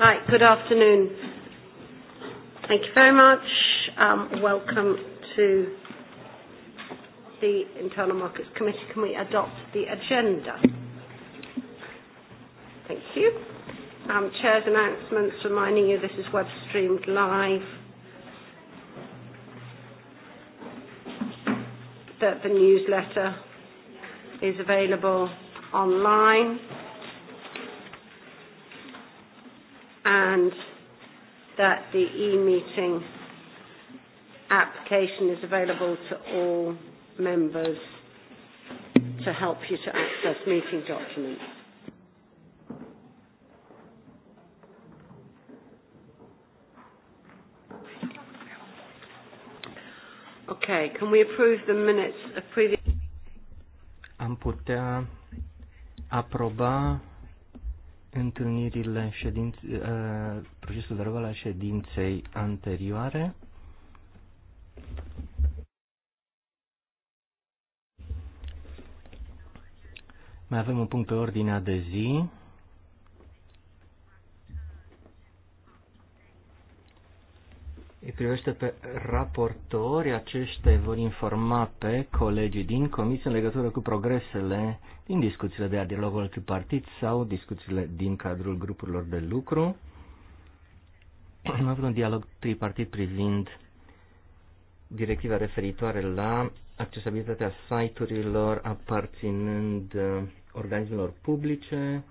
Right, good afternoon. Thank you very much. Um, welcome to the Internal Markets Committee. Can we adopt the agenda? Thank you. Um, chair's announcements, reminding you this is web streamed live. That the newsletter is available online. and that the e-meeting application is available to all members to help you to access meeting documents. Okay, can we approve the minutes of previous... Am putea aproba întâlnirile, ședinț, uh, procesul verbal al ședinței anterioare. Mai avem un punct pe ordinea de zi. Îi privește pe raportori, aceștia vor informa pe colegii din comisie în legătură cu progresele din discuțiile de dialogul partid sau discuțiile din cadrul grupurilor de lucru. Am avut un dialog tripartit privind directiva referitoare la accesibilitatea site-urilor aparținând uh, organismelor publice,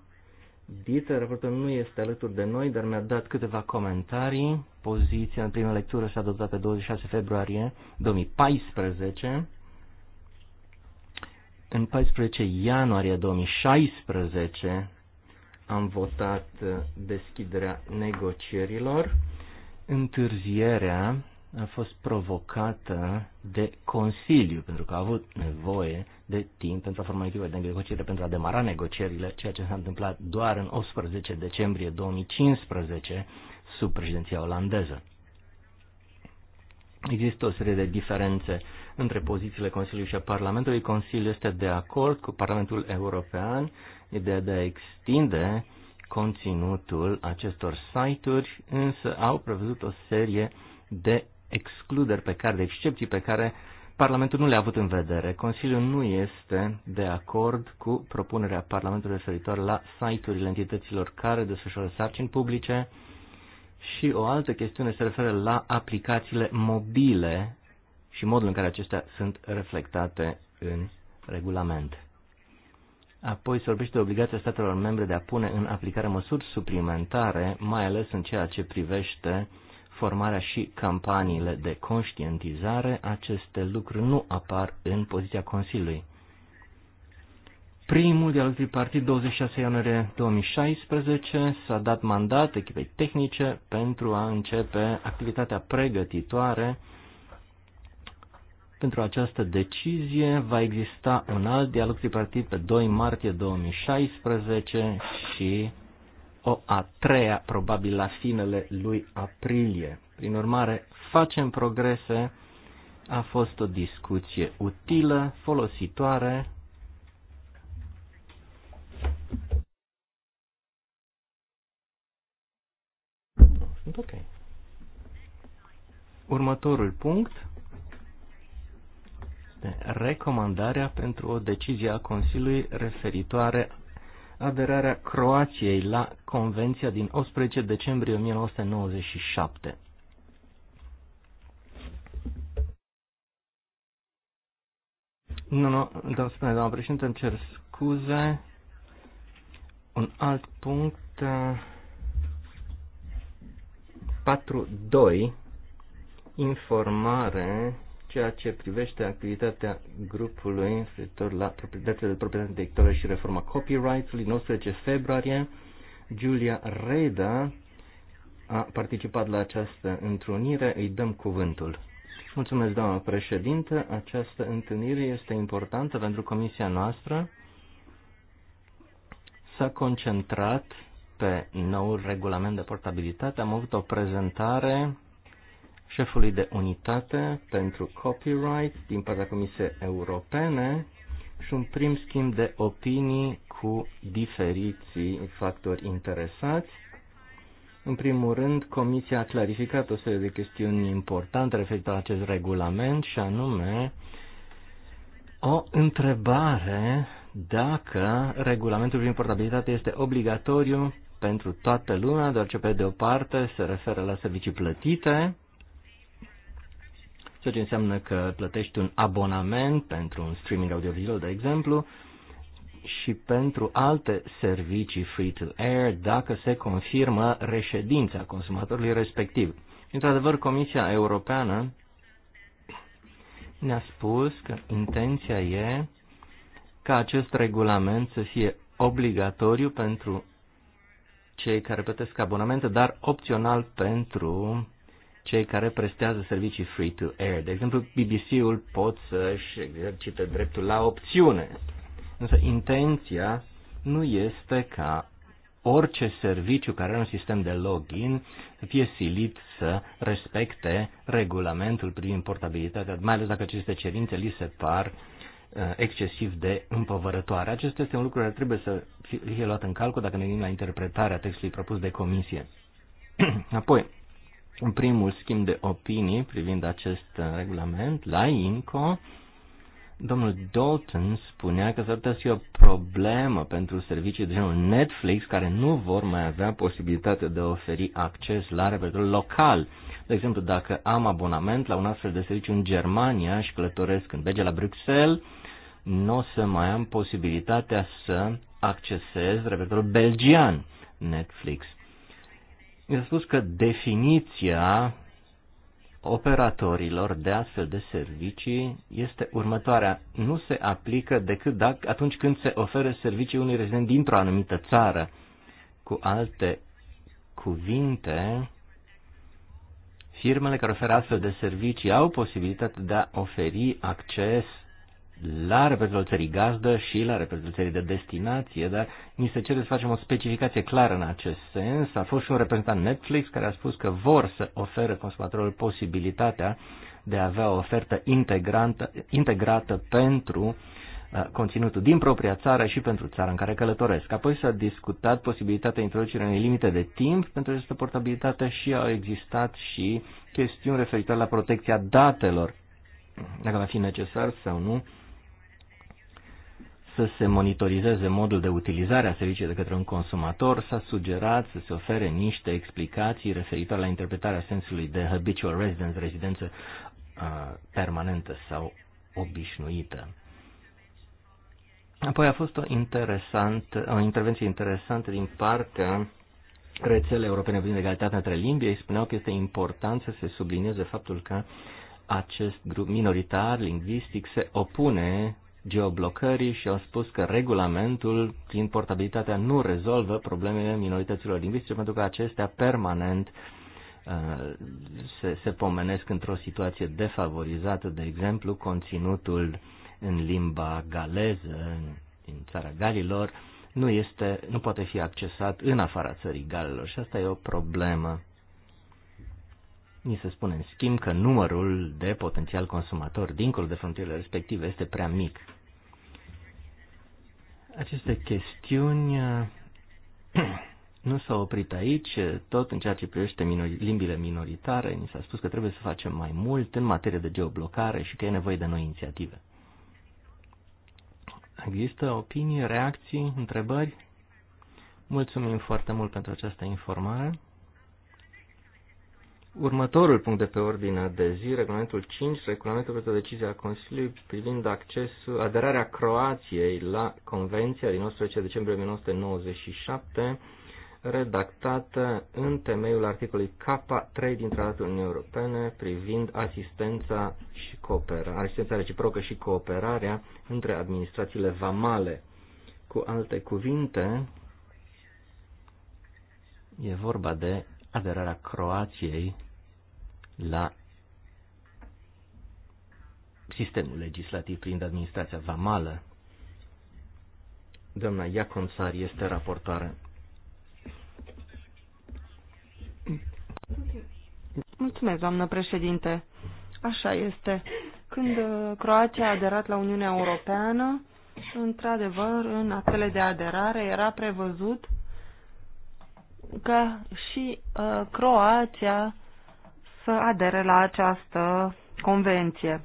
Dieter, raportul nu este alături de noi, dar mi-a dat câteva comentarii. Poziția în prima lectură și-a adoptat pe 26 februarie 2014. În 14 ianuarie 2016 am votat uh, deschiderea negocierilor. Întârzierea a fost provocată de Consiliu, pentru că a avut nevoie de timp pentru a forma echipă de negociere, pentru a demara negocierile, ceea ce s-a întâmplat doar în 18 decembrie 2015, sub președinția olandeză. Există o serie de diferențe între pozițiile Consiliului și a Parlamentului. Consiliul este de acord cu Parlamentul European, ideea de a extinde conținutul acestor site-uri, însă au prevăzut o serie de excluderi pe care, de excepții pe care Parlamentul nu le-a avut în vedere. Consiliul nu este de acord cu propunerea Parlamentului referitor la site-urile entităților care desfășoară sarcini publice și o altă chestiune se referă la aplicațiile mobile și modul în care acestea sunt reflectate în regulament. Apoi se vorbește de obligația statelor membre de a pune în aplicare măsuri suplimentare, mai ales în ceea ce privește uh, formarea și campaniile de conștientizare, aceste lucruri nu apar în poziția Consiliului. Primul dialog tripartit, 26 ianuarie 2016, s-a dat mandat echipei tehnice pentru a începe activitatea pregătitoare pentru această decizie va exista un alt dialog tripartit pe 2 martie 2016 și o a treia, probabil la finele lui aprilie. Prin urmare, facem progrese. A fost o discuție utilă, folositoare. ok. Următorul punct este recomandarea pentru o decizie a Consiliului referitoare aderarea Croației la Convenția din 18 decembrie 1997. Nu, nu, doamnă spune, doamna președinte, îmi cer scuze. Un alt punct. 4.2. Uh, informare ceea ce privește activitatea grupului referitor la proprietatea de proprietate intelectuală și reforma copyright-ului, 19 februarie, Julia Reda a participat la această întrunire, îi dăm cuvântul. Mulțumesc, doamnă președintă. Această întâlnire este importantă pentru comisia noastră. S-a concentrat pe noul regulament de portabilitate. Am avut o prezentare șefului de unitate pentru copyright din partea Comisiei Europene și un prim schimb de opinii cu diferiții factori interesați. În primul rând, Comisia a clarificat o serie de chestiuni importante referitoare la acest regulament și anume o întrebare dacă regulamentul prin portabilitate este obligatoriu pentru toată lumea, doar ce pe de o parte se referă la servicii plătite ceea ce înseamnă că plătești un abonament pentru un streaming audiovizual, de exemplu, și pentru alte servicii free-to-air dacă se confirmă reședința consumatorului respectiv. Într-adevăr, Comisia Europeană ne-a spus că intenția e ca acest regulament să fie obligatoriu pentru cei care plătesc abonamente, dar opțional pentru cei care prestează servicii free-to-air. De exemplu, BBC-ul pot să-și exercite dreptul la opțiune. Însă intenția nu este ca orice serviciu care are un sistem de login să fie silit să respecte regulamentul privind portabilitatea, mai ales dacă aceste cerințe li se par uh, excesiv de împovărătoare. Acesta este un lucru care trebuie să fie luat în calcul dacă ne gândim la interpretarea textului propus de comisie. Apoi, în primul schimb de opinii privind acest uh, regulament la INCO. Domnul Dalton spunea că s-ar putea să fie o problemă pentru servicii de genul Netflix care nu vor mai avea posibilitatea de a oferi acces la repertoriul local. De exemplu, dacă am abonament la un astfel de serviciu în Germania și călătoresc în Belgia la Bruxelles, nu o să mai am posibilitatea să accesez repertoriul belgian Netflix mi a spus că definiția operatorilor de astfel de servicii este următoarea. Nu se aplică decât dacă, atunci când se oferă servicii unui rezident dintr-o anumită țară. Cu alte cuvinte, firmele care oferă astfel de servicii au posibilitatea de a oferi acces la reprezentării gazdă și la reprezentării de destinație, dar ni se cere să facem o specificație clară în acest sens. A fost și un reprezentant Netflix care a spus că vor să ofere consumatorilor posibilitatea de a avea o ofertă integrată pentru uh, conținutul din propria țară și pentru țara în care călătoresc. Apoi s-a discutat posibilitatea introducerii unei limite de timp pentru această portabilitate și au existat și chestiuni referitoare la protecția datelor, dacă va fi necesar sau nu să se monitorizeze modul de utilizare a serviciului de către un consumator, s-a sugerat să se ofere niște explicații referitoare la interpretarea sensului de habitual residence, rezidență uh, permanentă sau obișnuită. Apoi a fost o, interesant, o intervenție interesantă din partea rețelei europene privind egalitatea între limbi. Ei spuneau că este important să se sublinieze faptul că acest grup minoritar lingvistic se opune geoblocării și au spus că regulamentul prin portabilitatea nu rezolvă problemele minorităților lingvistice pentru că acestea permanent uh, se, se pomenesc într-o situație defavorizată, de exemplu, conținutul în limba galeză, în, în țara Galilor, nu, este, nu poate fi accesat în afara țării Galilor și asta e o problemă Ni se spune, în schimb, că numărul de potențial consumator dincolo de frontierele respective este prea mic. Aceste chestiuni eh, nu s-au oprit aici, tot în ceea ce privește minori, limbile minoritare, ni s-a spus că trebuie să facem mai mult în materie de geoblocare și că e nevoie de noi inițiative. Există opinii, reacții, întrebări? Mulțumim foarte mult pentru această informare. Următorul punct de pe ordine de zi, regulamentul 5, regulamentul pentru decizia Consiliului privind accesul, aderarea Croației la Convenția din 11 decembrie 1997, redactată în temeiul articolului K3 din Tratatul Uniunii Europene privind asistența și cooperarea, asistența reciprocă și cooperarea între administrațiile vamale. Cu alte cuvinte, e vorba de aderarea Croației la sistemul legislativ prin administrația vamală. Doamna Iaconsar este raportoare. Mulțumesc, doamnă președinte. Așa este. Când uh, Croația a aderat la Uniunea Europeană, într-adevăr, în actele de aderare era prevăzut că și uh, Croația să adere la această convenție.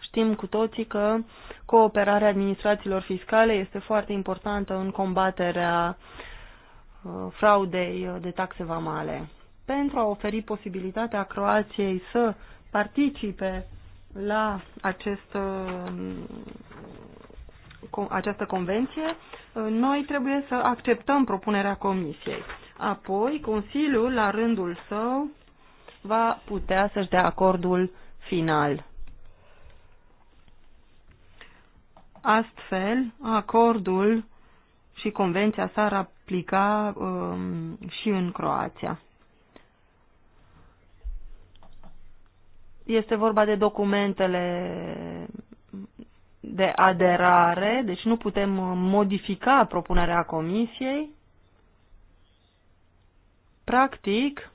Știm cu toții că cooperarea administrațiilor fiscale este foarte importantă în combaterea uh, fraudei uh, de taxe vamale. Pentru a oferi posibilitatea Croației să participe la acest, uh, această convenție, noi trebuie să acceptăm propunerea Comisiei. Apoi, Consiliul, la rândul său, va putea să-și dea acordul final. Astfel, acordul și convenția s-ar aplica um, și în Croația. Este vorba de documentele de aderare, deci nu putem uh, modifica propunerea comisiei. Practic,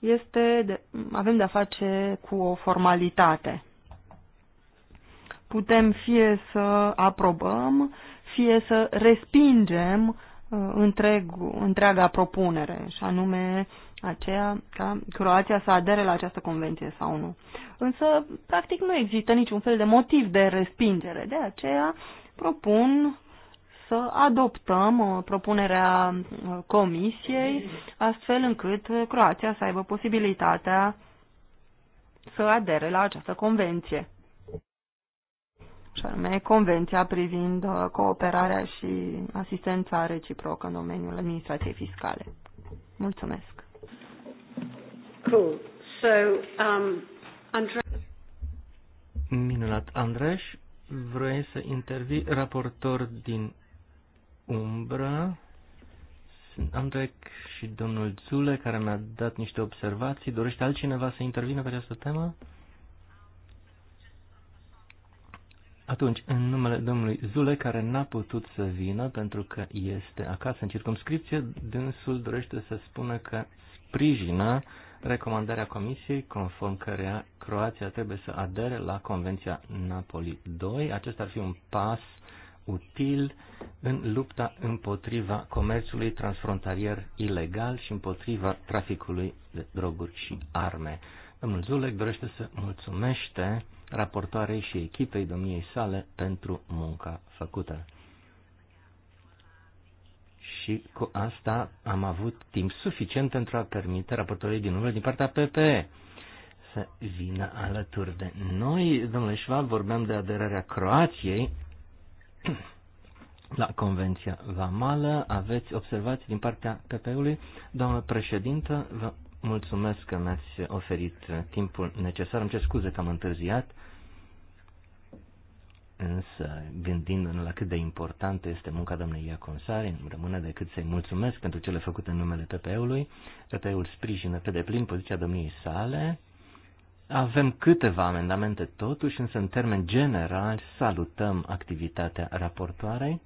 este de, avem de-a face cu o formalitate. Putem fie să aprobăm, fie să respingem uh, întreg, întreaga propunere, și anume aceea ca Croația să adere la această convenție sau nu. Însă, practic, nu există niciun fel de motiv de respingere. De aceea propun să adoptăm uh, propunerea uh, Comisiei, astfel încât uh, Croația să aibă posibilitatea să adere la această convenție, și anume Convenția privind cooperarea și asistența reciprocă în domeniul administrației fiscale. Mulțumesc! Cool. So, um, Andre... Minunat, Andreș, vrei să intervii raportor din umbră. Am trec și domnul Zule, care mi-a dat niște observații. Dorește altcineva să intervină pe această temă? Atunci, în numele domnului Zule, care n-a putut să vină pentru că este acasă în circumscripție, dânsul dorește să spună că sprijină recomandarea Comisiei, conform cărea Croația trebuie să adere la Convenția Napoli 2. Acesta ar fi un pas uh, util în lupta împotriva comerțului transfrontalier ilegal și împotriva traficului de droguri și arme. Domnul Zulec dorește să mulțumește raportoarei și echipei domniei sale pentru munca făcută. Și cu asta am avut timp suficient pentru a permite raportorii din urmă din partea PPE să vină alături de noi. Domnule Schwab, vorbeam de aderarea Croației la Convenția Vamală. Aveți observații din partea PP-ului? Doamnă președintă, vă mulțumesc că mi-ați oferit timpul necesar. Îmi cer scuze că am întârziat, însă gândindu-ne la cât de importantă este munca doamnei Iaconsari, îmi rămâne decât să-i mulțumesc pentru cele făcute în numele PP-ului. PP-ul sprijină pe deplin poziția domniei sale avem câteva amendamente totuși, însă în termen general salutăm activitatea raportoarei.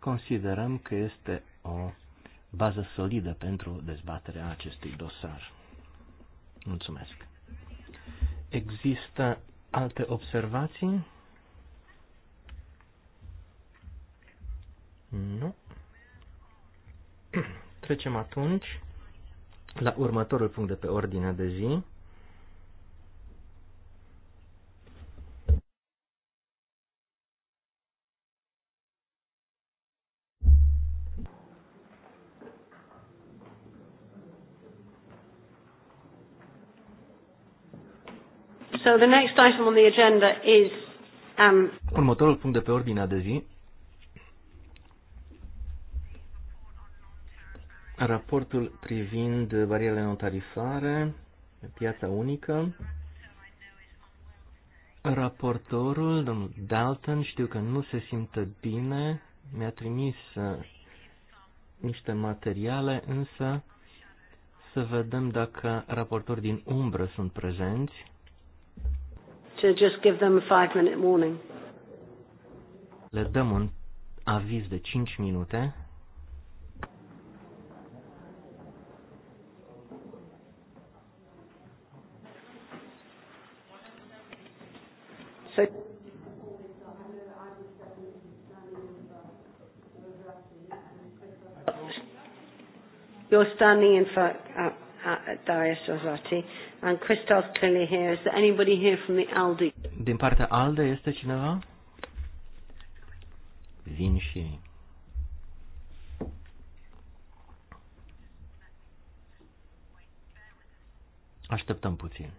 Considerăm că este o bază solidă pentru dezbaterea acestui dosar. Mulțumesc. Există alte observații? Nu. Trecem atunci la următorul punct de pe ordinea de zi. So the next item on the agenda is um, Următorul punct de pe ordinea de zi raportul privind barierele notarifare, piața unică. Raportorul, domnul Dalton, știu că nu se simte bine, mi-a trimis uh, niște materiale, însă să vedem dacă raportori din umbră sunt prezenți to just give them a five minute warning. Le dăm un aviz de 5 minute You're standing in front of uh, uh, Darius Rosati. And Christoph clearly here. Is there anybody here from the Aldi? Din partea ALDE este cineva? Vin și ei. Așteptăm puțin.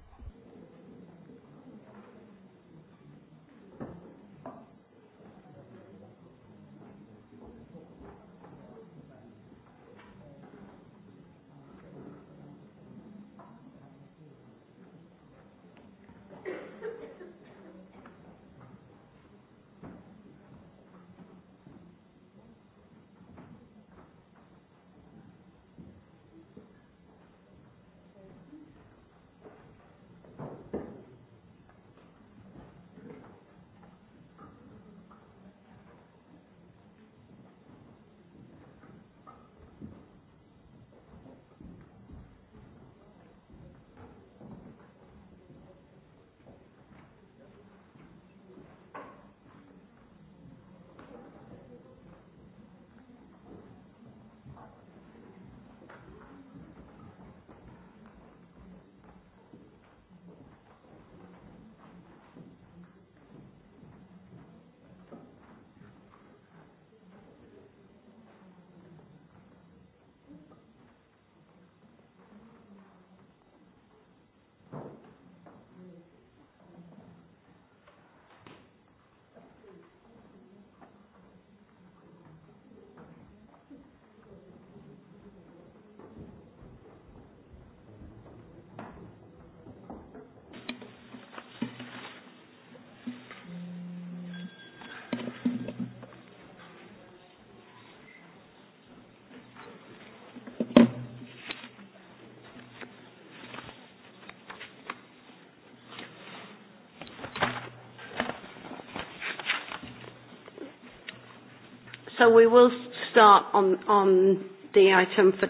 So we will start on, on the item for...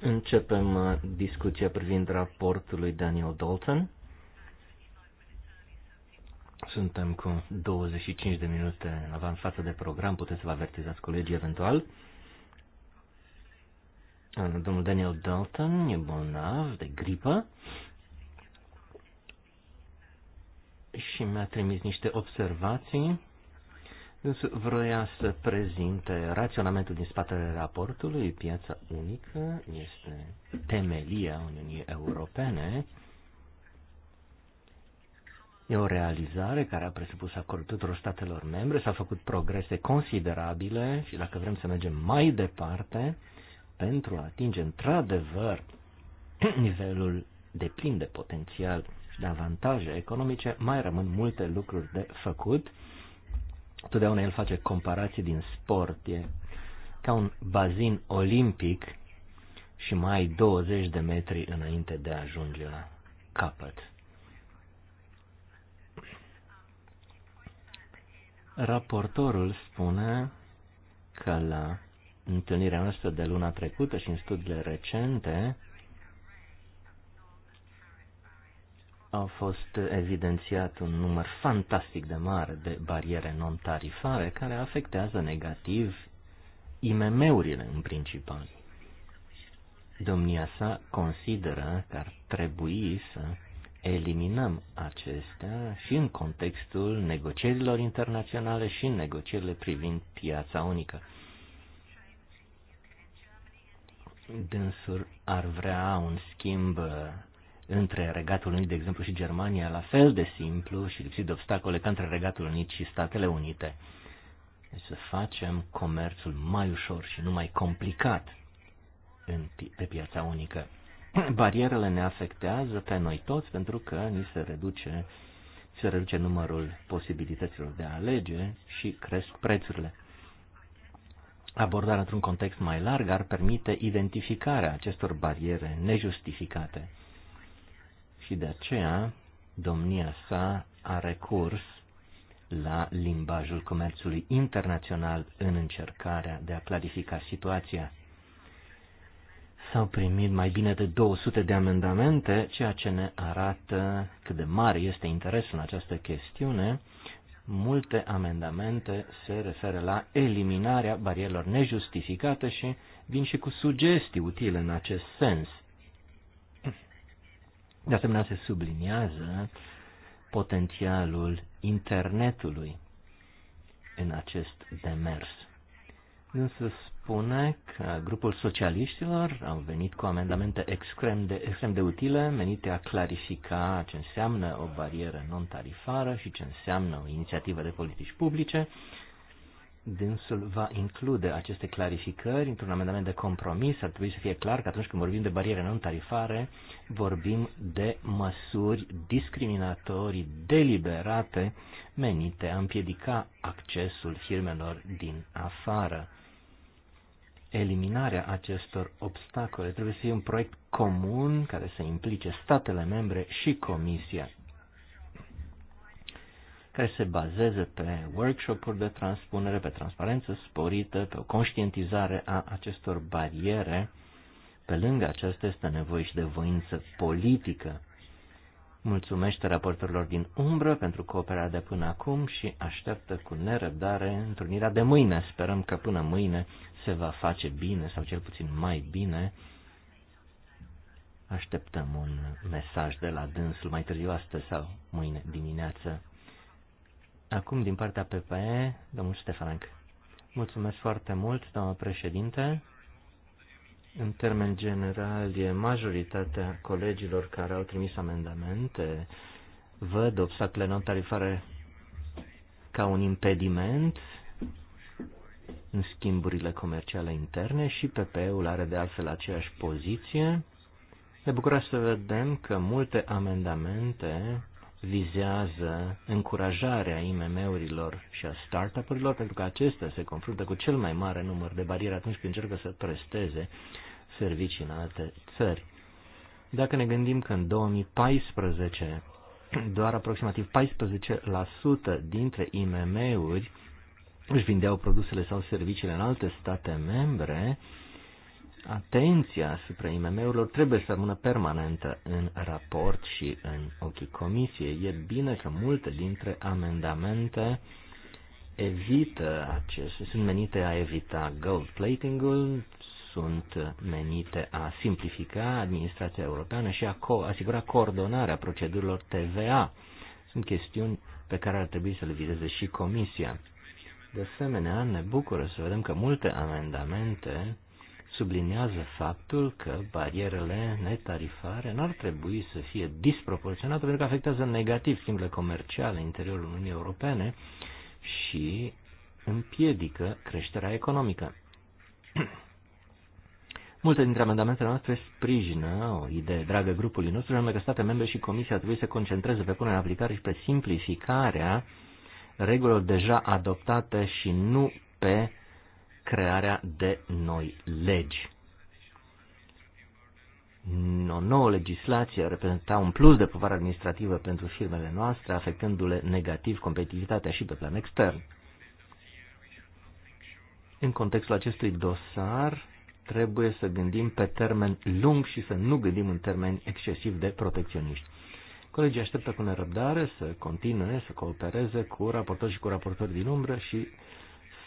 Începem uh, discuția privind raportul lui Daniel Dalton. Suntem cu 25 de minute în avansată de program, puteți să vă avertizați colegii eventual. Domnul Daniel Dalton e bolnav de gripă și mi-a trimis niște observații Însă vroia să prezinte raționamentul din spatele raportului. Piața unică este temelia Uniunii Europene. E o realizare care a presupus acordul tuturor statelor membre, s-au făcut progrese considerabile și dacă vrem să mergem mai departe pentru a atinge într-adevăr nivelul de plin de potențial și de avantaje economice, mai rămân multe lucruri de făcut Totdeauna el face comparații din sport. E ca un bazin olimpic și mai 20 de metri înainte de a ajunge la capăt. Raportorul spune că la întâlnirea noastră de luna trecută și în studiile recente, a fost evidențiat un număr fantastic de mare de bariere non-tarifare care afectează negativ IMM-urile în principal. Domnia sa consideră că ar trebui să eliminăm acestea și în contextul negocierilor internaționale și în negocierile privind piața unică. Dânsul ar vrea un schimb între Regatul Unit, de exemplu, și Germania, la fel de simplu și lipsit de obstacole ca între Regatul Unit și Statele Unite. Deci să facem comerțul mai ușor și nu mai complicat în, pe piața unică. Barierele ne afectează pe noi toți pentru că ni se reduce, se reduce numărul posibilităților de a alege și cresc prețurile. Abordarea într-un context mai larg ar permite identificarea acestor bariere nejustificate și de aceea domnia sa a recurs la limbajul comerțului internațional în încercarea de a clarifica situația. S-au primit mai bine de 200 de amendamente, ceea ce ne arată cât de mare este interesul în această chestiune. Multe amendamente se referă la eliminarea barierelor nejustificate și vin și cu sugestii utile în acest sens. De asemenea, se subliniază potențialul internetului în acest demers. se spune că grupul socialiștilor au venit cu amendamente extrem de, extrem de utile, menite a clarifica ce înseamnă o barieră non-tarifară și ce înseamnă o inițiativă de politici publice, dânsul va include aceste clarificări într-un amendament de compromis. Ar trebui să fie clar că atunci când vorbim de bariere non-tarifare, vorbim de măsuri discriminatorii deliberate menite a împiedica accesul firmelor din afară. Eliminarea acestor obstacole trebuie să fie un proiect comun care să implice statele membre și Comisia care se bazeze pe workshop-uri de transpunere, pe transparență sporită, pe o conștientizare a acestor bariere. Pe lângă aceasta este nevoie și de voință politică. Mulțumește raportorilor din umbră pentru cooperarea de până acum și așteaptă cu nerăbdare întrunirea de mâine. Sperăm că până mâine se va face bine sau cel puțin mai bine. Așteptăm un mesaj de la dânsul mai târziu astăzi sau mâine dimineață. Acum, din partea PPE, domnul Ștefan Mulțumesc foarte mult, doamnă președinte. În termen general, majoritatea colegilor care au trimis amendamente văd obstacle non-tarifare ca un impediment în schimburile comerciale interne și PPE-ul are de altfel aceeași poziție. Ne bucură să vedem că multe amendamente vizează încurajarea IMM-urilor și a startup-urilor, pentru că acestea se confruntă cu cel mai mare număr de bariere atunci când încearcă să presteze servicii în alte țări. Dacă ne gândim că în 2014 doar aproximativ 14% dintre IMM-uri își vindeau produsele sau serviciile în alte state membre, atenția asupra IMM-urilor trebuie să rămână permanentă în raport și în ochii comisiei. E bine că multe dintre amendamente evită acest, sunt menite a evita gold plating-ul, sunt menite a simplifica administrația europeană și a co- asigura coordonarea procedurilor TVA. Sunt chestiuni pe care ar trebui să le vizeze și Comisia. De asemenea, ne bucură să vedem că multe amendamente subliniază faptul că barierele netarifare n-ar trebui să fie disproporționate pentru că afectează negativ schimburile comerciale în interiorul Uniunii Europene și împiedică creșterea economică. Multe dintre amendamentele noastre sprijină o idee dragă grupului nostru, anume că state membre și Comisia trebuie să concentreze pe punerea în aplicare și pe simplificarea regulilor deja adoptate și nu pe crearea de noi legi. O nouă legislație reprezenta un plus de povară administrativă pentru firmele noastre, afectându-le negativ competitivitatea și pe plan extern. În contextul acestui dosar, trebuie să gândim pe termen lung și să nu gândim în termeni excesiv de protecționiști. Colegii așteptă cu nerăbdare să continue să coopereze cu raportori și cu raportori din umbră și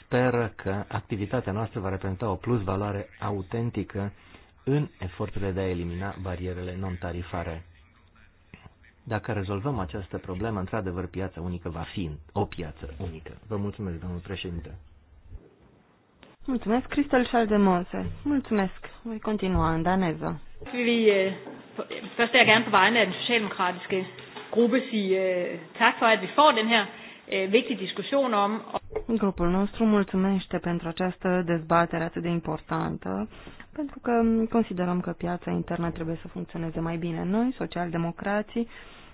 speră că activitatea noastră va reprezenta o plus valoare autentică în eforturile de a elimina barierele non-tarifare. Dacă rezolvăm această problemă, într-adevăr, piața unică va fi o piață unică. Vă mulțumesc, domnul președinte. Mulțumesc, Cristel Schaldemose. Mulțumesc. Voi continua în daneză. Vi, øh, først vil jeg gerne på vegne af den socialdemokratiske gruppe sige øh, tak for, at vi får den her Eh, om. Grupul nostru mulțumește pentru această dezbatere atât de importantă, pentru că considerăm că piața internă trebuie să funcționeze mai bine. Noi, socialdemocrații,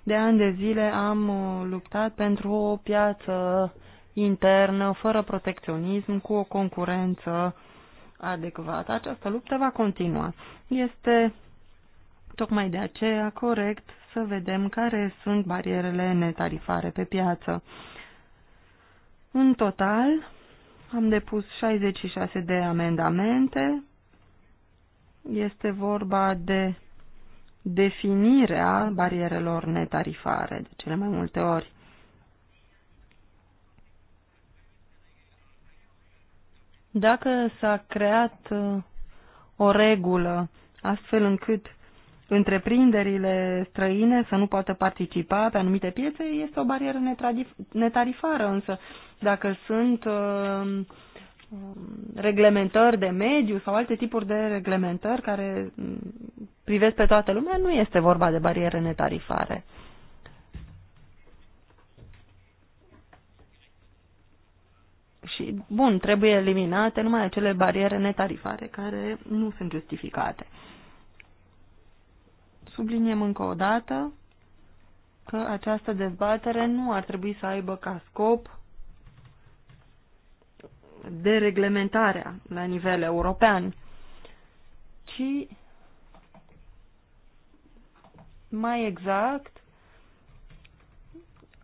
de ani de zile am uh, luptat pentru o piață internă, fără protecționism, cu o concurență adecvată. Această luptă va continua. Este tocmai de aceea corect să vedem care sunt barierele netarifare pe piață. În total am depus 66 de amendamente. Este vorba de definirea barierelor netarifare de cele mai multe ori. Dacă s-a creat uh, o regulă astfel încât întreprinderile străine să nu poată participa pe anumite piețe este o barieră netarifară, însă dacă sunt uh, reglementări de mediu sau alte tipuri de reglementări care mm, privesc pe toată lumea, nu este vorba de bariere netarifare. Și, bun, trebuie eliminate numai acele bariere netarifare care nu sunt justificate subliniem încă o dată că această dezbatere nu ar trebui să aibă ca scop dereglementarea la nivel european, ci mai exact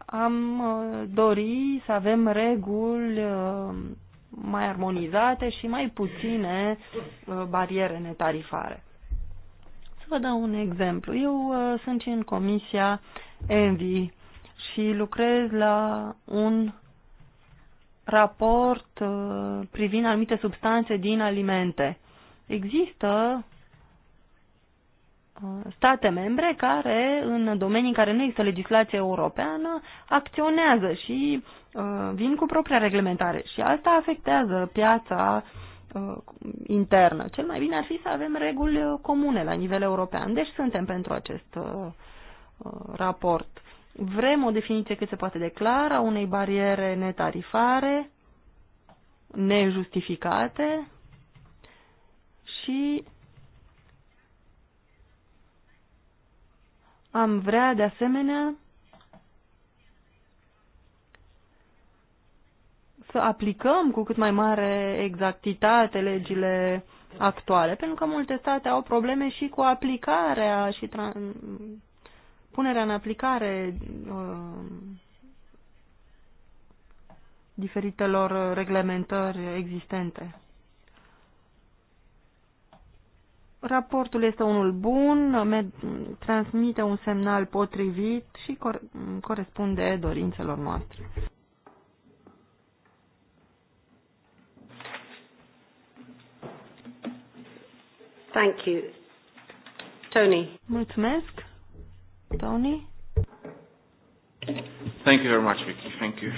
am uh, dori să avem reguli uh, mai armonizate și mai puține uh, bariere netarifare vă dau un exemplu. Eu uh, sunt în comisia ENVI și lucrez la un raport uh, privind anumite substanțe din alimente. Există uh, state membre care, în domenii în care nu există legislație europeană, acționează și vin cu propria reglementare. Și asta afectează piața uh, uh, internă. Cel mai bine ar fi să avem reguli uh, comune la nivel european. Deci suntem pentru acest uh, uh, raport. Vrem o definiție cât se poate de clară a unei bariere netarifare, nejustificate și am vrea de asemenea să aplicăm cu cât mai mare exactitate legile actuale, pentru că multe state au probleme și cu aplicarea și punerea în aplicare uh, diferitelor reglementări existente. Raportul este unul bun, transmite un semnal potrivit și cor corespunde dorințelor noastre. Thank you. Tony. Mulțumesc. Tony. Thank you very much, Vicky. Thank you.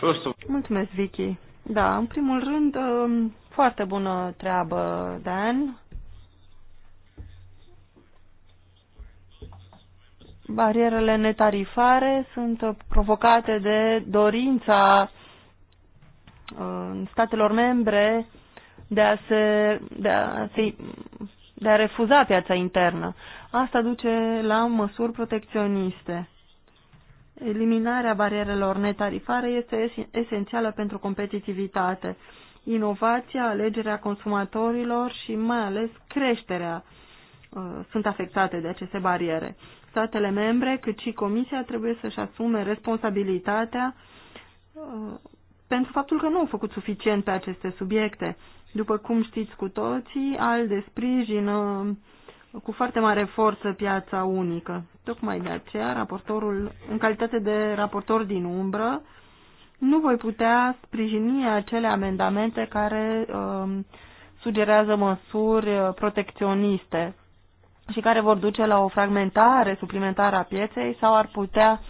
First of... Mulțumesc, Vicky. Da, în primul rând, um, foarte bună treabă, Dan. Barierele netarifare sunt provocate de dorința uh, statelor membre de a se, de a se de a refuza piața internă. Asta duce la măsuri protecționiste. Eliminarea barierelor netarifare este esențială pentru competitivitate, inovația, alegerea consumatorilor și mai ales creșterea uh, sunt afectate de aceste bariere. Statele membre, cât și Comisia, trebuie să-și asume responsabilitatea uh, pentru faptul că nu au făcut suficient pe aceste subiecte după cum știți cu toții, ALDE sprijină cu foarte mare forță piața unică. Tocmai de aceea, raportorul, în calitate de raportor din umbră, nu voi putea sprijini acele amendamente care uh, sugerează măsuri protecționiste și care vor duce la o fragmentare suplimentară a pieței sau ar putea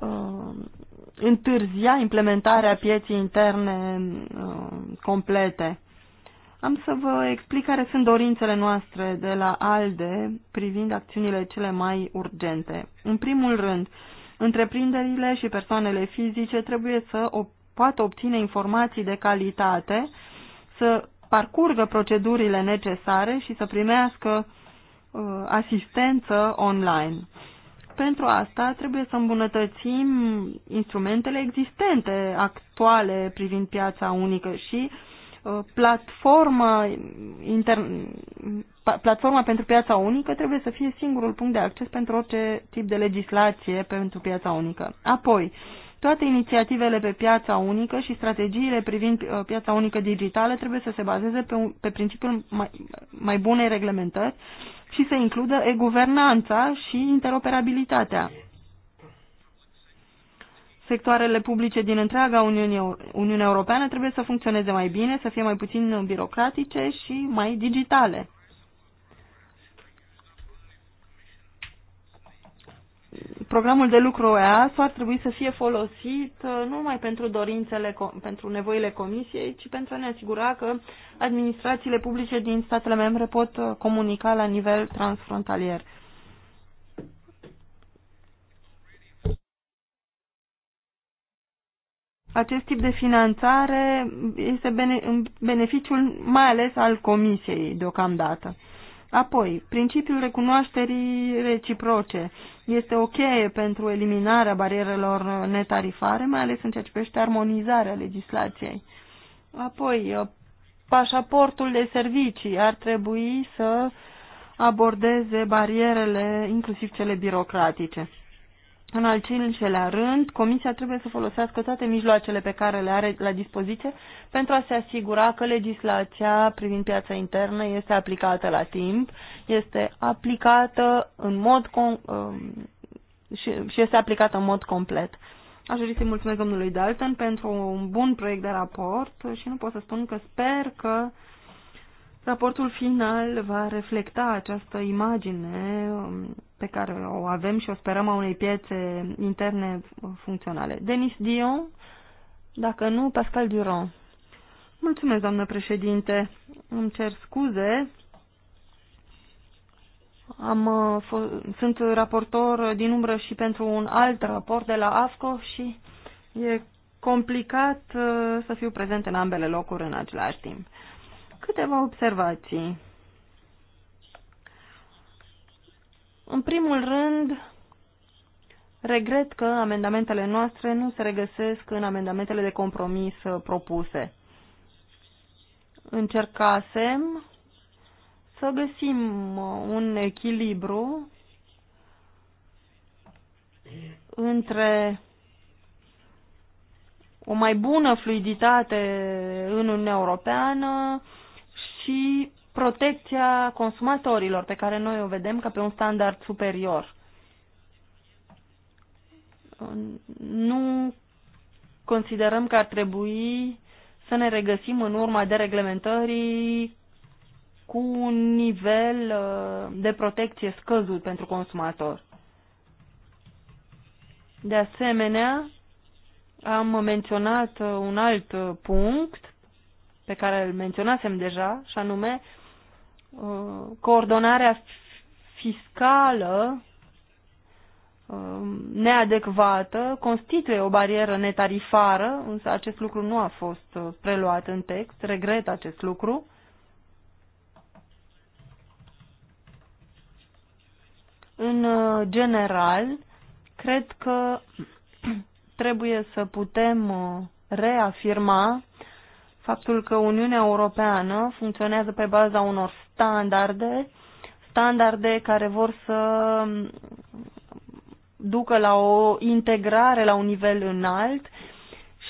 uh, întârzia implementarea pieții interne uh, complete. Am să vă explic care sunt dorințele noastre de la ALDE privind acțiunile cele mai urgente. În primul rând, întreprinderile și persoanele fizice trebuie să o, poată obține informații de calitate, să parcurgă procedurile necesare și să primească uh, asistență online. Pentru asta trebuie să îmbunătățim instrumentele existente actuale privind piața unică și uh, Uh, platforma, inter... platforma pentru piața unică trebuie să fie singurul punct de acces pentru orice tip de legislație pentru piața unică. Apoi, toate inițiativele pe piața unică și strategiile privind uh, piața unică digitală trebuie să se bazeze pe, un, pe principiul mai, mai bunei reglementări și să includă e-guvernanța și interoperabilitatea sectoarele publice din întreaga Uniune, Uniunea Europeană trebuie să funcționeze mai bine, să fie mai puțin birocratice și mai digitale. Programul de lucru EASO ar trebui să fie folosit uh, nu numai pentru dorințele, pentru nevoile comisiei, ci pentru a ne asigura că administrațiile publice din statele membre pot uh, comunica la nivel transfrontalier. acest tip de finanțare este bene, beneficiul mai ales al Comisiei deocamdată. Apoi, principiul recunoașterii reciproce este o cheie pentru eliminarea barierelor netarifare, mai ales în ceea ce privește armonizarea legislației. Apoi, uh, pașaportul de servicii ar trebui să abordeze barierele, inclusiv cele birocratice. În al cincilea rând, Comisia trebuie să folosească toate mijloacele pe care le are la dispoziție pentru a se asigura că legislația privind piața internă este aplicată la timp, este aplicată în mod um, și, și este aplicată în mod complet. Aș dori să-i mulțumesc domnului Dalton pentru un bun proiect de raport și nu pot să spun că sper că uh, Raportul final va reflecta această imagine um, pe care o avem și o sperăm a unei piețe interne funcționale. Denis Dion, dacă nu, Pascal Durand. Mulțumesc, doamnă președinte. Îmi cer scuze. Am, uh, sunt raportor din umbră și pentru un alt raport de la AFCO și e complicat uh, să fiu prezent în ambele locuri în același timp. Câteva observații. În primul rând, regret că amendamentele noastre nu se regăsesc în amendamentele de compromis uh, propuse. Încercasem să găsim uh, un echilibru între o mai bună fluiditate în Uniunea Europeană și protecția consumatorilor, pe care noi o vedem ca pe un standard superior. Nu considerăm că ar trebui să ne regăsim în urma de reglementării cu un nivel uh, de protecție scăzut pentru consumator. De asemenea, am menționat uh, un alt uh, punct pe care îl menționasem deja, și anume uh, coordonarea fiscală uh, neadecvată constituie o barieră netarifară, însă acest lucru nu a fost uh, preluat în text, regret acest lucru. În general, cred că trebuie să putem reafirma faptul că Uniunea Europeană funcționează pe baza unor standarde, standarde care vor să ducă la o integrare la un nivel înalt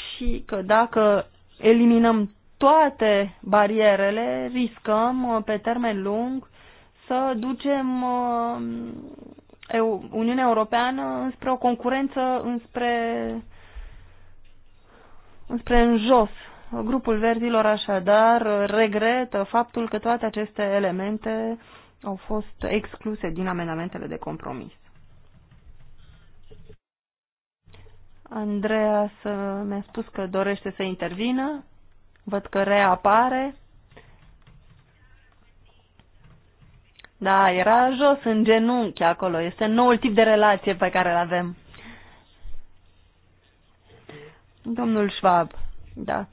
și că dacă eliminăm toate barierele, riscăm uh, pe termen lung să ducem uh, Uniunea Europeană spre o concurență înspre, înspre în jos Grupul Verzilor așadar regretă faptul că toate aceste elemente au fost excluse din amendamentele de compromis. Andreea mi-a spus că dorește să intervină. Văd că reapare. Da, era jos în genunchi acolo. Este noul tip de relație pe care îl avem. Domnul Schwab, da.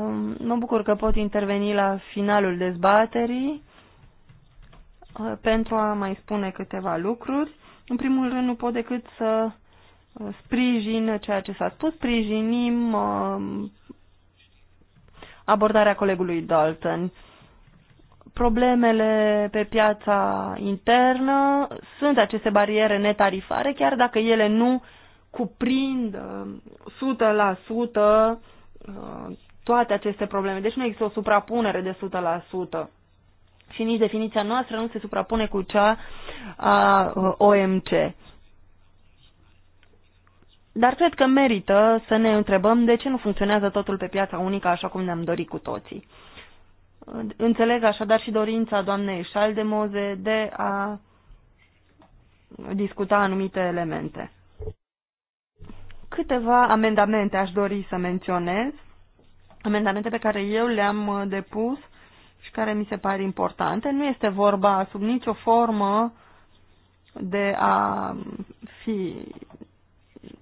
Um, mă bucur că pot interveni la finalul dezbaterii uh, pentru a mai spune câteva lucruri. În primul rând, nu pot decât să uh, sprijin ceea ce s-a spus, sprijinim um, abordarea colegului Dalton. Problemele pe piața internă sunt aceste bariere netarifare, chiar dacă ele nu cuprind 100% um, toate aceste probleme. Deci nu există o suprapunere de 100% și nici definiția noastră nu se suprapune cu cea a uh, OMC. Dar cred că merită să ne întrebăm de ce nu funcționează totul pe piața unică așa cum ne-am dorit cu toții. Înțeleg așadar și dorința doamnei Șaldemoze de a discuta anumite elemente. Câteva amendamente aș dori să menționez amendamente pe care eu le-am uh, depus și care mi se par importante. Nu este vorba sub nicio formă de a fi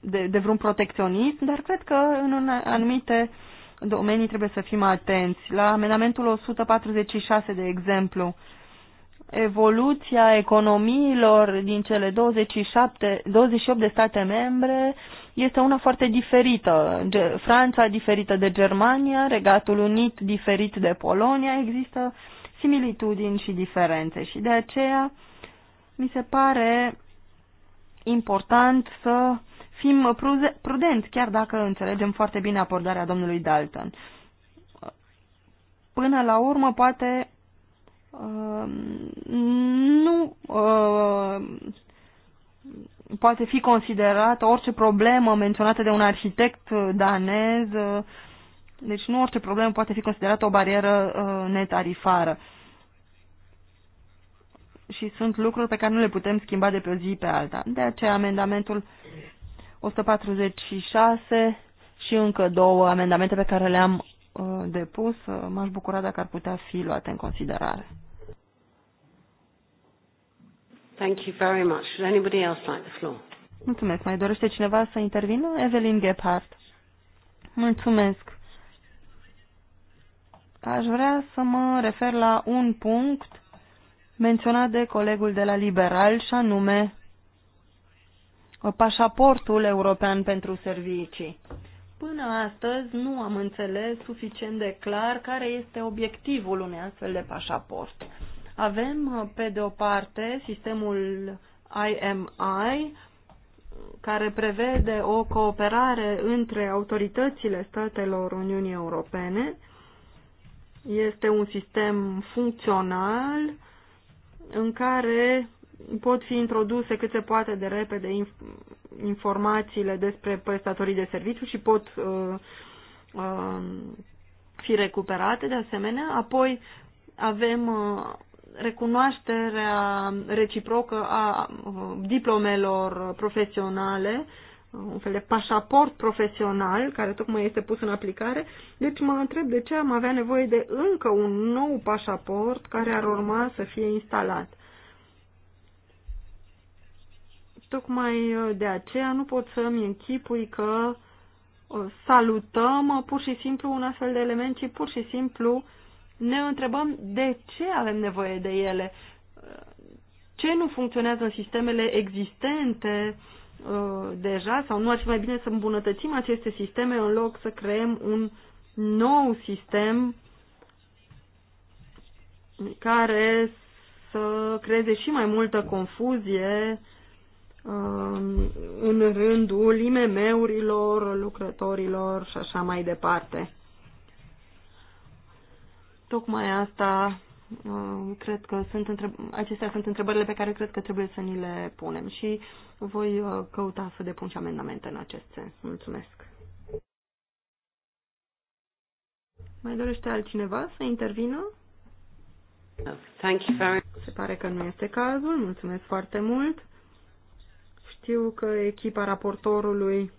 de, de vreun protecționism, dar cred că în anumite domenii trebuie să fim atenți. La amendamentul 146, de exemplu, evoluția economiilor din cele 27, 28 de state membre este una foarte diferită. Franța diferită de Germania, Regatul Unit diferit de Polonia, există similitudini și diferențe și de aceea mi se pare important să fim prudenți, chiar dacă înțelegem foarte bine abordarea domnului Dalton. Până la urmă, poate uh, nu uh, poate fi considerată orice problemă menționată de un arhitect uh, danez, uh, deci nu orice problemă poate fi considerată o barieră uh, netarifară. Și sunt lucruri pe care nu le putem schimba de pe o zi pe alta. De aceea amendamentul 146 și încă două amendamente pe care le-am depus, m-aș bucura dacă ar putea fi luate în considerare. Thank you very much. Would anybody else like the floor? Mulțumesc. Mai dorește cineva să intervină? Evelyn Gephardt. Mulțumesc. Aș vrea să mă refer la un punct menționat de colegul de la Liberal și anume uh, pașaportul european pentru servicii. Până astăzi nu am înțeles suficient de clar care este obiectivul unei astfel de pașaport. Avem, uh, pe de o parte, sistemul IMI, care prevede o cooperare între autoritățile statelor Uniunii Europene. Este un sistem funcțional în care pot fi introduse cât se poate de repede informațiile despre prestatorii de serviciu și pot uh, uh, fi recuperate de asemenea. Apoi avem uh, recunoașterea reciprocă a diplomelor profesionale, un fel de pașaport profesional care tocmai este pus în aplicare. Deci mă întreb de ce am avea nevoie de încă un nou pașaport care ar urma să fie instalat. Tocmai uh, de aceea nu pot să-mi închipui că uh, salutăm uh, pur și simplu un astfel de element, ci pur și simplu ne întrebăm de ce avem nevoie de ele, ce nu funcționează în sistemele existente uh, deja sau nu ar fi mai bine să îmbunătățim aceste sisteme în loc să creăm un nou sistem care să creeze și mai multă confuzie um, în rândul IMM-urilor, lucrătorilor și așa mai departe. Tocmai asta uh, cred că sunt întreb... acestea sunt întrebările pe care cred că trebuie să ni le punem și voi uh, căuta să depun și amendamente în acest sens. Mulțumesc. Mai dorește altcineva să intervină? Thank you very Se pare că nu este cazul. Mulțumesc foarte mult. Știu că echipa raportorului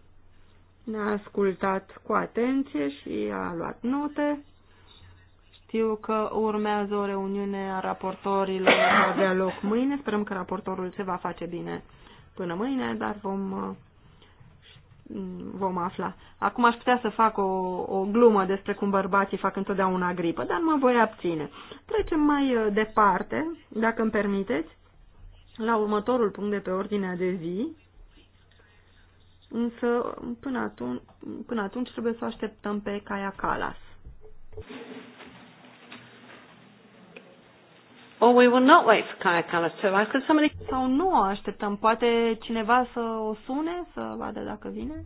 ne-a ascultat cu atenție și a luat note. Știu că urmează o reuniune a raportorilor care avea loc mâine. Sperăm că raportorul se va face bine până mâine, dar vom, uh, vom afla. Acum aș putea să fac o, o glumă despre cum bărbații fac întotdeauna gripă, dar mă voi abține. Trecem mai uh, departe, dacă îmi permiteți, la următorul punct de pe ordinea de zi. Însă, până atunci, până atunci trebuie să așteptăm pe Caia Calas. Or we will not wait for Kaya to arrive because somebody... Sau nu o așteptăm. Poate cineva să o sune, să vadă dacă vine?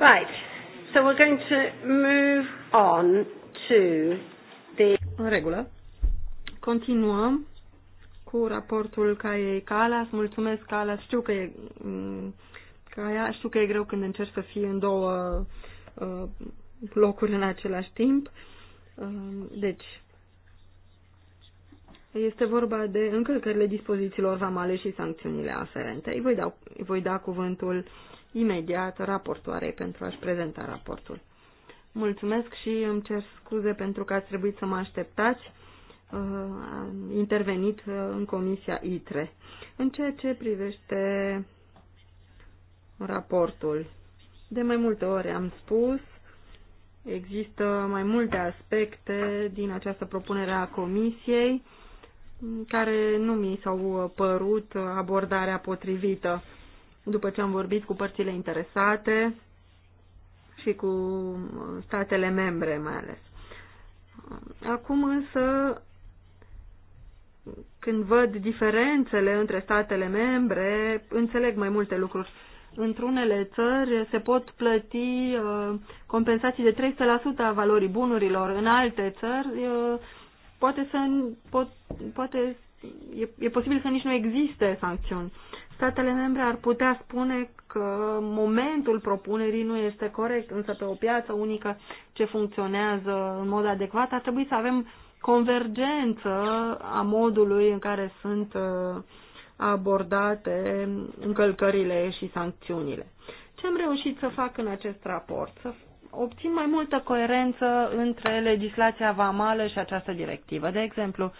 Right. So we're going to move on to the... În regulă. Continuăm cu raportul Caiei Calas. Mulțumesc, Calas. Știu că e, mm, Caia, știu că e greu când încerc să fie în două uh, locuri în același timp. Uh, deci, este vorba de încălcările dispozițiilor vamale și sancțiunile aferente. Îi voi da, voi da cuvântul imediat raportoarei pentru a-și prezenta raportul. Mulțumesc și îmi cer scuze pentru că ați trebuit să mă așteptați. Uh, am intervenit uh, în Comisia ITRE. În ceea ce privește raportul, de mai multe ori am spus, există mai multe aspecte din această propunere a Comisiei care nu mi s-au părut abordarea potrivită după ce am vorbit cu părțile interesate și cu statele membre mai ales. Acum însă, când văd diferențele între statele membre, înțeleg mai multe lucruri. Într-unele țări se pot plăti uh, compensații de 300% a valorii bunurilor, în alte țări uh, poate să pot, poate e, e posibil să nici nu existe sancțiuni statele membre ar putea spune că momentul propunerii nu este corect, însă pe o piață unică ce funcționează în mod adecvat ar trebui să avem convergență a modului în care sunt uh, abordate încălcările și sancțiunile. Ce am reușit să fac în acest raport? Să obțin mai multă coerență între legislația vamală și această directivă. De exemplu,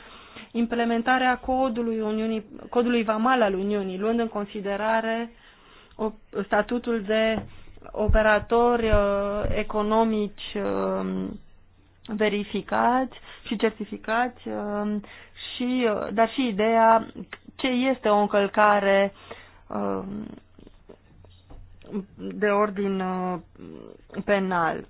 implementarea codului, Uniunii, codului Vamal al Uniunii, luând în considerare statutul de operatori uh, economici um, verificați și certificați, um, și, uh, dar și ideea ce este o încălcare um, de ordin uh, penal.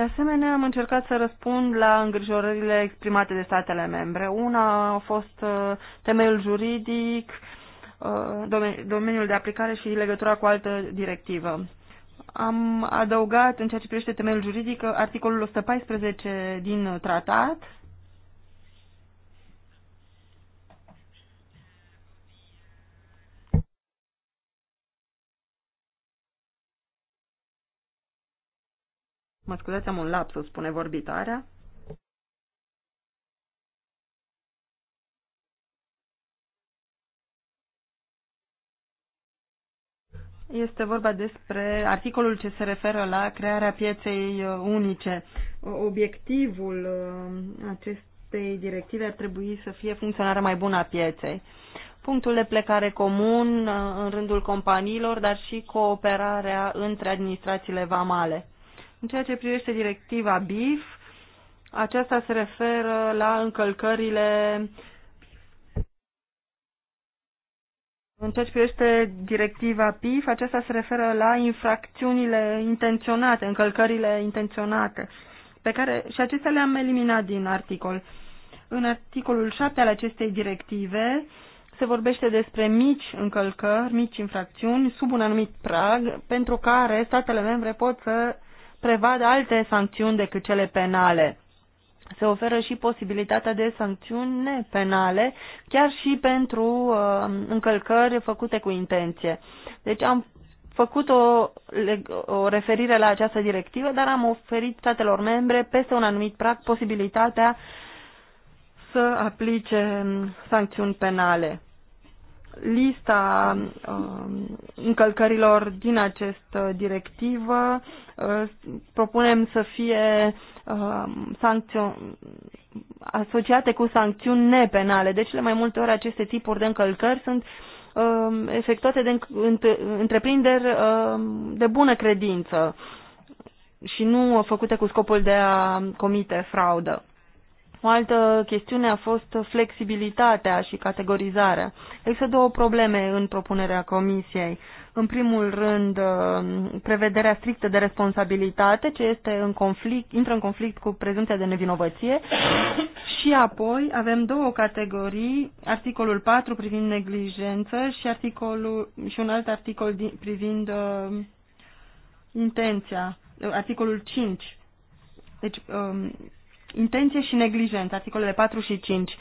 De asemenea, am încercat să răspund la îngrijorările exprimate de statele membre. Una a fost uh, temeiul juridic, uh, domeniul de aplicare și legătura cu altă directivă. Am adăugat în ceea ce privește temeiul juridic articolul 114 din tratat, Mă scuzați, am un lapsus, spune vorbitarea. Este vorba despre articolul ce se referă la crearea pieței uh, unice. Obiectivul uh, acestei directive ar trebui să fie funcționarea mai bună a pieței. Punctul de plecare comun uh, în rândul companiilor, dar și cooperarea între administrațiile vamale. În ceea ce privește directiva BIF, aceasta se referă la încălcările În ceea ce privește directiva PIF, aceasta se referă la infracțiunile intenționate, încălcările intenționate, pe care și acestea le-am eliminat din articol. În articolul 7 al acestei directive se vorbește despre mici încălcări, mici infracțiuni sub un anumit prag, pentru care statele membre pot să prevadă alte sancțiuni decât cele penale. Se oferă și posibilitatea de sancțiuni nepenale, chiar și pentru uh, încălcări făcute cu intenție. Deci am făcut o, o referire la această directivă, dar am oferit statelor membre peste un anumit prag posibilitatea să aplice um, sancțiuni penale lista uh, încălcărilor din această directivă. Uh, propunem să fie uh, asociate cu sancțiuni nepenale. Deci, cele mai multe ori, aceste tipuri de încălcări sunt um, efectuate de întreprinderi de bună credință și nu făcute cu scopul de a comite fraudă. O altă chestiune a fost flexibilitatea și categorizarea. Există două probleme în propunerea Comisiei. În primul rând, uh, prevederea strictă de responsabilitate, ce este în conflict, intră în conflict cu prezumția de nevinovăție. și apoi avem două categorii, articolul 4 privind neglijență și, articolul, și un alt articol privind uh, intenția, uh, articolul 5. Deci, um, intenție și neglijență, articolele 4 și 5.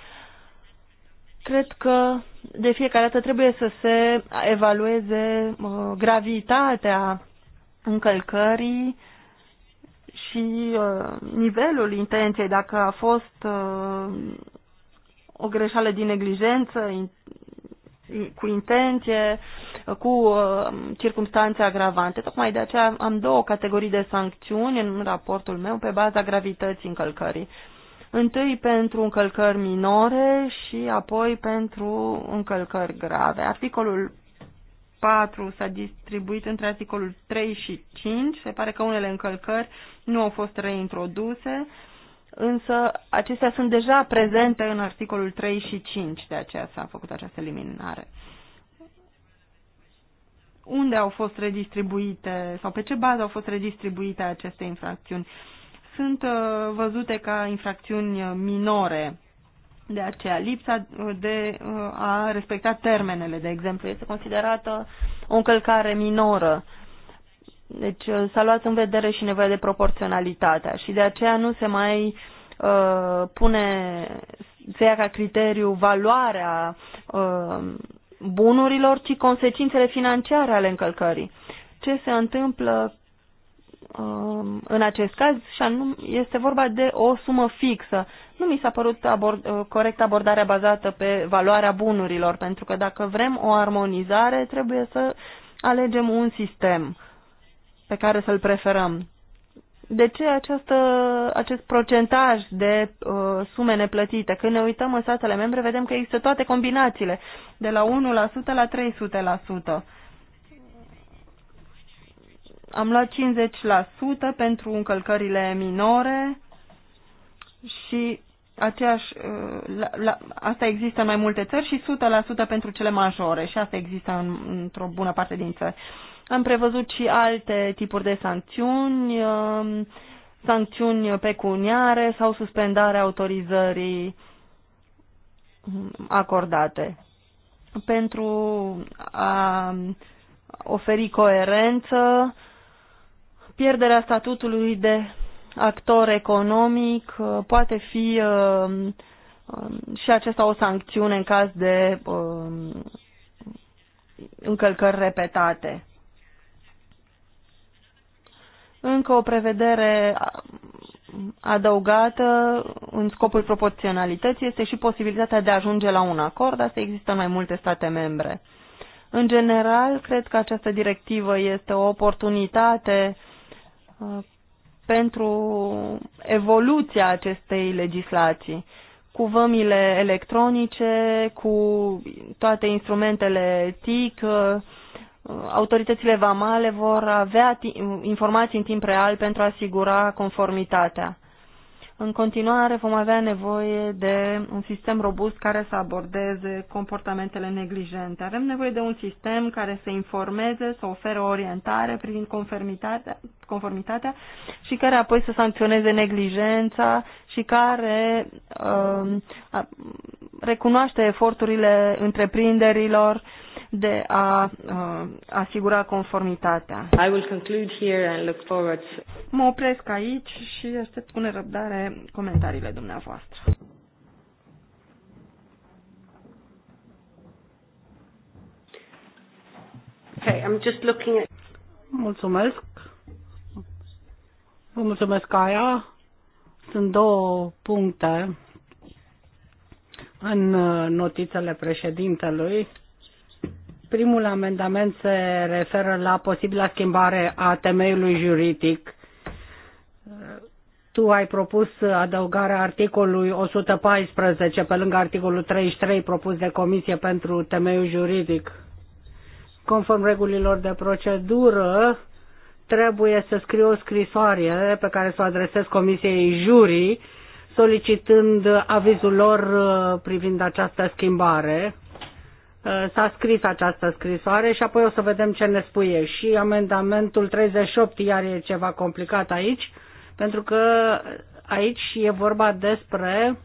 Cred că de fiecare dată trebuie să se evalueze uh, gravitatea încălcării și uh, nivelul intenției, dacă a fost uh, o greșeală din neglijență, cu intenție, cu uh, circumstanțe agravante. Tocmai de aceea am două categorii de sancțiuni în raportul meu pe baza gravității încălcării. Întâi pentru încălcări minore și apoi pentru încălcări grave. Articolul 4 s-a distribuit între articolul 3 și 5. Se pare că unele încălcări nu au fost reintroduse însă acestea sunt deja prezente în articolul 3 și 5, de aceea s-a făcut această eliminare. Unde au fost redistribuite sau pe ce bază au fost redistribuite aceste infracțiuni? Sunt uh, văzute ca infracțiuni uh, minore, de aceea lipsa uh, de a respecta termenele, de exemplu, este considerată o încălcare minoră deci uh, s-a luat în vedere și nevoia de proporționalitatea și de aceea nu se mai uh, pune, se ia ca criteriu valoarea uh, bunurilor, ci consecințele financiare ale încălcării. Ce se întâmplă uh, în acest caz și anum, este vorba de o sumă fixă. Nu mi s-a părut abord, uh, corect abordarea bazată pe valoarea bunurilor, pentru că dacă vrem o armonizare, trebuie să alegem un sistem pe care să-l preferăm. De ce această, acest procentaj de uh, sume neplătite? Când ne uităm în statele membre, vedem că există toate combinațiile, de la 1% la 300%. Am luat 50% pentru încălcările minore și aceeași, uh, la, la, asta există în mai multe țări și 100% pentru cele majore și asta există în, într-o bună parte din țări. Uh, am prevăzut și alte tipuri de sancțiuni, um, sancțiuni pecuniare sau suspendarea autorizării um, acordate. Pentru a um, oferi coerență, pierderea statutului de actor economic uh, poate fi și acesta o sancțiune în caz de încălcări repetate încă o prevedere adăugată în scopul proporționalității este și posibilitatea de a ajunge la un acord. Asta există în mai multe state membre. În general, cred că această directivă este o oportunitate uh, pentru evoluția acestei legislații cu vămile electronice, cu toate instrumentele TIC, uh, Uh, autoritățile vamale vor avea informații în timp real pentru a asigura conformitatea. În continuare vom avea nevoie de un sistem robust care să abordeze comportamentele neglijente. Avem nevoie de un sistem care să informeze, să ofere orientare privind conformitatea, conformitatea și care apoi să sancționeze neglijența și care uh, recunoaște eforturile întreprinderilor uh, de a uh, asigura conformitatea. I will here and look forward. Mă opresc aici și aștept cu nerăbdare comentariile dumneavoastră. Okay, I'm just looking at... Mulțumesc. Vă mulțumesc, Aia. Sunt două puncte în uh, notițele președintelui Primul amendament se referă la posibila schimbare a temeiului juridic. Tu ai propus adăugarea articolului 114 pe lângă articolul 33 propus de Comisie pentru temeiul juridic. Conform regulilor de procedură, trebuie să scriu o scrisoare pe care să o adresez Comisiei Jurii solicitând avizul lor uh, privind această schimbare Uh, s-a scris această scrisoare și apoi o să vedem ce ne spune. Și amendamentul 38 iar e ceva complicat aici, pentru că aici e vorba despre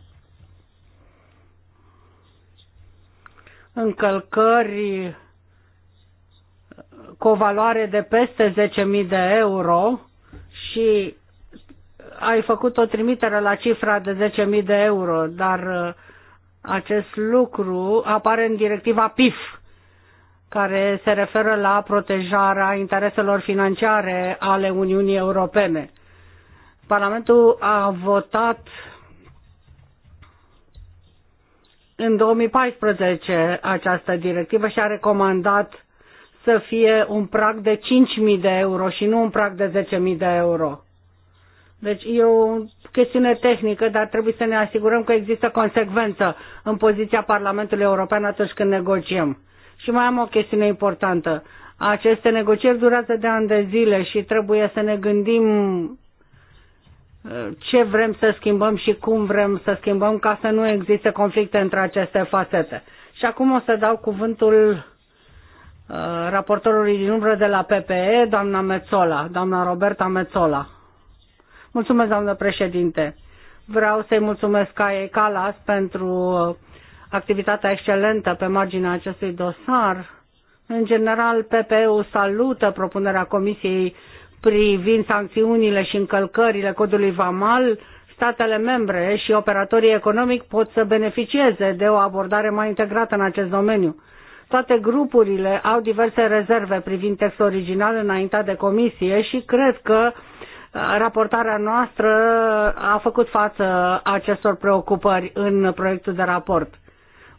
încălcări cu o valoare de peste 10.000 de euro și ai făcut o trimitere la cifra de 10.000 de euro, dar uh, acest lucru apare în directiva PIF, care se referă la protejarea intereselor financiare ale Uniunii Europene. Parlamentul a votat în 2014 această directivă și a recomandat să fie un prag de 5.000 de euro și nu un prag de 10.000 de euro. Deci e o chestiune tehnică, dar trebuie să ne asigurăm că există consecvență în poziția Parlamentului European atunci când negociem. Și mai am o chestiune importantă. Aceste negocieri durează de ani de zile și trebuie să ne gândim uh, ce vrem să schimbăm și cum vrem să schimbăm ca să nu existe conflicte între aceste fațete. Și acum o să dau cuvântul uh, raportorului din umbră de la PPE, doamna Mețola, doamna Roberta Mețola. Mulțumesc, doamnă președinte. Vreau să-i mulțumesc ei Calas pentru activitatea excelentă pe marginea acestui dosar. În general, PPU salută propunerea Comisiei privind sancțiunile și încălcările codului VAMAL, statele membre și operatorii economici pot să beneficieze de o abordare mai integrată în acest domeniu. Toate grupurile au diverse rezerve privind textul original înaintea de comisie și cred că uh, raportarea noastră a făcut față acestor preocupări în proiectul de raport.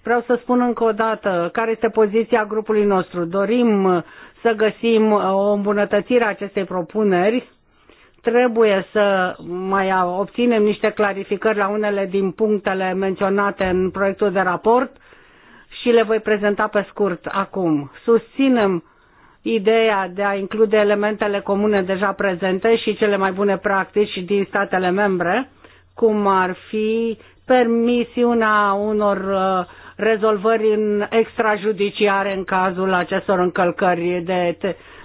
Vreau să spun încă o dată care este poziția grupului nostru. Dorim să găsim o îmbunătățire a acestei propuneri. Trebuie să mai obținem niște clarificări la unele din punctele menționate în proiectul de raport și le voi prezenta pe scurt acum. Susținem ideea de a include elementele comune deja prezente și cele mai bune practici din statele membre, cum ar fi permisiunea unor uh, rezolvări în extrajudiciare în cazul acestor încălcări de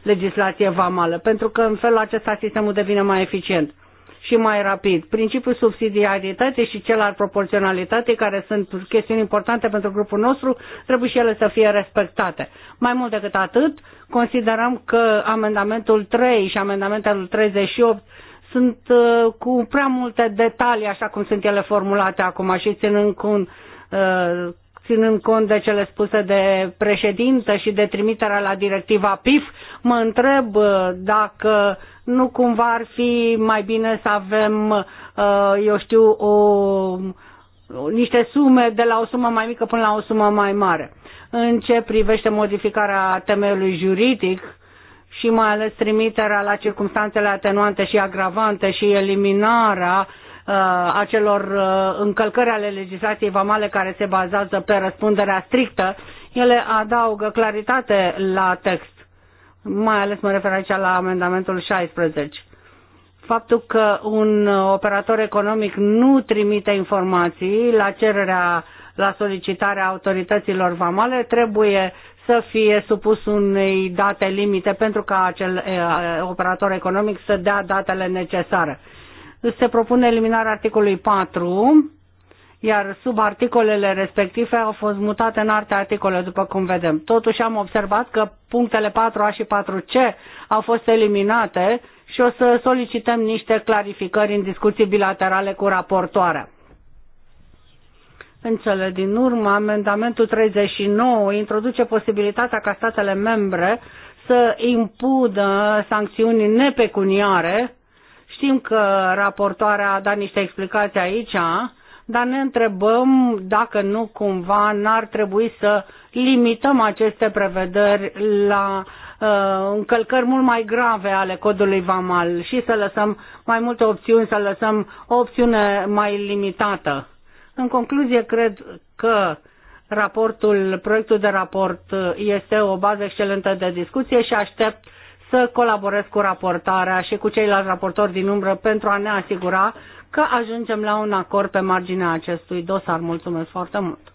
legislație vamală, pentru că în felul acesta sistemul devine mai eficient și mai rapid. Principiul subsidiarității și cel al proporționalității, care sunt chestiuni importante pentru grupul nostru, trebuie și ele să fie respectate. Mai mult decât atât, considerăm că amendamentul 3 și amendamentul 38 sunt uh, cu prea multe detalii, așa cum sunt ele formulate acum și ținând cont, uh, ținând cont de cele spuse de președintă și de trimiterea la directiva PIF, mă întreb uh, dacă nu cumva ar fi mai bine să avem, uh, eu știu, o, niște sume de la o sumă mai mică până la o sumă mai mare. În ce privește modificarea temeiului juridic și mai ales trimiterea la circumstanțele atenuante și agravante și eliminarea uh, acelor uh, încălcări ale legislației vamale care se bazează pe răspunderea strictă, ele adaugă claritate la text mai ales mă refer aici la amendamentul 16. Faptul că un operator economic nu trimite informații la cererea, la solicitarea autorităților vamale trebuie să fie supus unei date limite pentru ca acel operator economic să dea datele necesare. Se propune eliminarea articolului 4 iar sub articolele respective au fost mutate în alte articole, după cum vedem. Totuși am observat că punctele 4A și 4C au fost eliminate și o să solicităm niște clarificări în discuții bilaterale cu raportoarea. În cele din urmă, amendamentul 39 introduce posibilitatea ca statele membre să impună sancțiuni nepecuniare. Știm că raportoarea a dat niște explicații aici, dar ne întrebăm dacă nu cumva n-ar trebui să limităm aceste prevederi la uh, încălcări mult mai grave ale codului VAMAL și să lăsăm mai multe opțiuni, să lăsăm o opțiune mai limitată. În concluzie, cred că raportul, proiectul de raport uh, este o bază excelentă de discuție și aștept uh, să colaborez cu raportarea și cu ceilalți raportori din umbră pentru a ne asigura că ajungem la un acord pe marginea acestui dosar. Mulțumesc foarte mult!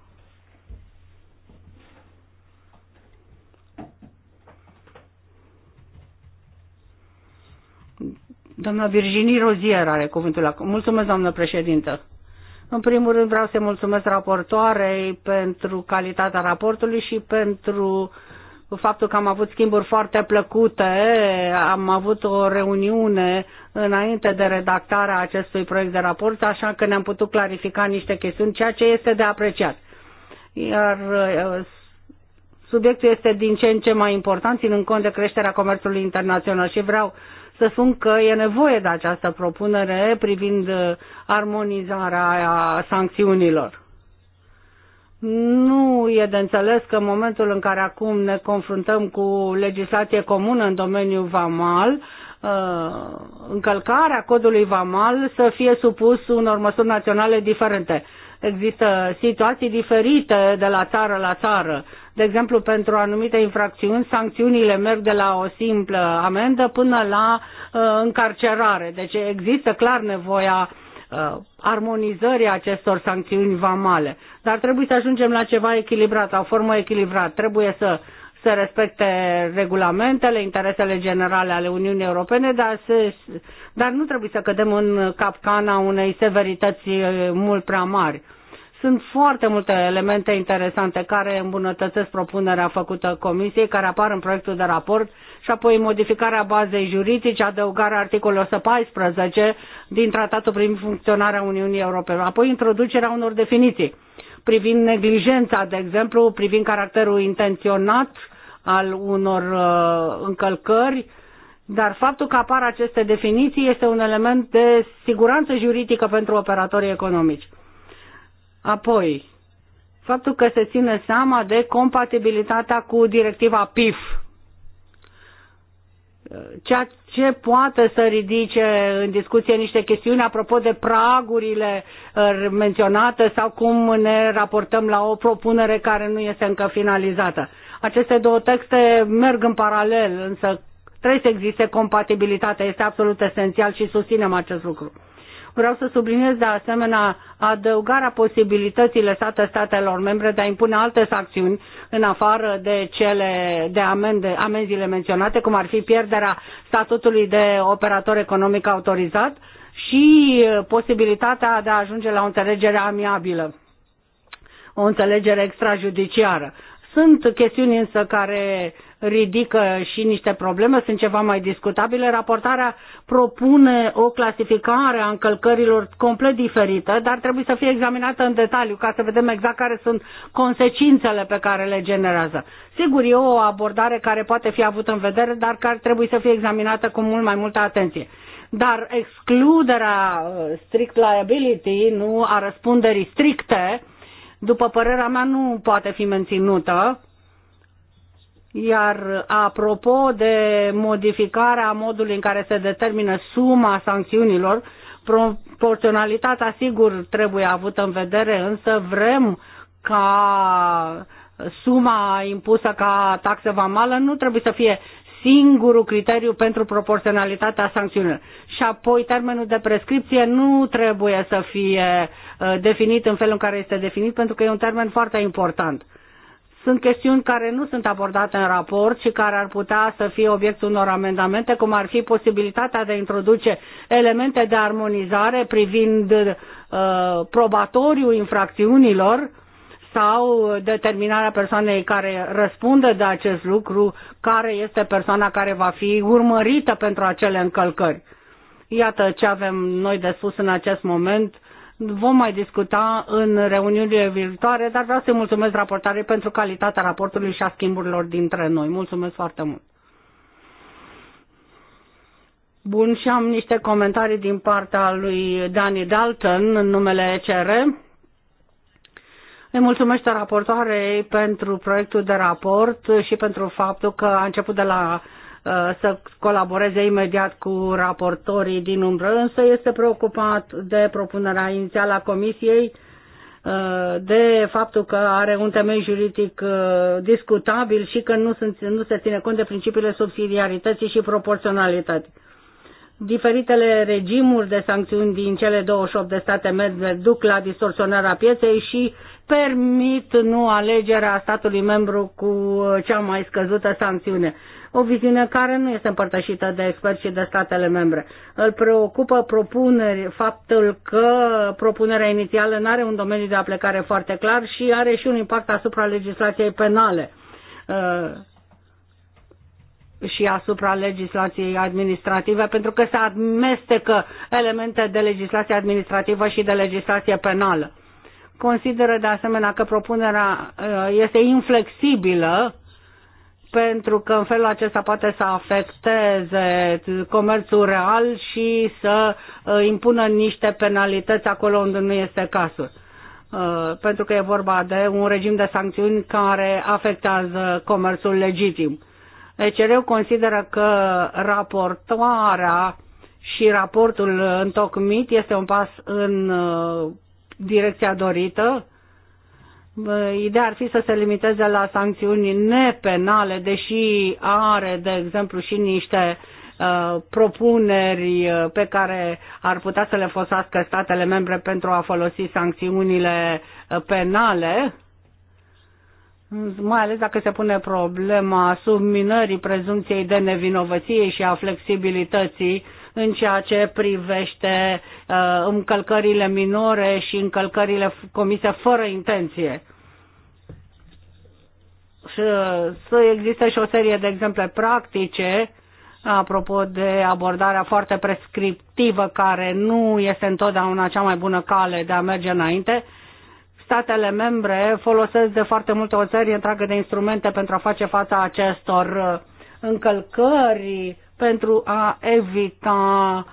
Doamna Virginie Rozier are cuvântul acum. Mulțumesc, doamnă președintă. În primul rând vreau să mulțumesc raportoarei pentru calitatea raportului și pentru uh, cu faptul că am avut schimburi foarte plăcute, am avut o reuniune înainte de redactarea acestui proiect de raport, așa că ne-am putut clarifica niște chestiuni, ceea ce este de apreciat. Iar uh, subiectul este din ce în ce mai important, ținând cont de creșterea comerțului internațional și vreau să spun că e nevoie de această propunere privind uh, armonizarea sancțiunilor nu e de înțeles că în momentul în care acum ne confruntăm cu legislație comună în domeniul VAMAL, uh, încălcarea codului VAMAL să fie supus unor măsuri naționale diferente. Există situații diferite de la țară la țară. De exemplu, pentru anumite infracțiuni, sancțiunile merg de la o simplă amendă până la uh, încarcerare. Deci există clar nevoia uh, Uh, armonizării acestor sancțiuni vamale. Dar trebuie să ajungem la ceva echilibrat, la o formă echilibrat. Trebuie să se respecte regulamentele, interesele generale ale Uniunii Europene, dar, se, dar nu trebuie să cădem în capcana unei severități uh, mult prea mari. Sunt foarte multe elemente interesante care îmbunătățesc propunerea făcută Comisiei, care apar în proiectul de raport și apoi modificarea bazei juridice, adăugarea articolului 114 din Tratatul prin funcționarea Uniunii Europene, apoi introducerea unor definiții privind neglijența, de exemplu, privind caracterul intenționat al unor uh, încălcări, dar faptul că apar aceste definiții este un element de siguranță juridică pentru operatorii economici. Apoi, faptul că se ține seama de compatibilitatea cu directiva PIF, ceea ce poate să ridice în discuție niște chestiuni apropo de pragurile uh, menționate sau cum ne raportăm la o propunere care nu este încă finalizată. Aceste două texte merg în paralel, însă trebuie să existe compatibilitate, este absolut esențial și susținem acest lucru. Vreau să subliniez de asemenea adăugarea posibilității lăsate statelor membre de a impune alte sancțiuni în afară de cele de amende, amenziile menționate, cum ar fi pierderea statutului de operator economic autorizat și posibilitatea de a ajunge la o înțelegere amiabilă, o înțelegere extrajudiciară. Sunt chestiuni însă care ridică și niște probleme, sunt ceva mai discutabile. Raportarea propune o clasificare a încălcărilor complet diferită, dar trebuie să fie examinată în detaliu ca să vedem exact care sunt consecințele pe care le generează. Sigur, e o abordare care poate fi avută în vedere, dar care trebuie să fie examinată cu mult mai multă atenție. Dar excluderea uh, strict liability, nu a răspunderii stricte, după părerea mea, nu poate fi menținută iar apropo de modificarea modului în care se determină suma sancțiunilor, proporționalitatea sigur trebuie avută în vedere, însă vrem ca suma impusă ca taxă vamală nu trebuie să fie singurul criteriu pentru proporționalitatea sancțiunilor. Și apoi termenul de prescripție nu trebuie să fie uh, definit în felul în care este definit, pentru că e un termen foarte important. Sunt chestiuni care nu sunt abordate în raport și care ar putea să fie obiectul unor amendamente, cum ar fi posibilitatea de a introduce elemente de armonizare privind uh, probatoriu infracțiunilor sau determinarea persoanei care răspunde de acest lucru, care este persoana care va fi urmărită pentru acele încălcări. Iată ce avem noi de spus în acest moment Vom mai discuta în reuniunile viitoare, dar vreau să-i mulțumesc raportare pentru calitatea raportului și a schimburilor dintre noi. Mulțumesc foarte mult! Bun, și am niște comentarii din partea lui Dani Dalton în numele ECR. Îi mulțumește raportoarei pentru proiectul de raport și pentru faptul că a început de la Uh, să colaboreze imediat cu raportorii din umbră, însă este preocupat de propunerea inițială a Comisiei uh, de faptul că are un temei juridic uh, discutabil și că nu, sunt, nu se ține cont de principiile subsidiarității și proporționalității. Diferitele regimuri de sancțiuni din cele 28 de state membre duc la distorsionarea pieței și permit nu alegerea statului membru cu cea mai scăzută sancțiune o viziune care nu este împărtășită de experți și de statele membre. Îl preocupă propuneri, faptul că propunerea inițială nu are un domeniu de aplicare foarte clar și are și un impact asupra legislației penale uh, și asupra legislației administrative, pentru că se amestecă elemente de legislație administrativă și de legislație penală. Consideră de asemenea că propunerea uh, este inflexibilă pentru că în felul acesta poate să afecteze comerțul real și să uh, impună niște penalități acolo unde nu este cazul. Uh, pentru că e vorba de un regim de sancțiuni care afectează comerțul legitim. Deci eu consideră că raportoarea și raportul întocmit este un pas în uh, direcția dorită, Ideea ar fi să se limiteze la sancțiuni nepenale, deși are, de exemplu, și niște uh, propuneri uh, pe care ar putea să le folosească statele membre pentru a folosi sancțiunile uh, penale, mai ales dacă se pune problema subminării prezumției de nevinovăție și a flexibilității în ceea ce privește uh, încălcările minore și încălcările comise fără intenție. Și uh, să există și o serie de exemple practice apropo de abordarea foarte prescriptivă care nu este întotdeauna cea mai bună cale de a merge înainte, statele membre folosesc de foarte multe o serie întreagă de instrumente pentru a face fața acestor uh, încălcări pentru a evita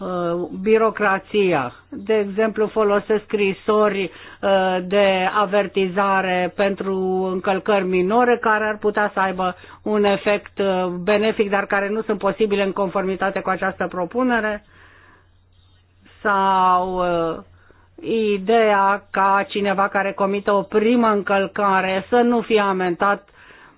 uh, birocrația. De exemplu, folosesc scrisori uh, de avertizare pentru încălcări minore care ar putea să aibă un efect uh, benefic, dar care nu sunt posibile în conformitate cu această propunere sau uh, ideea ca cineva care comite o primă încălcare să nu fie amentat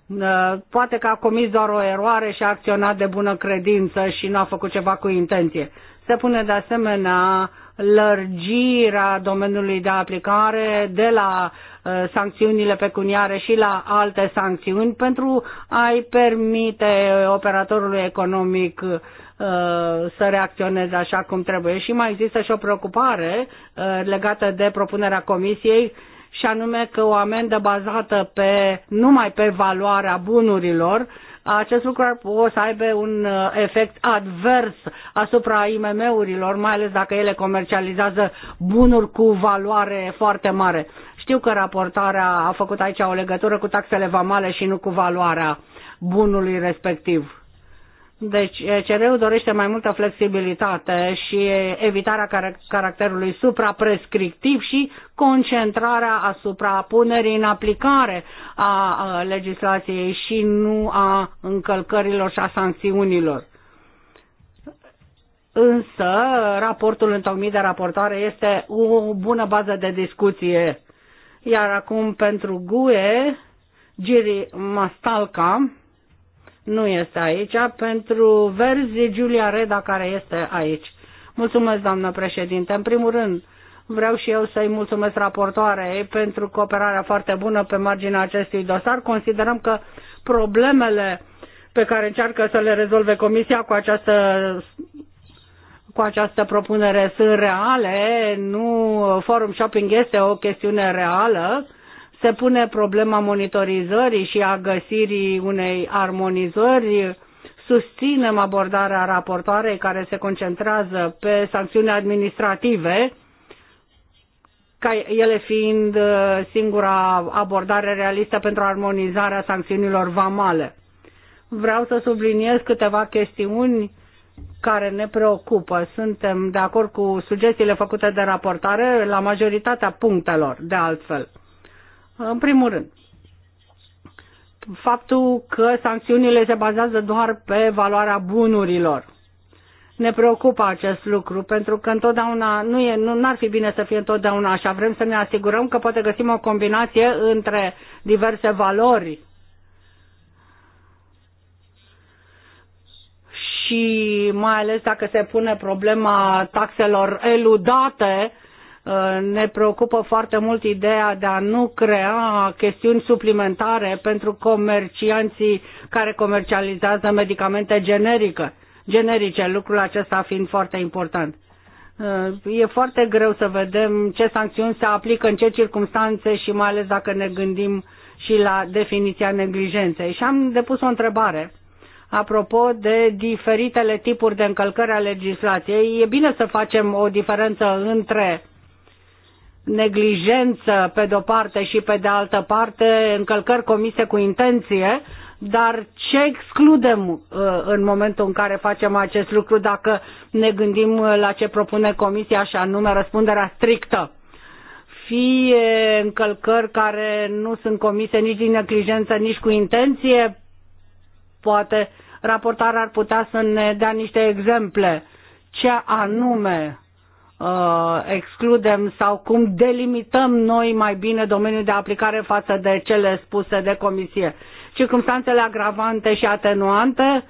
Uh, poate că a comis doar o eroare și a acționat de bună credință și nu a făcut ceva cu intenție. Se pune de asemenea lărgirea domeniului de aplicare de la uh, sancțiunile pecuniare și la alte sancțiuni pentru a-i permite operatorului economic uh, să reacționeze așa cum trebuie. Și mai există și o preocupare legată de propunerea comisiei și anume că o amendă bazată pe, numai pe valoarea bunurilor, acest lucru o să aibă un uh, efect advers asupra IMM-urilor, mai ales dacă ele comercializează bunuri cu valoare foarte mare. Știu că raportarea a făcut aici o legătură cu taxele vamale și nu cu valoarea bunului respectiv. Deci ecr dorește mai multă flexibilitate și evitarea caracterului supraprescriptiv și concentrarea asupra punerii în aplicare a legislației și nu a încălcărilor și a sancțiunilor. Însă, raportul întocmit de raportoare este o bună bază de discuție. Iar acum, pentru GUE, Giri Mastalca, nu este aici. Pentru Verzi, Giulia Reda, care este aici. Mulțumesc, doamnă președinte. În primul rând, vreau și eu să-i mulțumesc raportoarei pentru cooperarea foarte bună pe marginea acestui dosar. Considerăm că problemele pe care încearcă să le rezolve Comisia cu această cu această propunere sunt reale, nu forum shopping este o chestiune reală se pune problema monitorizării și a găsirii unei armonizări. Susținem abordarea raportoarei care se concentrează pe sancțiuni administrative, ca ele fiind uh, singura abordare realistă pentru armonizarea sancțiunilor vamale. Vreau să subliniez câteva chestiuni care ne preocupă. Suntem de acord cu sugestiile făcute de raportare la majoritatea punctelor, de altfel. În primul rând, faptul că sancțiunile se bazează doar pe valoarea bunurilor. Ne preocupă acest lucru, pentru că întotdeauna nu e, nu, ar fi bine să fie întotdeauna așa. Vrem să ne asigurăm că poate găsim o combinație între diverse valori și mai ales dacă se pune problema taxelor eludate, Uh, ne preocupă foarte mult ideea de a nu crea chestiuni suplimentare pentru comercianții care comercializează medicamente generică, generice, lucrul acesta fiind foarte important. Uh, e foarte greu să vedem ce sancțiuni se aplică, în ce circunstanțe și mai ales dacă ne gândim și la definiția neglijenței. Și am depus o întrebare apropo de diferitele tipuri de încălcări a legislației. E bine să facem o diferență între uh, neglijență pe de-o parte și pe de altă parte încălcări comise cu intenție, dar ce excludem uh, în momentul în care facem acest lucru dacă ne gândim uh, la ce propune Comisia și anume răspunderea strictă? Fie încălcări care nu sunt comise nici din neglijență, nici cu intenție, poate raportarea ar putea să ne dea niște exemple. Ce anume uh, excludem sau cum delimităm noi mai bine domeniul de aplicare față de cele spuse de comisie. Circumstanțele agravante și atenuante,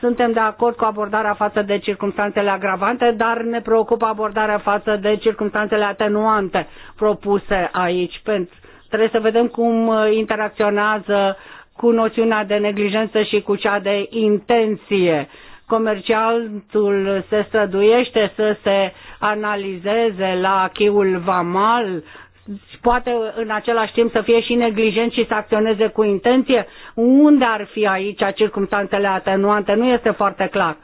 suntem de acord cu abordarea față de circumstanțele agravante, dar ne preocupă abordarea față de circumstanțele atenuante propuse aici. Pentru, trebuie să vedem cum uh, interacționează cu noțiunea de neglijență și cu cea de intenție. Uh, comerciantul se străduiește să se analizeze la chiul vamal, poate în același timp să fie și neglijent și să acționeze cu intenție, unde ar fi aici circumstanțele atenuante, nu este foarte clar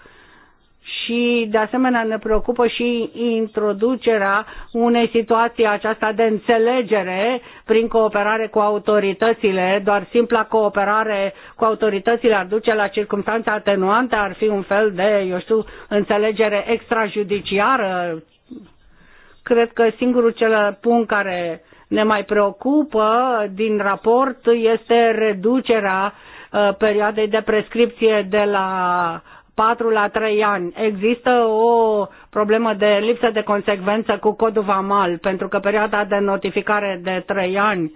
și de asemenea ne preocupă și introducerea unei situații aceasta de înțelegere prin cooperare cu autoritățile. Doar simpla cooperare cu autoritățile ar duce la circunstanțe atenuante, ar fi un fel de, eu știu, înțelegere extrajudiciară. Cred că singurul cel punct care ne mai preocupă din raport este reducerea uh, perioadei de prescripție de la 4 la 3 ani. Există o problemă de lipsă de consecvență cu codul VAMAL, pentru că perioada de notificare de 3 ani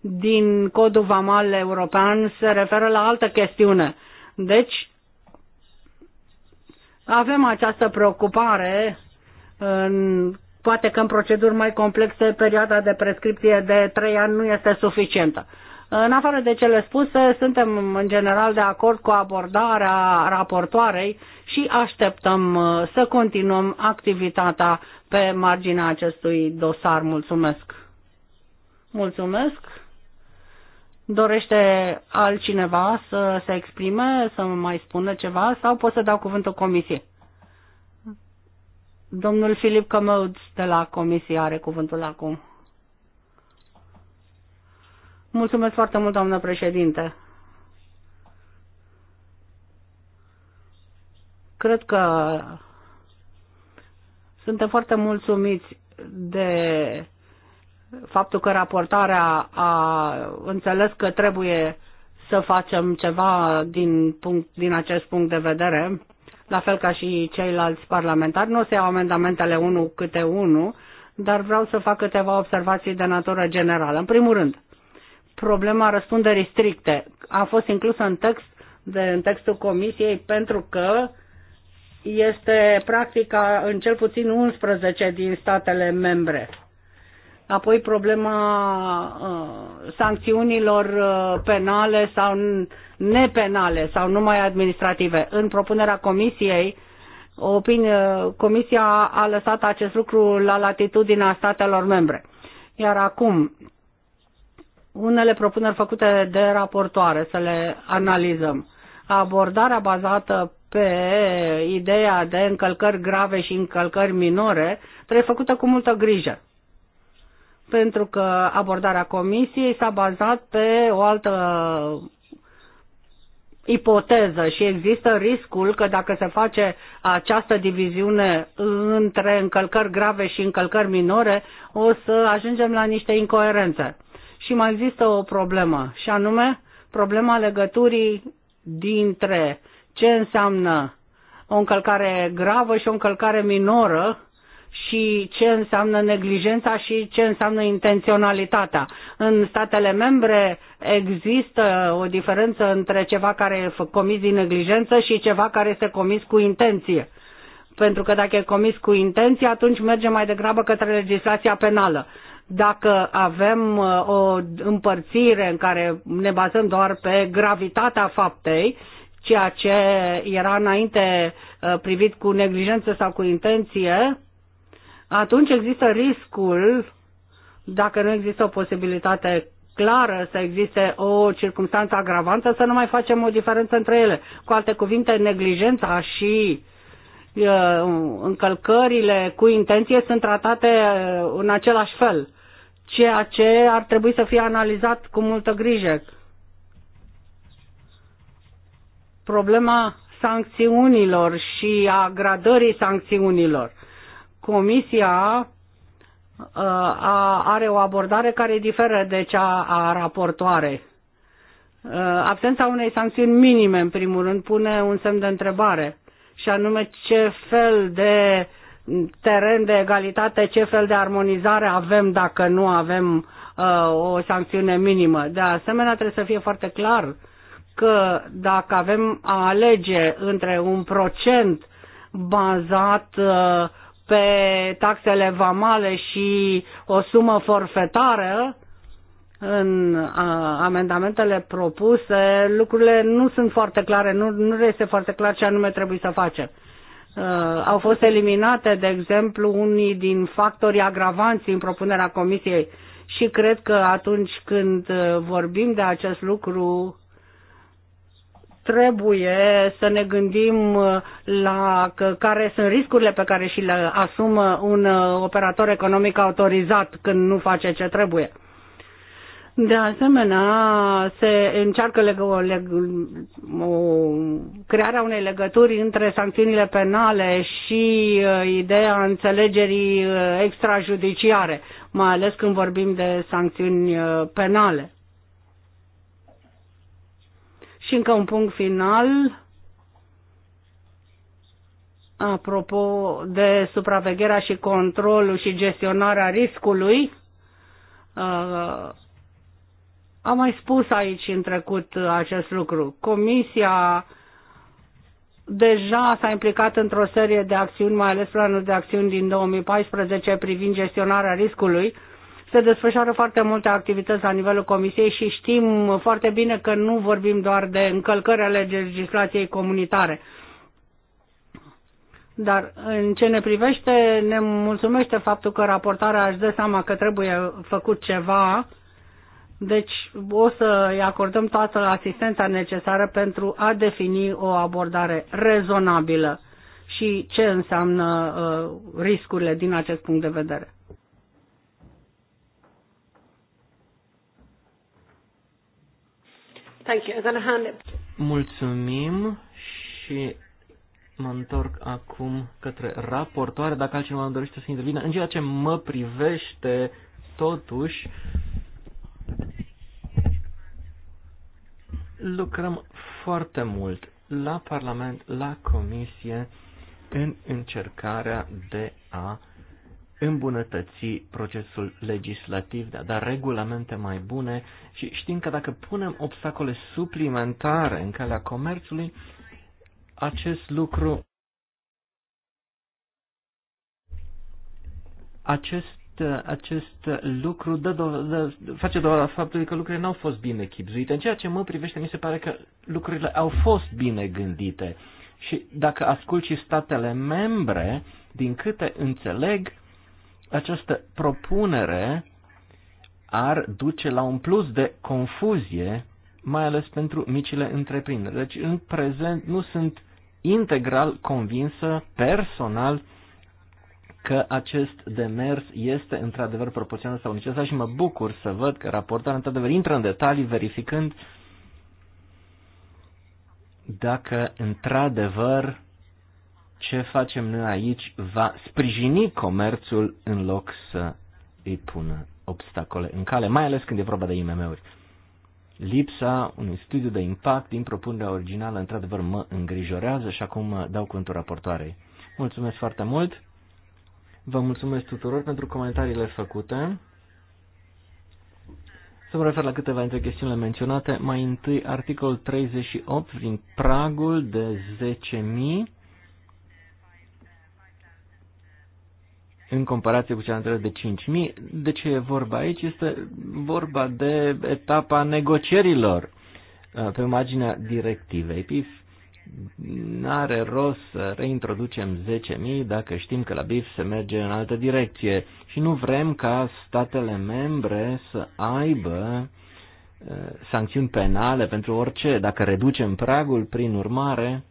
din codul VAMAL european se referă la altă chestiune. Deci, avem această preocupare în poate că în proceduri mai complexe perioada de prescripție de 3 ani nu este suficientă. În afară de cele spuse, suntem în general de acord cu abordarea raportoarei și așteptăm uh, să continuăm activitatea pe marginea acestui dosar. Mulțumesc! Mulțumesc! Dorește altcineva să se exprime, să mai spună ceva sau pot să dau cuvântul comisiei? Domnul Filip Cămăuț de la comisie are cuvântul acum. Mulțumesc foarte mult, doamnă președinte. Cred că suntem foarte mulțumiți de faptul că raportarea a înțeles că trebuie să facem ceva din, punct, din acest punct de vedere, la fel ca și ceilalți parlamentari. Nu o să iau amendamentele unul câte unul, dar vreau să fac câteva observații de natură generală. În primul rând, problema răspunderii stricte. A fost inclusă în text de, în textul comisiei pentru că este practica în cel puțin 11 din statele membre. Apoi problema uh, sancțiunilor uh, penale sau nepenale sau numai administrative. În propunerea comisiei, opinie, comisia a lăsat acest lucru la latitudinea statelor membre. Iar acum, unele propuneri făcute de raportoare, să le analizăm. Abordarea bazată pe ideea de încălcări grave și încălcări minore trebuie făcută cu multă grijă. Pentru că abordarea comisiei s-a bazat pe o altă ipoteză și există riscul că dacă se face această diviziune între încălcări grave și încălcări minore, o să ajungem la niște incoerențe și mai există o problemă, și anume problema legăturii dintre ce înseamnă o încălcare gravă și o încălcare minoră și ce înseamnă neglijența și ce înseamnă intenționalitatea. În statele membre există o diferență între ceva care e comis din neglijență și ceva care este comis cu intenție. Pentru că dacă e comis cu intenție, atunci merge mai degrabă către legislația penală. Dacă avem uh, o împărțire în care ne bazăm doar pe gravitatea faptei, ceea ce era înainte uh, privit cu neglijență sau cu intenție, atunci există riscul, dacă nu există o posibilitate clară să existe o circunstanță agravantă, să nu mai facem o diferență între ele. Cu alte cuvinte, neglijența și uh, încălcările cu intenție sunt tratate în același fel ceea ce ar trebui să fie analizat cu multă grijă. Problema sancțiunilor și a gradării sancțiunilor. Comisia uh, are o abordare care diferă de cea a raportoare. Uh, absența unei sancțiuni minime, în primul rând, pune un semn de întrebare, și anume ce fel de teren de egalitate, ce fel de armonizare avem dacă nu avem uh, o sancțiune minimă. De asemenea, trebuie să fie foarte clar că dacă avem a alege între un procent bazat uh, pe taxele vamale și o sumă forfetară, în uh, amendamentele propuse, lucrurile nu sunt foarte clare, nu, nu este foarte clar ce anume trebuie să facem. Uh, au fost eliminate, de exemplu, unii din factorii agravanți în propunerea comisiei și cred că atunci când uh, vorbim de acest lucru, trebuie să ne gândim uh, la care sunt riscurile pe care și le asumă un operator economic autorizat când nu face ce trebuie. De asemenea, se încearcă leg- o, leg, o, crearea unei legături între sancțiunile penale și uh, ideea înțelegerii uh, extrajudiciare, mai ales când vorbim de sancțiuni uh, penale. Și încă un punct final, apropo de supravegherea și controlul și gestionarea riscului, uh, am mai spus aici în trecut acest lucru. Comisia deja s-a implicat într-o serie de acțiuni, mai ales planul de acțiuni din 2014 privind gestionarea riscului. Se desfășoară foarte multe activități la nivelul Comisiei și știm foarte bine că nu vorbim doar de încălcări ale legislației comunitare. Dar în ce ne privește, ne mulțumește faptul că raportarea își dă seama că trebuie făcut ceva deci o să îi acordăm toată asistența necesară pentru a defini o abordare rezonabilă și ce înseamnă uh, riscurile din acest punct de vedere. Thank you. I'm hand it. Mulțumim și mă întorc acum către raportoare. Dacă altcineva îmi dorește să intervină, în ceea ce mă privește, totuși, uh, Lucrăm foarte mult la Parlament, la Comisie, în încercarea de a îmbunătăți procesul legislativ, de a da regulamente mai bune și știm că dacă punem obstacole suplimentare în calea comerțului, acest lucru acest acest lucru dă dă, face dovada faptului că lucrurile n-au fost bine chipzuite. În ceea ce mă privește, mi se pare că lucrurile au fost bine gândite. Și dacă ascult și statele membre, din câte înțeleg, această propunere ar duce la un plus de confuzie, mai ales pentru micile întreprinderi. Deci, în prezent, nu sunt integral convinsă personal că acest demers este într-adevăr proporțional sau necesar și mă bucur să văd că raportarea într-adevăr intră în detalii verificând dacă într-adevăr ce facem noi aici va sprijini comerțul în loc să îi pună obstacole în cale, mai ales când e vorba de IMM-uri. Lipsa unui studiu de impact din propunerea originală, într-adevăr, mă îngrijorează și acum dau cuvântul raportoarei. Mulțumesc foarte mult! Vă mulțumesc tuturor pentru comentariile făcute. Să mă refer la câteva dintre chestiunile menționate. Mai întâi, articolul 38 prin pragul de 10.000 în comparație cu cea de 5.000. De ce e vorba aici? Este vorba de etapa negocierilor uh, pe marginea directivei N-are rost să reintroducem 10.000 dacă știm că la BIF se merge în altă direcție și nu vrem ca statele membre să aibă uh, sancțiuni penale pentru orice. Dacă reducem pragul, prin urmare,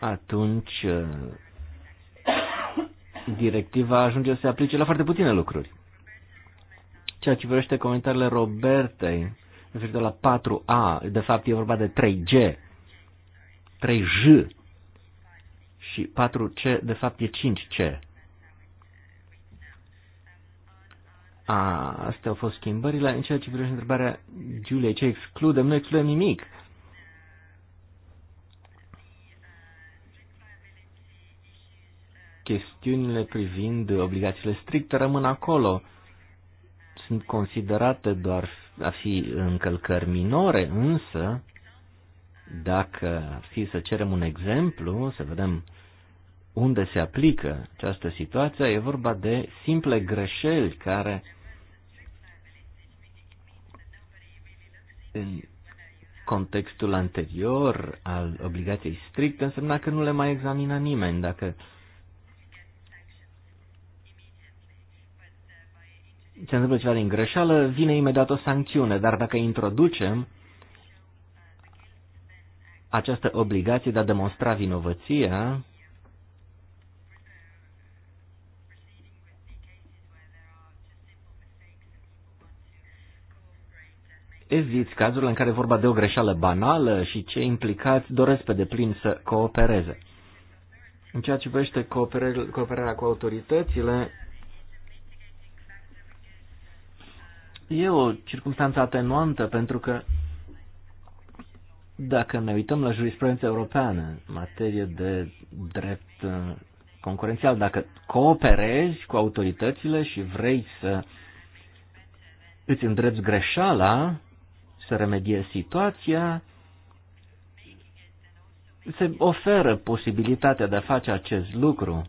atunci uh, directiva ajunge să se aplice la foarte puține lucruri. Ceea ce privește comentariile Robertei referitor la 4A, de fapt e vorba de 3G, 3J și 4C, de fapt e 5C. A, astea au fost schimbările. În ceea ce privește întrebarea Giulia, ce excludem? Nu excludem nimic. Chestiunile privind obligațiile stricte rămân acolo. Sunt considerate doar a fi încălcări minore, însă dacă ar fi să cerem un exemplu, să vedem unde se aplică această situație, e vorba de simple greșeli care în contextul anterior al obligației stricte însemna că nu le mai examina nimeni. Dacă se întâmplă ceva din greșeală, vine imediat o sancțiune, dar dacă introducem această obligație de a demonstra vinovăția eviți cazul în care vorba de o greșeală banală și cei implicați doresc pe deplin să coopereze. În ceea ce privește cooperarea cu autoritățile, e o circunstanță atenuantă pentru că dacă ne uităm la jurisprudența europeană în materie de drept uh, concurențial, dacă cooperezi cu autoritățile și vrei să îți îndrepti greșeala, să remediezi situația, se oferă posibilitatea de a face acest lucru.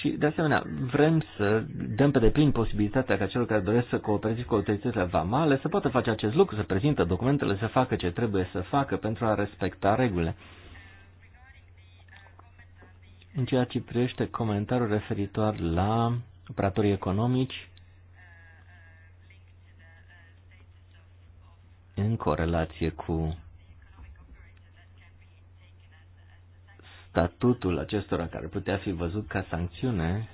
Și, de asemenea, vrem să dăm pe deplin posibilitatea ca celor care doresc să coopereze cu autoritățile vamale să poată face acest lucru, să prezintă documentele, să facă ce trebuie să facă pentru a respecta regulile. În ceea ce privește comentariul referitor la operatorii economici, în corelație cu statutul acestora care putea fi văzut ca sancțiune,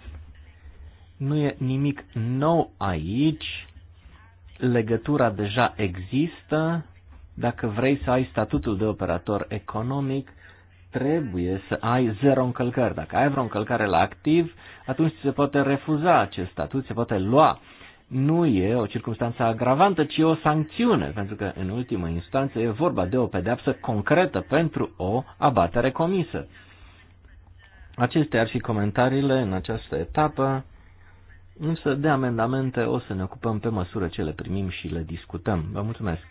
nu e nimic nou aici, legătura deja există, dacă vrei să ai statutul de operator economic, trebuie să ai zero încălcări. Dacă ai vreo încălcare la activ, atunci se poate refuza acest statut, se poate lua. Nu e o circunstanță agravantă, ci o sancțiune, pentru că, în ultimă instanță, e vorba de o pedeapsă concretă pentru o abatere comisă. Acestea ar fi comentariile în această etapă, însă de amendamente o să ne ocupăm pe măsură ce le primim și le discutăm. Vă mulțumesc!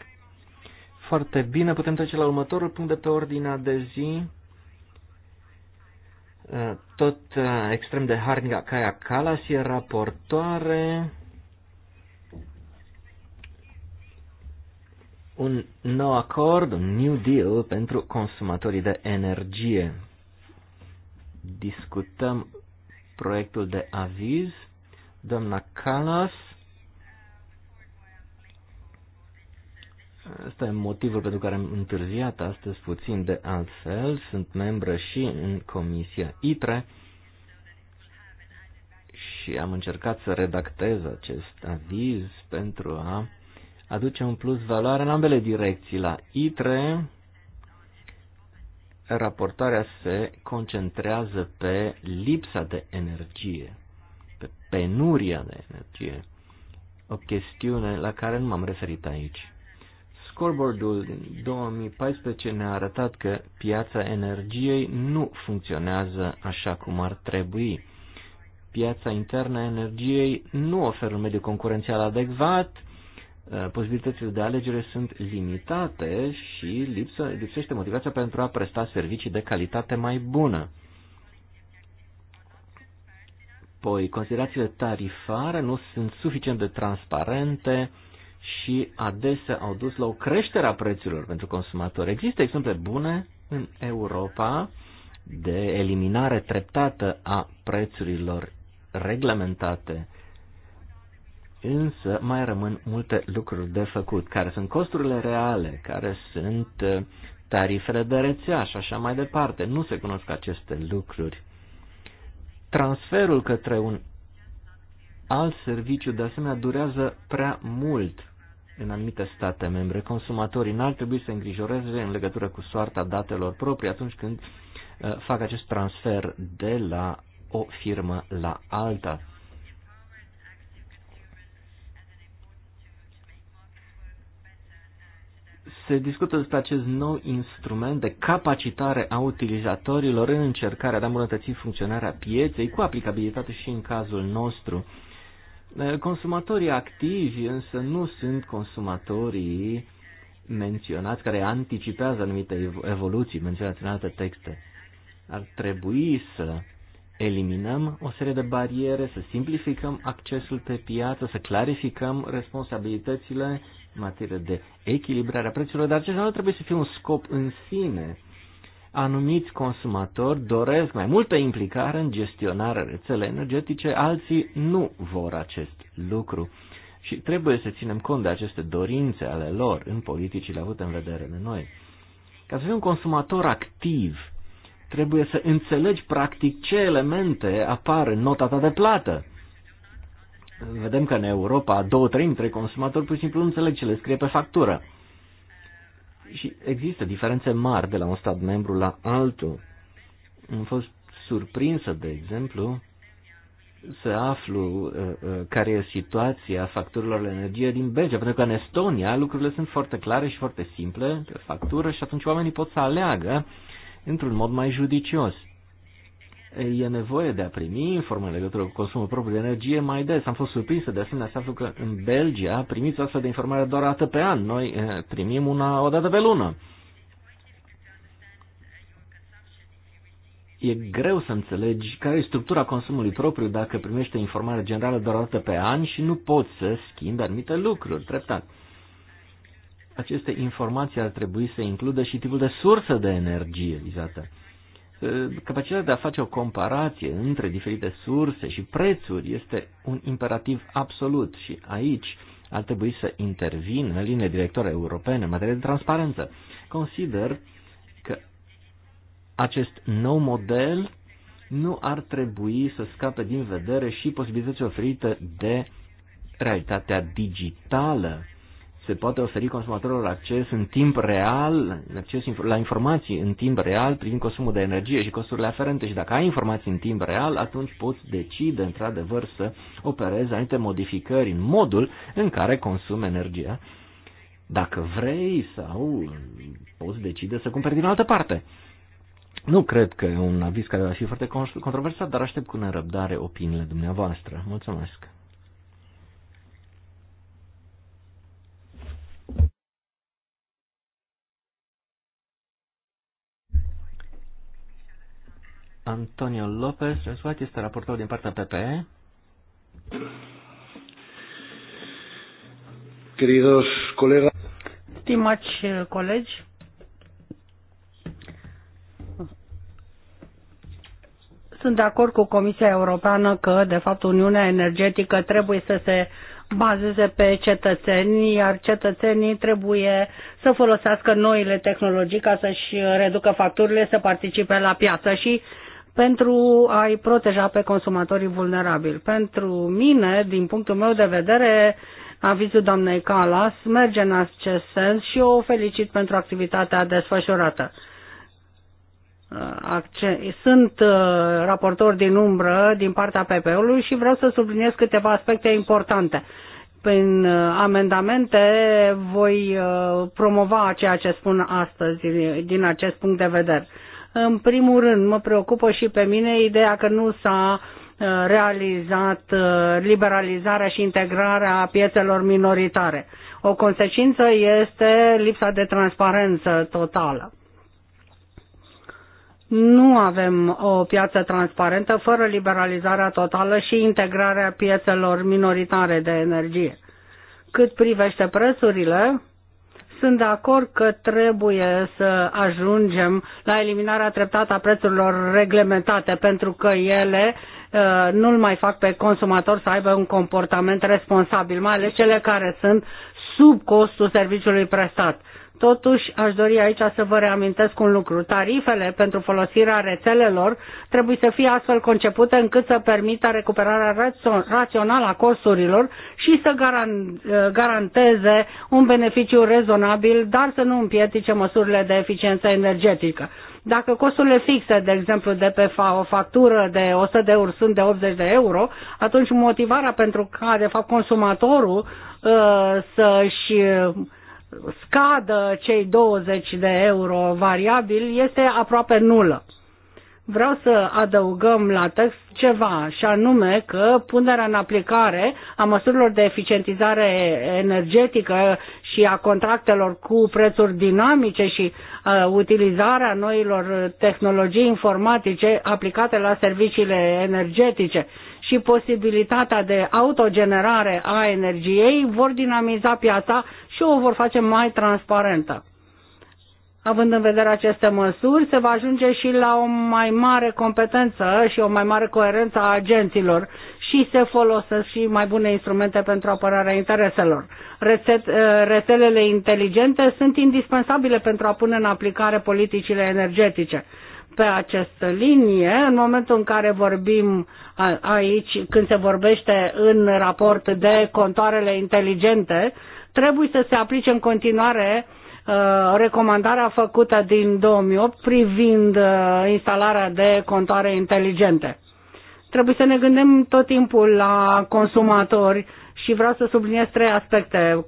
Foarte bine, putem trece la următorul punct de pe ordinea de zi. Eh, tot eh, extrem de harniga Caia Calas e raportoare. Un nou acord, un New Deal pentru consumatorii de energie discutăm proiectul de aviz. Doamna Calas, Asta e motivul pentru care am întârziat astăzi puțin de altfel. Sunt membră și în Comisia ITRE și am încercat să redactez acest aviz pentru a aduce un plus valoare în ambele direcții la ITRE raportarea se concentrează pe lipsa de energie, pe penuria de energie, o chestiune la care nu m-am referit aici. Scoreboardul din 2014 ne-a arătat că piața energiei nu funcționează așa cum ar trebui. Piața internă a energiei nu oferă un mediu concurențial adecvat, Eh, posibilitățile de alegere sunt limitate și lipsă, lipsește motivația pentru a presta servicii de calitate mai bună. Poi, considerațiile tarifare nu sunt suficient de transparente și adesea au dus la o creștere a prețurilor pentru consumatori. Există exemple bune în Europa de eliminare treptată a prețurilor reglementate însă mai rămân multe lucruri de făcut, care sunt costurile reale, care sunt uh, tarifele de rețea și așa mai departe. Nu se cunosc aceste lucruri. Transferul către un alt serviciu, de asemenea, durează prea mult în anumite state membre. Consumatorii n-ar trebui să îngrijoreze în legătură cu soarta datelor proprii atunci când uh, fac acest transfer de la o firmă la alta. se discută despre acest nou instrument de capacitare a utilizatorilor în încercarea de a îmbunătăți funcționarea pieței cu aplicabilitate și în cazul nostru. Eh, consumatorii activi însă nu sunt consumatorii menționați, care anticipează anumite evoluții menționate în alte texte. Ar trebui să eliminăm o serie de bariere, să simplificăm accesul pe piață, să clarificăm responsabilitățile materie de echilibrare a prețurilor, dar acesta nu trebuie să fie un scop în sine. Anumiți consumatori doresc mai multă implicare în gestionarea rețelei energetice, alții nu vor acest lucru. Și trebuie să ținem cont de aceste dorințe ale lor în politicile avute în vedere de noi. Ca să fii un consumator activ, trebuie să înțelegi practic ce elemente apar în nota ta de plată vedem că în Europa două treimi dintre consumatori pur și simplu nu înțeleg ce le scrie pe factură. Și există diferențe mari de la un stat membru la altul. Am fost surprinsă, de exemplu, să aflu uh, uh, care e situația facturilor de energie din Belgia, pentru că în Estonia lucrurile sunt foarte clare și foarte simple pe factură și atunci oamenii pot să aleagă într-un mod mai judicios e nevoie de a primi informe în legătură cu consumul propriu de energie mai des. Am fost surprinsă de asemenea să aflu că în Belgia primiți astfel de informare doar atât pe an. Noi eh, primim una o dată pe lună. E greu să înțelegi care e structura consumului propriu dacă primești informare generală doar o dată pe an și nu poți să schimbi anumite lucruri treptat. Aceste informații ar trebui să includă și tipul de sursă de energie vizată capacitatea de a face o comparație între diferite surse și prețuri este un imperativ absolut și aici ar trebui să intervină linii directoare europene în materie de transparență. Consider că acest nou model nu ar trebui să scape din vedere și posibilitățile oferite de realitatea digitală se poate oferi consumatorilor acces în timp real, acces la informații în timp real privind consumul de energie și costurile aferente și dacă ai informații în timp real, atunci poți decide într-adevăr să operezi anumite modificări în modul în care consumi energia, dacă vrei sau poți decide să cumperi din altă parte. Nu cred că e un aviz care va fi foarte controversat, dar aștept cu nerăbdare opiniile dumneavoastră. Mulțumesc! Antonio Lopez Răzvat este raportor din partea PPE. Queridos colega... Stimați colegi, sunt de acord cu Comisia Europeană că, de fapt, Uniunea Energetică trebuie să se bazeze pe cetățeni, iar cetățenii trebuie să folosească noile tehnologii ca să-și reducă facturile, să participe la piață și pentru a-i proteja pe consumatorii vulnerabili. Pentru mine, din punctul meu de vedere, avizul doamnei Calas merge în acest sens și o felicit pentru activitatea desfășurată. Uh, sunt uh, raportor din umbră din partea PP-ului și vreau să subliniez câteva aspecte importante. Prin uh, amendamente voi promova ceea ce spun astăzi din acest punct de vedere în primul rând, mă preocupă și pe mine ideea că nu s-a uh, realizat uh, liberalizarea și integrarea piețelor minoritare. O consecință este lipsa de transparență totală. Nu avem o piață transparentă fără liberalizarea totală și integrarea piețelor minoritare de energie. Cât privește prețurile, sunt de acord că trebuie să ajungem la eliminarea treptată a prețurilor reglementate, pentru că ele uh, nu-l mai fac pe consumator să aibă un comportament responsabil, mai ales cele care sunt sub costul serviciului prestat. Totuși, aș dori aici să vă reamintesc un lucru. Tarifele pentru folosirea rețelelor trebuie să fie astfel concepute încât să permită recuperarea rațională a costurilor și să garanteze un beneficiu rezonabil, dar să nu împiedice măsurile de eficiență energetică. Dacă costurile fixe, de exemplu, de pe o factură de 100 de euro sunt de 80 de euro, atunci motivarea pentru ca, de fapt, consumatorul uh, să-și scadă cei 20 de euro variabil este aproape nulă. Vreau să adăugăm la text ceva, și anume că punerea în aplicare a măsurilor de eficientizare energetică și a contractelor cu prețuri dinamice și uh, utilizarea noilor tehnologii informatice aplicate la serviciile energetice și posibilitatea de autogenerare a energiei vor dinamiza piața și o vor face mai transparentă. Având în vedere aceste măsuri, se va ajunge și la o mai mare competență și o mai mare coerență a agenților și se folosesc și mai bune instrumente pentru apărarea intereselor. Rețet, eh, rețelele inteligente sunt indispensabile pentru a pune în aplicare politicile energetice. Pe această linie, în momentul în care vorbim aici, când se vorbește în raport de contoarele inteligente, trebuie să se aplice în continuare uh, recomandarea făcută din 2008 privind uh, instalarea de contoare inteligente. Trebuie să ne gândim tot timpul la consumatori și vreau să subliniez trei aspecte.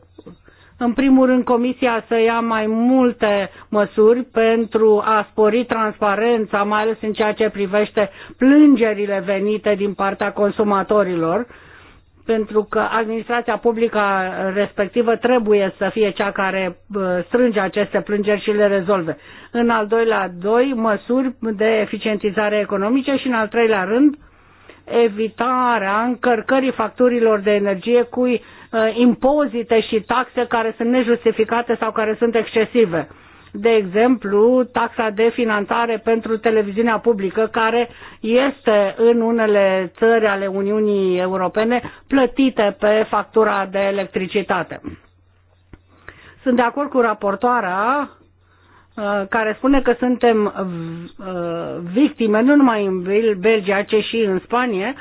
În primul rând, Comisia să ia mai multe măsuri pentru a spori transparența, mai ales în ceea ce privește plângerile venite din partea consumatorilor pentru că administrația publică respectivă trebuie să fie cea care strânge aceste plângeri și le rezolve. În al doilea, doi, măsuri de eficientizare economice și în al treilea rând, evitarea încărcării facturilor de energie cu ă, impozite și taxe care sunt nejustificate sau care sunt excesive de exemplu, taxa de finanțare pentru televiziunea publică, care este în unele țări ale Uniunii Europene plătită pe factura de electricitate. Sunt de acord cu raportoarea uh, care spune că suntem uh, victime, nu numai în Belgia, ci și în Spanie,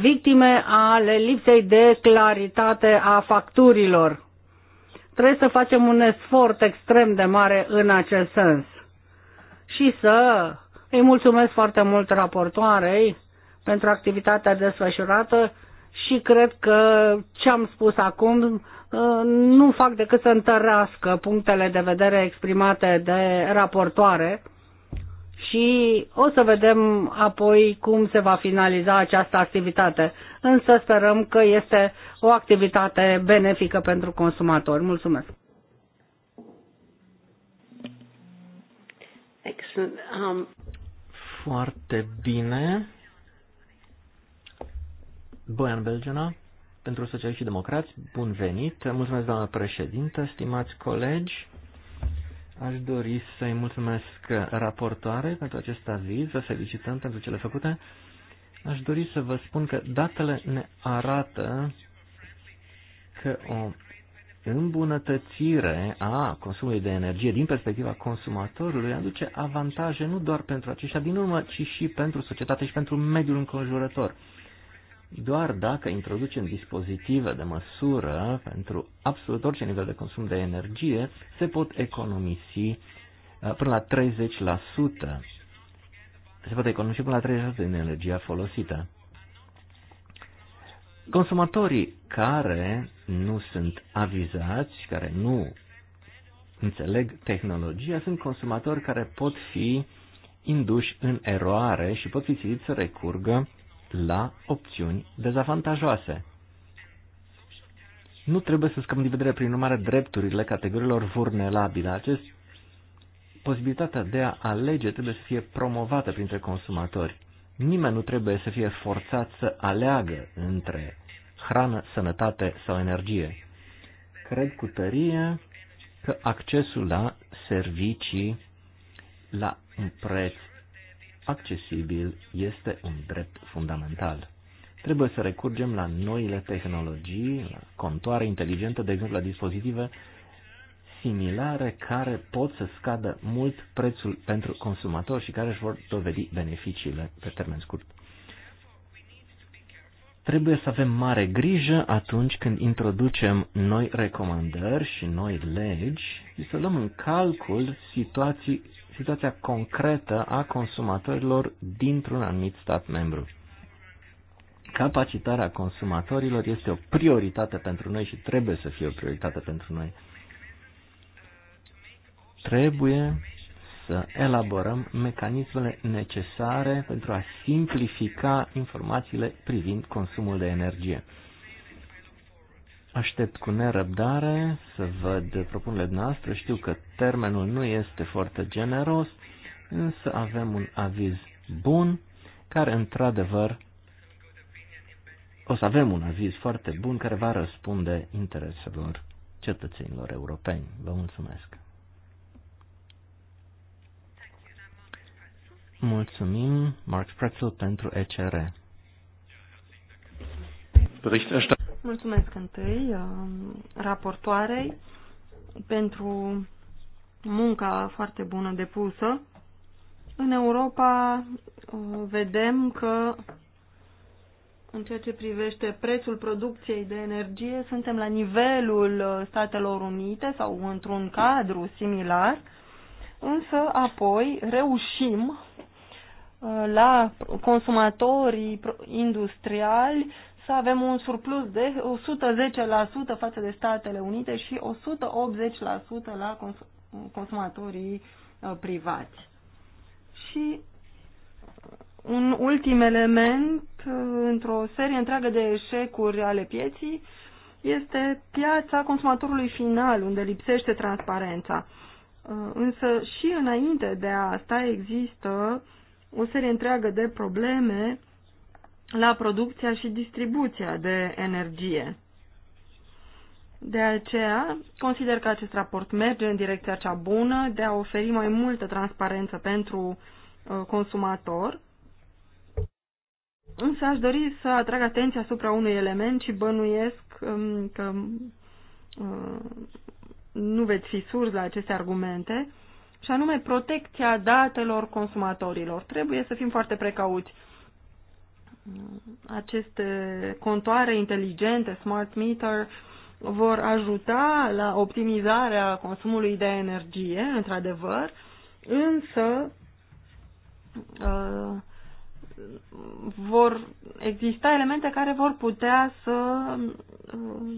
victime ale lipsei de claritate a facturilor Trebuie să facem un efort extrem de mare în acest sens. Și să îi mulțumesc foarte mult raportoarei pentru activitatea desfășurată și cred că ce am spus acum uh, nu fac decât să întărească punctele de vedere exprimate de raportoare și o să vedem apoi cum se va finaliza această activitate însă sperăm că este o activitate benefică pentru consumatori. Mulțumesc! Excellent. Um, Foarte bine. Boian Belgena, pentru Socialiști și Democrați, bun venit. Mulțumesc, doamnă președintă, stimați colegi. Aș dori să-i mulțumesc raportoare pentru acest aviz, să felicităm pentru cele făcute. Aș dori să vă spun că datele ne arată că o îmbunătățire a consumului de energie din perspectiva consumatorului aduce avantaje nu doar pentru aceștia din urmă, ci și pentru societate și pentru mediul înconjurător. Doar dacă introducem dispozitive de măsură pentru absolut orice nivel de consum de energie, se pot economisi uh, până la 30% se poate economisi până la 30% din energia folosită. Consumatorii care nu sunt avizați, care nu înțeleg tehnologia, sunt consumatori care pot fi induși în eroare și pot fi țidiți să recurgă la opțiuni dezavantajoase. Nu trebuie să scăpăm din vedere, prin urmare, drepturile categoriilor vulnerabile. Acest posibilitatea de a alege trebuie să fie promovată printre consumatori. Nimeni nu trebuie să fie forțat să aleagă între hrană, sănătate sau energie. Cred cu tărie că accesul la servicii la un preț accesibil este un drept fundamental. Trebuie să recurgem la noile tehnologii, la contoare inteligente, de exemplu la dispozitive similare care pot să scadă mult prețul pentru consumator și care își vor dovedi beneficiile pe termen scurt. Trebuie să avem mare grijă atunci când introducem noi recomandări și noi legi și să luăm în calcul situații, situația concretă a consumatorilor dintr-un anumit stat membru capacitarea consumatorilor este o prioritate pentru noi și trebuie să fie o prioritate pentru noi. Trebuie să elaborăm mecanismele necesare pentru a simplifica informațiile privind consumul de energie. Aștept cu nerăbdare să văd propunerile noastre. Știu că termenul nu este foarte generos, însă avem un aviz bun care, într-adevăr, o să avem un aviz foarte bun care va răspunde intereselor cetățenilor europeni. Vă mulțumesc! Mulțumim, Mark Pretzel, pentru ECR. Mulțumesc întâi um, raportoarei pentru munca foarte bună depusă. În Europa uh, vedem că în ceea ce privește prețul producției de energie, suntem la nivelul uh, Statelor Unite sau într-un cadru similar, însă apoi reușim la consumatorii industriali să avem un surplus de 110% față de Statele Unite și 180% la consumatorii uh, privați. Și un ultim element uh, într-o serie întreagă de eșecuri ale pieții este piața consumatorului final, unde lipsește transparența. Uh, însă și înainte de asta există uh, o serie întreagă de probleme la producția și distribuția de energie. De aceea, consider că acest raport merge în direcția cea bună de a oferi mai multă transparență pentru uh, consumator, însă aș dori să atrag atenția asupra unui element și bănuiesc um, că uh, nu veți fi surzi la aceste argumente, și anume protecția datelor consumatorilor. Trebuie să fim foarte precauți. Aceste contoare inteligente, smart meter, vor ajuta la optimizarea consumului de energie, într-adevăr, însă uh, vor exista elemente care vor putea să uh,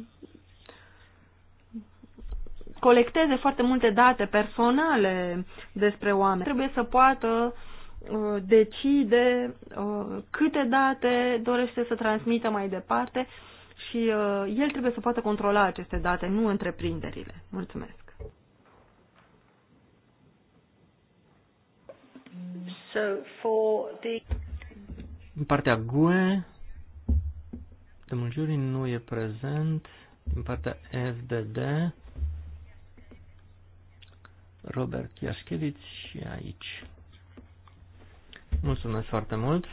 colecteze foarte multe date personale despre oameni. Trebuie să poată uh, decide uh, câte date dorește să transmită mai departe și uh, el trebuie să poată controla aceste date, nu întreprinderile. Mulțumesc. So for the... partea GUE, domnul Jurin nu e prezent. Din partea FDD, Robert Iașchevici și aici. Mulțumesc foarte mult!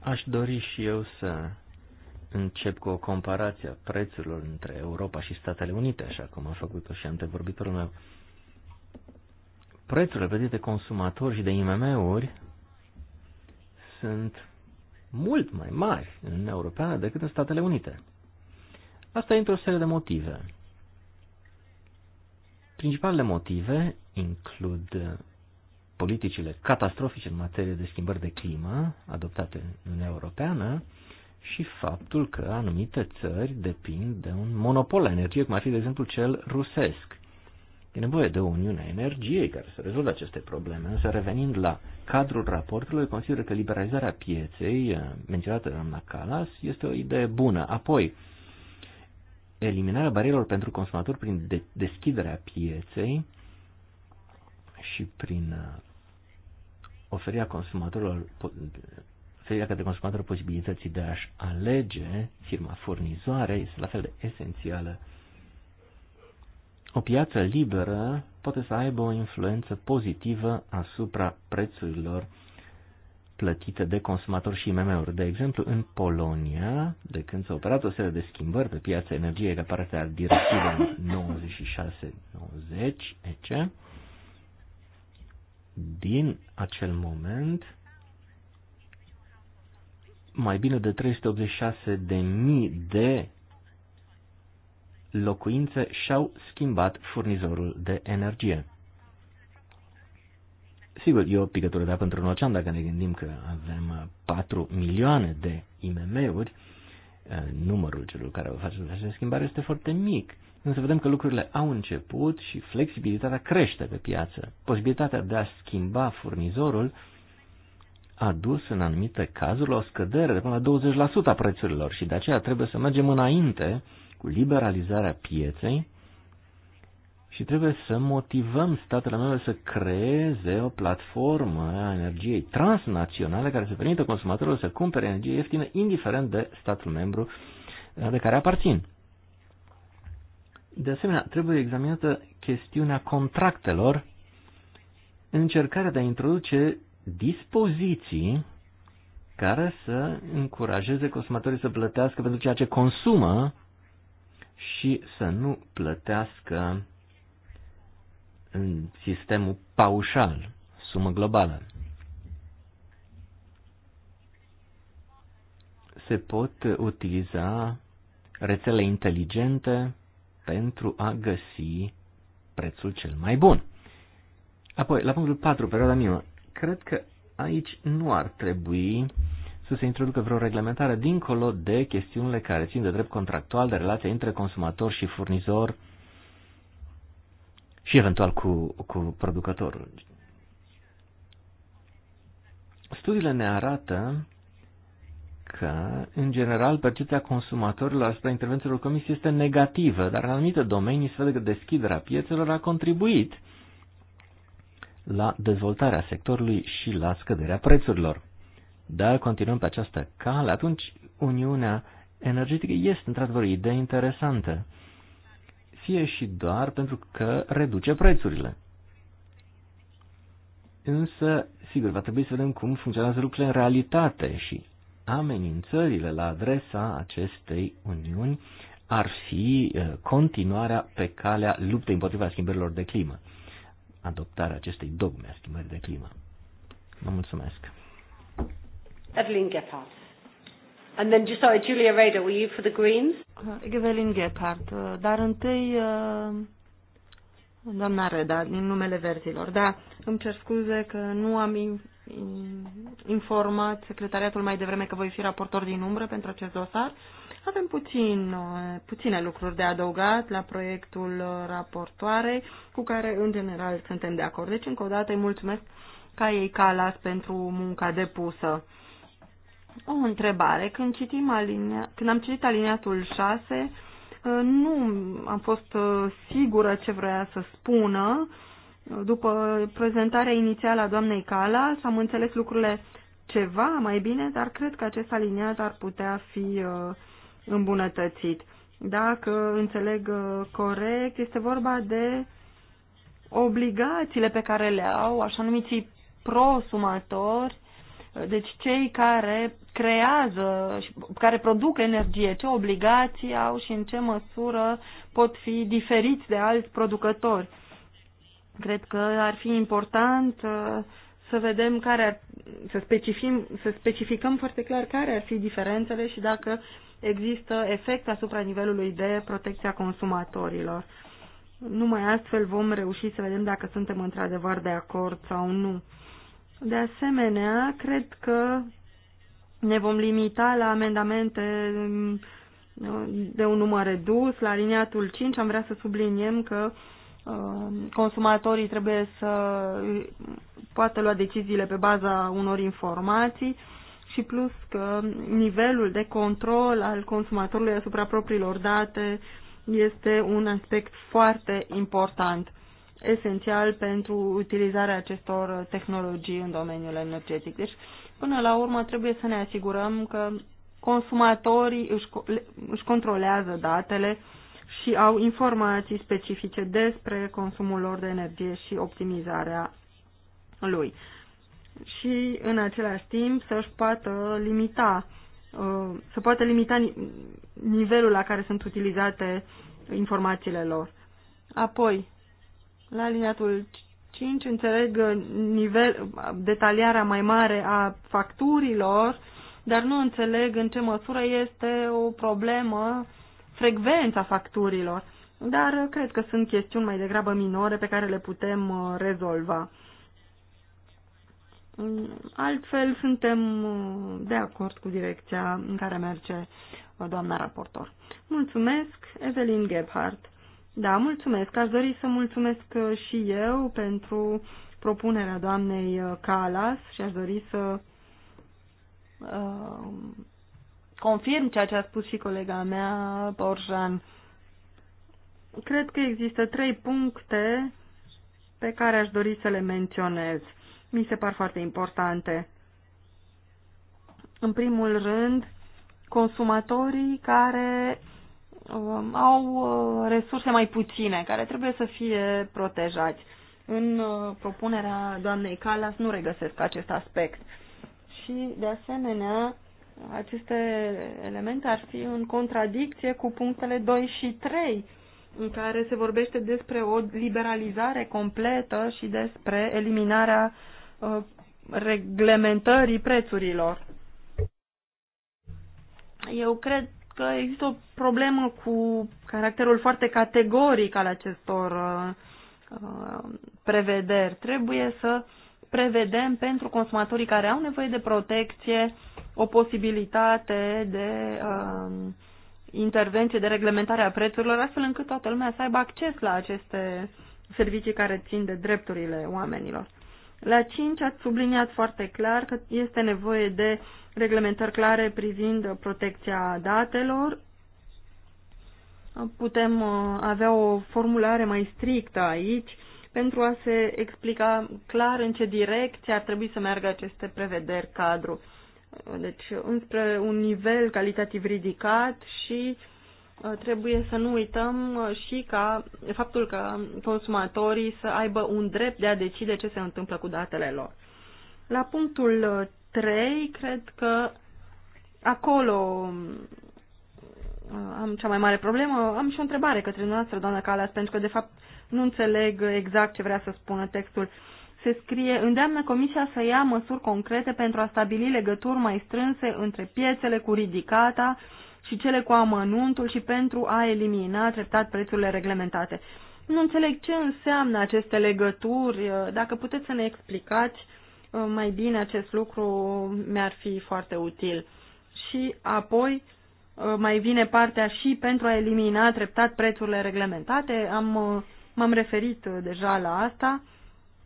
Aș dori și eu să încep cu o comparație a prețurilor între Europa și Statele Unite, așa cum a făcut-o și antevorbitorul meu. Prețurile plătite de consumatori și de IMM-uri sunt mult mai mari în Uniunea Europeană decât în Statele Unite. Asta e într-o serie de motive. Principalele motive includ politicile catastrofice în materie de schimbări de climă adoptate în Uniunea Europeană și faptul că anumite țări depind de un monopol la energie, cum ar fi, de exemplu, cel rusesc. E nevoie de o uniune a energiei care să rezolve aceste probleme, însă revenind la cadrul raportului, consider că liberalizarea pieței, eh, menționată de doamna Calas, este o idee bună. Apoi, eliminarea barierelor pentru consumatori prin de- deschiderea pieței și prin eh, oferirea consumatorilor oferirea către consumator posibilității de a-și alege firma furnizoare este la fel de esențială o piață liberă poate să aibă o influență pozitivă asupra prețurilor plătite de consumatori și IMM-uri. De exemplu, în Polonia, de când s-a operat o serie de schimbări pe piața energiei ca parte a directivei 96-90 EC, din acel moment, mai bine de 386.000 de locuințe și-au schimbat furnizorul de energie. Sigur, e o picătură de apă într-un ocean dacă ne gândim că avem 4 milioane de IMM-uri, eh, numărul celor care vor face această schimbare este foarte mic. Însă vedem că lucrurile au început și flexibilitatea crește pe piață. Posibilitatea de a schimba furnizorul a dus în anumite cazuri la o scădere de până la 20% a prețurilor și de aceea trebuie să mergem înainte cu liberalizarea pieței și trebuie să motivăm statele membre să creeze o platformă a energiei transnaționale care să permită consumatorilor să cumpere energie ieftină, indiferent de statul membru uh, de care aparțin. De asemenea, trebuie examinată chestiunea contractelor în încercarea de a introduce dispoziții care să încurajeze consumatorii să plătească pentru ceea ce consumă și să nu plătească în sistemul paușal, sumă globală. Se pot utiliza rețele inteligente pentru a găsi prețul cel mai bun. Apoi, la punctul 4, perioada minimă. Cred că aici nu ar trebui să se introducă vreo reglementare dincolo de chestiunile care țin de drept contractual, de relația între consumator și furnizor și eventual cu, cu producătorul. Studiile ne arată că, în general, percepția consumatorilor asupra intervențiilor comisiei este negativă, dar în anumite domenii se vede că deschiderea piețelor a contribuit la dezvoltarea sectorului și la scăderea prețurilor. Dacă continuăm pe această cale, atunci Uniunea Energetică este într-adevăr o idee interesantă, fie și doar pentru că reduce prețurile. Însă, sigur, va trebui să vedem cum funcționează lucrurile în realitate și amenințările la adresa acestei uniuni ar fi eh, continuarea pe calea luptei împotriva schimbărilor de climă, adoptarea acestei dogme a schimbării de climă. Vă mulțumesc! Evelyn Gephardt. And then, just sorry, Julia Rader, were you for the Greens? Uh, Evelyn Gephardt, uh, dar întâi uh, doamna Reda, din numele verzilor. Da, îmi cer scuze că nu am informat secretariatul mai devreme că voi fi raportor din umbră pentru acest dosar. Avem puțin, puține lucruri de adăugat la proiectul raportoarei cu care în general suntem de acord. Deci, încă o dată, îi mulțumesc ca ei Calas pentru munca depusă o întrebare. Când, citim alinea, când am citit aliniatul 6, uh, nu am fost uh, sigură ce vrea să spună. Uh, după prezentarea inițială a doamnei Calas, am înțeles lucrurile ceva mai bine, dar cred că acest aliniat ar putea fi îmbunătățit. Dacă înțeleg corect, este vorba de obligațiile pe care le au așa numiții prosumatori deci cei care creează, care produc energie, ce obligații au și în ce măsură pot fi diferiți de alți producători. Cred că ar fi important uh, să vedem care ar, să, specificăm, să specificăm foarte clar care ar fi diferențele și dacă există efect asupra nivelului de protecție a consumatorilor. Numai astfel vom reuși să vedem dacă suntem într-adevăr de acord sau nu. De asemenea, cred că ne vom limita la amendamente mm, de un număr redus. La liniatul 5 am vrea să subliniem că uh, consumatorii trebuie să mm, poată lua deciziile pe baza unor informații și plus că nivelul de control al consumatorului asupra propriilor date este un aspect foarte important esențial pentru utilizarea acestor tehnologii în domeniul energetic. Deci, până la urmă, trebuie să ne asigurăm că consumatorii își, își controlează datele și au informații specifice despre consumul lor de energie și optimizarea lui. Și, în același timp, să-și poată limita uh, să poată limita nivelul la care sunt utilizate informațiile lor. Apoi, la aliniatul 5 înțeleg uh, nivel, detaliarea mai mare a facturilor, dar nu înțeleg în ce măsură este o problemă frecvența facturilor. Dar uh, cred că sunt chestiuni mai degrabă minore pe care le putem uh, rezolva. Altfel, suntem de acord cu direcția în care merge doamna raportor. Mulțumesc, Evelyn Gebhardt. Da, mulțumesc. Aș dori să mulțumesc uh, și eu pentru propunerea doamnei uh, Calas și aș dori să uh, confirm ceea ce a spus și colega mea, Borjan. Cred că există trei puncte pe care aș dori să le menționez. Mi se par foarte importante. În primul rând, consumatorii care Um, au uh, resurse mai puține, care trebuie să fie protejați. În uh, propunerea doamnei Calas nu regăsesc acest aspect. Și, de asemenea, aceste elemente ar fi în contradicție cu punctele 2 și 3, în care se vorbește despre o liberalizare completă și despre eliminarea uh, reglementării prețurilor. Eu cred că există o problemă cu caracterul foarte categoric al acestor uh, uh, prevederi. Trebuie să prevedem pentru consumatorii care au nevoie de protecție o posibilitate de uh, intervenție, de reglementare a prețurilor, astfel încât toată lumea să aibă acces la aceste servicii care țin de drepturile oamenilor. La 5 ați subliniat foarte clar că este nevoie de reglementări clare privind protecția datelor. Putem uh, avea o formulare mai strictă aici pentru a se explica clar în ce direcție ar trebui să meargă aceste prevederi cadru. Deci, înspre un nivel calitativ ridicat și uh, trebuie să nu uităm uh, și ca faptul că consumatorii să aibă un drept de a decide ce se întâmplă cu datele lor. La punctul 3, cred că acolo uh, am cea mai mare problemă. Am și o întrebare către dumneavoastră, doamna Calas, pentru că, de fapt, nu înțeleg exact ce vrea să spună textul. Se scrie, îndeamnă Comisia să ia măsuri concrete pentru a stabili legături mai strânse între piețele cu ridicata și cele cu amănuntul și pentru a elimina treptat prețurile reglementate. Nu înțeleg ce înseamnă aceste legături, dacă puteți să ne explicați Uh, mai bine acest lucru mi-ar fi foarte util. Și apoi uh, mai vine partea și pentru a elimina treptat prețurile reglementate. Am, uh, m-am referit deja la asta.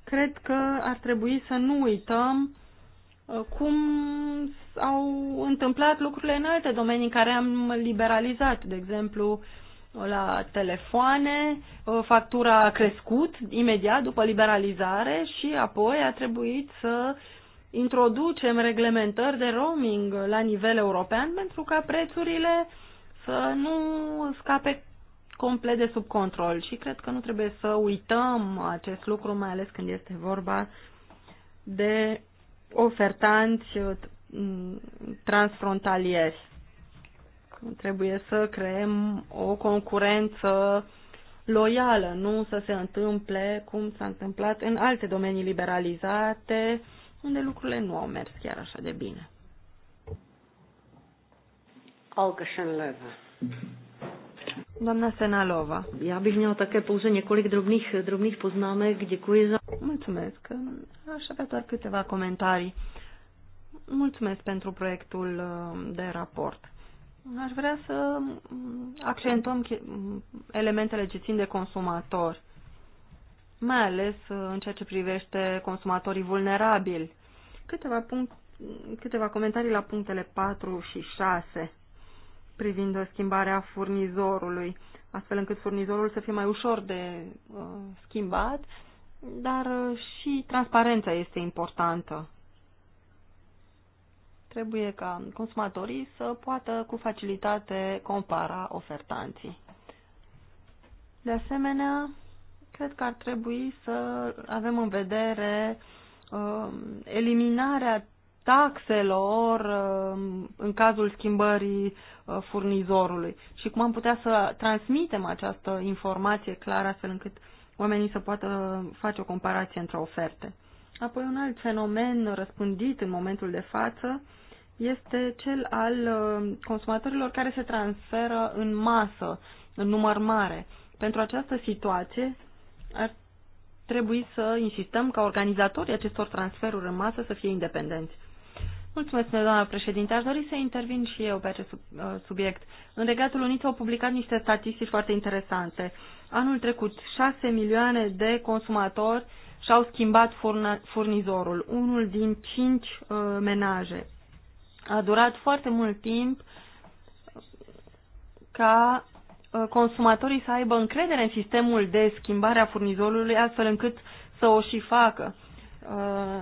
Cred că ar trebui să nu uităm cum au întâmplat lucrurile în alte domenii în care am liberalizat, de exemplu, la telefoane, uh, factura a crescut imediat după liberalizare și apoi a trebuit să introducem reglementări de roaming la nivel european pentru ca prețurile să nu scape complet de sub control și cred că nu trebuie să uităm acest lucru, mai ales când este vorba de ofertanți uh, transfrontalieri. Trebuie să creăm o concurență loială, nu să se întâmple cum s-a întâmplat în alte domenii liberalizate, unde lucrurile nu au mers chiar așa de bine. Olga Shenleva, Doamna Senalova. Ja bych měla také pouze několik drobných, drobných poznámek. Děkuji za... Mulțumesc. Aș avea doar câteva comentarii. Mulțumesc pentru proiectul de raport. Aș vrea să mm, accentuăm mm, elementele ce țin de consumator, mai ales uh, în ceea ce privește consumatorii vulnerabili. Câteva, punct, câteva comentarii la punctele 4 și 6 privind schimbarea furnizorului, astfel încât furnizorul să fie mai ușor de uh, schimbat, dar uh, și transparența este importantă. Trebuie ca consumatorii să poată cu facilitate compara ofertanții. De asemenea, cred că ar trebui să avem în vedere uh, eliminarea taxelor uh, în cazul schimbării uh, furnizorului și cum am putea să transmitem această informație clară astfel încât oamenii să poată face o comparație între oferte. Apoi un alt fenomen răspândit în momentul de față este cel al uh, consumatorilor care se transferă în masă, în număr mare. Pentru această situație ar trebui să insistăm ca organizatorii acestor transferuri în masă să fie independenți. Mulțumesc, doamna președinte. Aș dori să intervin și eu pe acest uh, subiect. În Regatul Unit au publicat niște statistici foarte interesante. Anul trecut, 6 milioane de consumatori și-au schimbat furnizorul, unul din 5 uh, menaje a durat foarte mult timp ca ă, consumatorii să aibă încredere în sistemul de schimbare a furnizorului astfel încât să o și facă. Ă,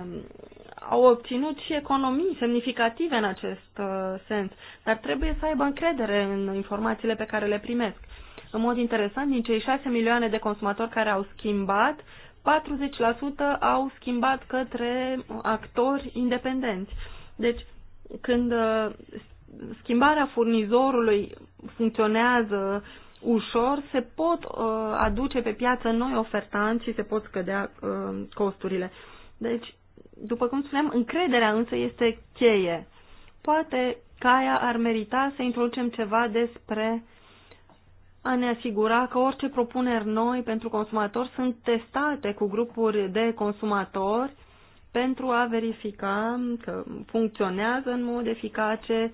au obținut și economii semnificative în acest ă, sens, dar trebuie să aibă încredere în informațiile pe care le primesc. În mod interesant, din cei 6 milioane de consumatori care au schimbat, 40% au schimbat către actori independenți. Deci, când uh, schimbarea furnizorului funcționează ușor, se pot uh, aduce pe piață noi ofertanți și se pot scădea uh, costurile. Deci, după cum spuneam, încrederea însă este cheie. Poate CAIA ar merita să introducem ceva despre a ne asigura că orice propuneri noi pentru consumatori sunt testate cu grupuri de consumatori pentru a verifica că funcționează în mod eficace,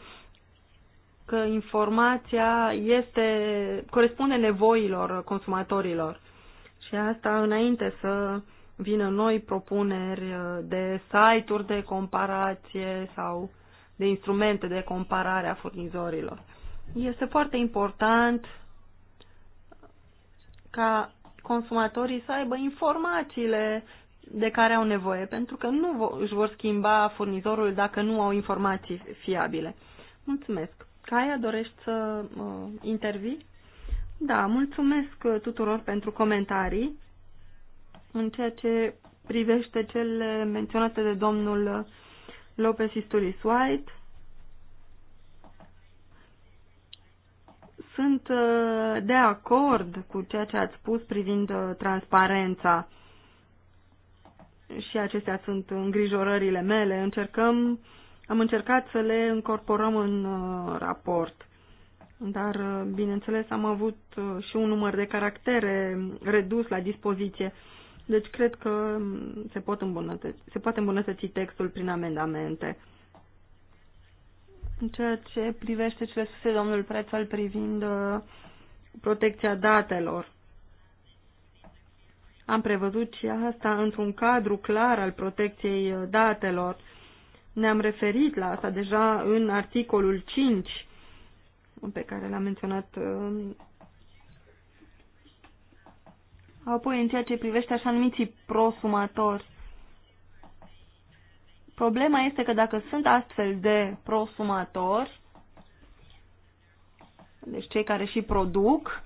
că informația este, corespunde nevoilor consumatorilor. Și asta înainte să vină noi propuneri de site-uri de comparație sau de instrumente de comparare a furnizorilor. Este foarte important ca consumatorii să aibă informațiile de care au nevoie, pentru că nu își vor schimba furnizorul dacă nu au informații fiabile. Mulțumesc. Caia, dorești să uh, intervii? Da, mulțumesc uh, tuturor pentru comentarii. În ceea ce privește cele menționate de domnul uh, Lopez Isturis White, sunt uh, de acord cu ceea ce ați spus privind transparența și acestea sunt îngrijorările mele. Încercăm, am încercat să le incorporăm în uh, raport, dar, uh, bineînțeles, am avut uh, și un număr de caractere redus la dispoziție. Deci cred că um, se, pot îmbunătăți, se poate îmbunătăți textul prin amendamente. În ceea ce privește le spuse domnul Prețel privind protecția datelor, am prevăzut și asta într-un cadru clar al protecției uh, datelor. Ne-am referit la asta deja în articolul 5 pe care l-am menționat. Uh, apoi, în ceea ce privește așa numiții prosumatori, problema este că dacă sunt astfel de prosumatori, deci cei care și produc,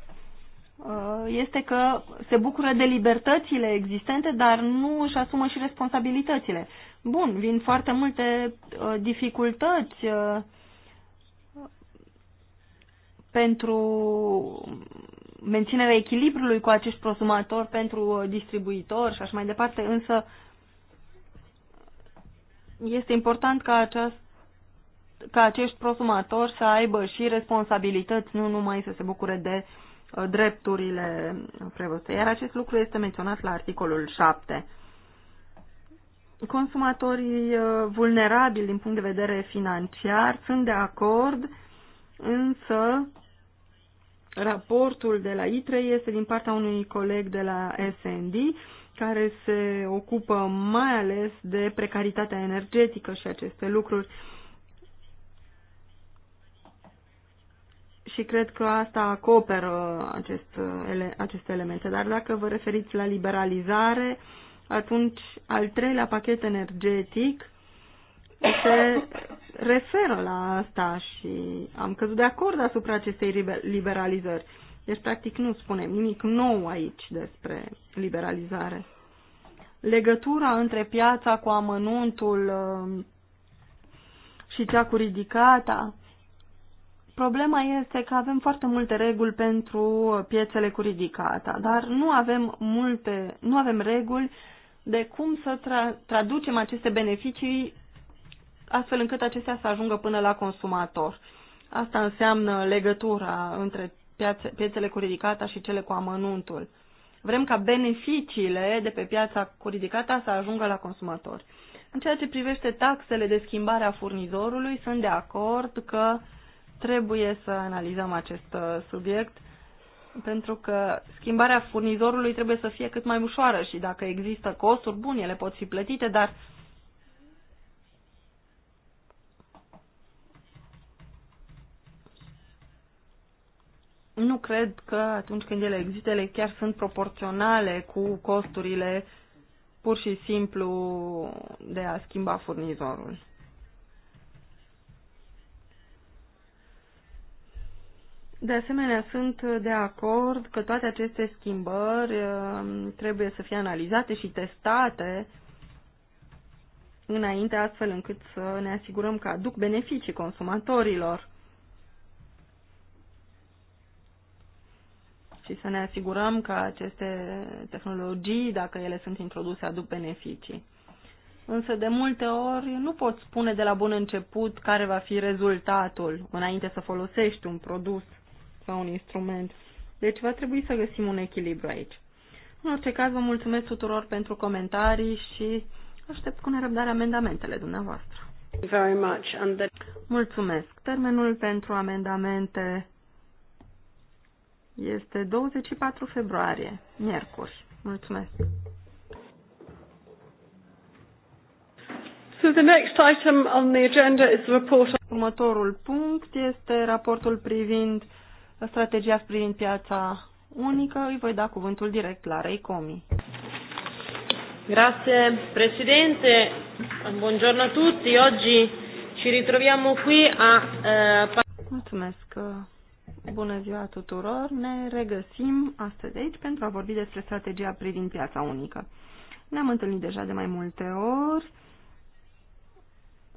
Uh, este că se bucură de libertățile existente, dar nu își asumă și responsabilitățile. Bun, vin foarte multe uh, dificultăți uh, pentru menținerea echilibrului cu acești prosumatori, pentru distribuitori și așa mai departe, însă este important ca această ca acești prosumatori să aibă și responsabilități, nu numai să se bucure de uh, Uh, drepturile prevăzute. Iar acest lucru este menționat la articolul 7. Consumatorii uh, vulnerabili din punct de vedere financiar sunt de acord, însă raportul de la ITRE este din partea unui coleg de la SND care se ocupă mai ales de precaritatea energetică și aceste lucruri. și cred că asta acoperă acest, ele, aceste elemente. Dar dacă vă referiți la liberalizare, atunci al treilea pachet energetic se referă la asta și am căzut de acord asupra acestei liberalizări. Deci, practic, nu spunem nimic nou aici despre liberalizare. Legătura între piața cu amănuntul uh, și cea cu ridicata Problema este că avem foarte multe reguli pentru piețele cu ridicata, dar nu avem multe, nu avem reguli de cum să tra traducem aceste beneficii astfel încât acestea să ajungă până la consumator. Asta înseamnă legătura între piațe, piețele cu ridicata și cele cu amănuntul. Vrem ca beneficiile de pe piața cu ridicata să ajungă la consumator. În ceea ce privește taxele de schimbare a furnizorului, sunt de acord că uh, Trebuie să analizăm acest uh, subiect pentru că schimbarea furnizorului trebuie să fie cât mai ușoară și dacă există costuri, bun, ele pot fi plătite, dar nu cred că atunci când ele există, ele chiar sunt proporționale cu costurile pur și simplu de a schimba furnizorul. De asemenea, sunt de acord că toate aceste schimbări uh, trebuie să fie analizate și testate înainte, astfel încât să ne asigurăm că aduc beneficii consumatorilor. Și să ne asigurăm că aceste tehnologii, dacă ele sunt introduse, aduc beneficii. Însă, de multe ori, nu poți spune de la bun început care va fi rezultatul înainte să folosești un produs ca un instrument. Deci va trebui să găsim un echilibru aici. În orice caz, vă mulțumesc tuturor pentru comentarii și aștept cu nerăbdare amendamentele dumneavoastră. Very much. And the... Mulțumesc. Termenul pentru amendamente este 24 februarie, miercuri. Mulțumesc. So the next item on the agenda is the report. Următorul punct este raportul privind strategia sprijin piața unică, îi voi da cuvântul direct Larei Comi. Grazie Presidente, buongiorno a tutti, oggi ci ritroviamo qui a... Uh... Mulțumesc, eh, bună ziua tuturor, ne regăsim astăzi aici pentru a vorbi despre strategia privind piața unică. Ne-am întâlnit deja de mai multe ori,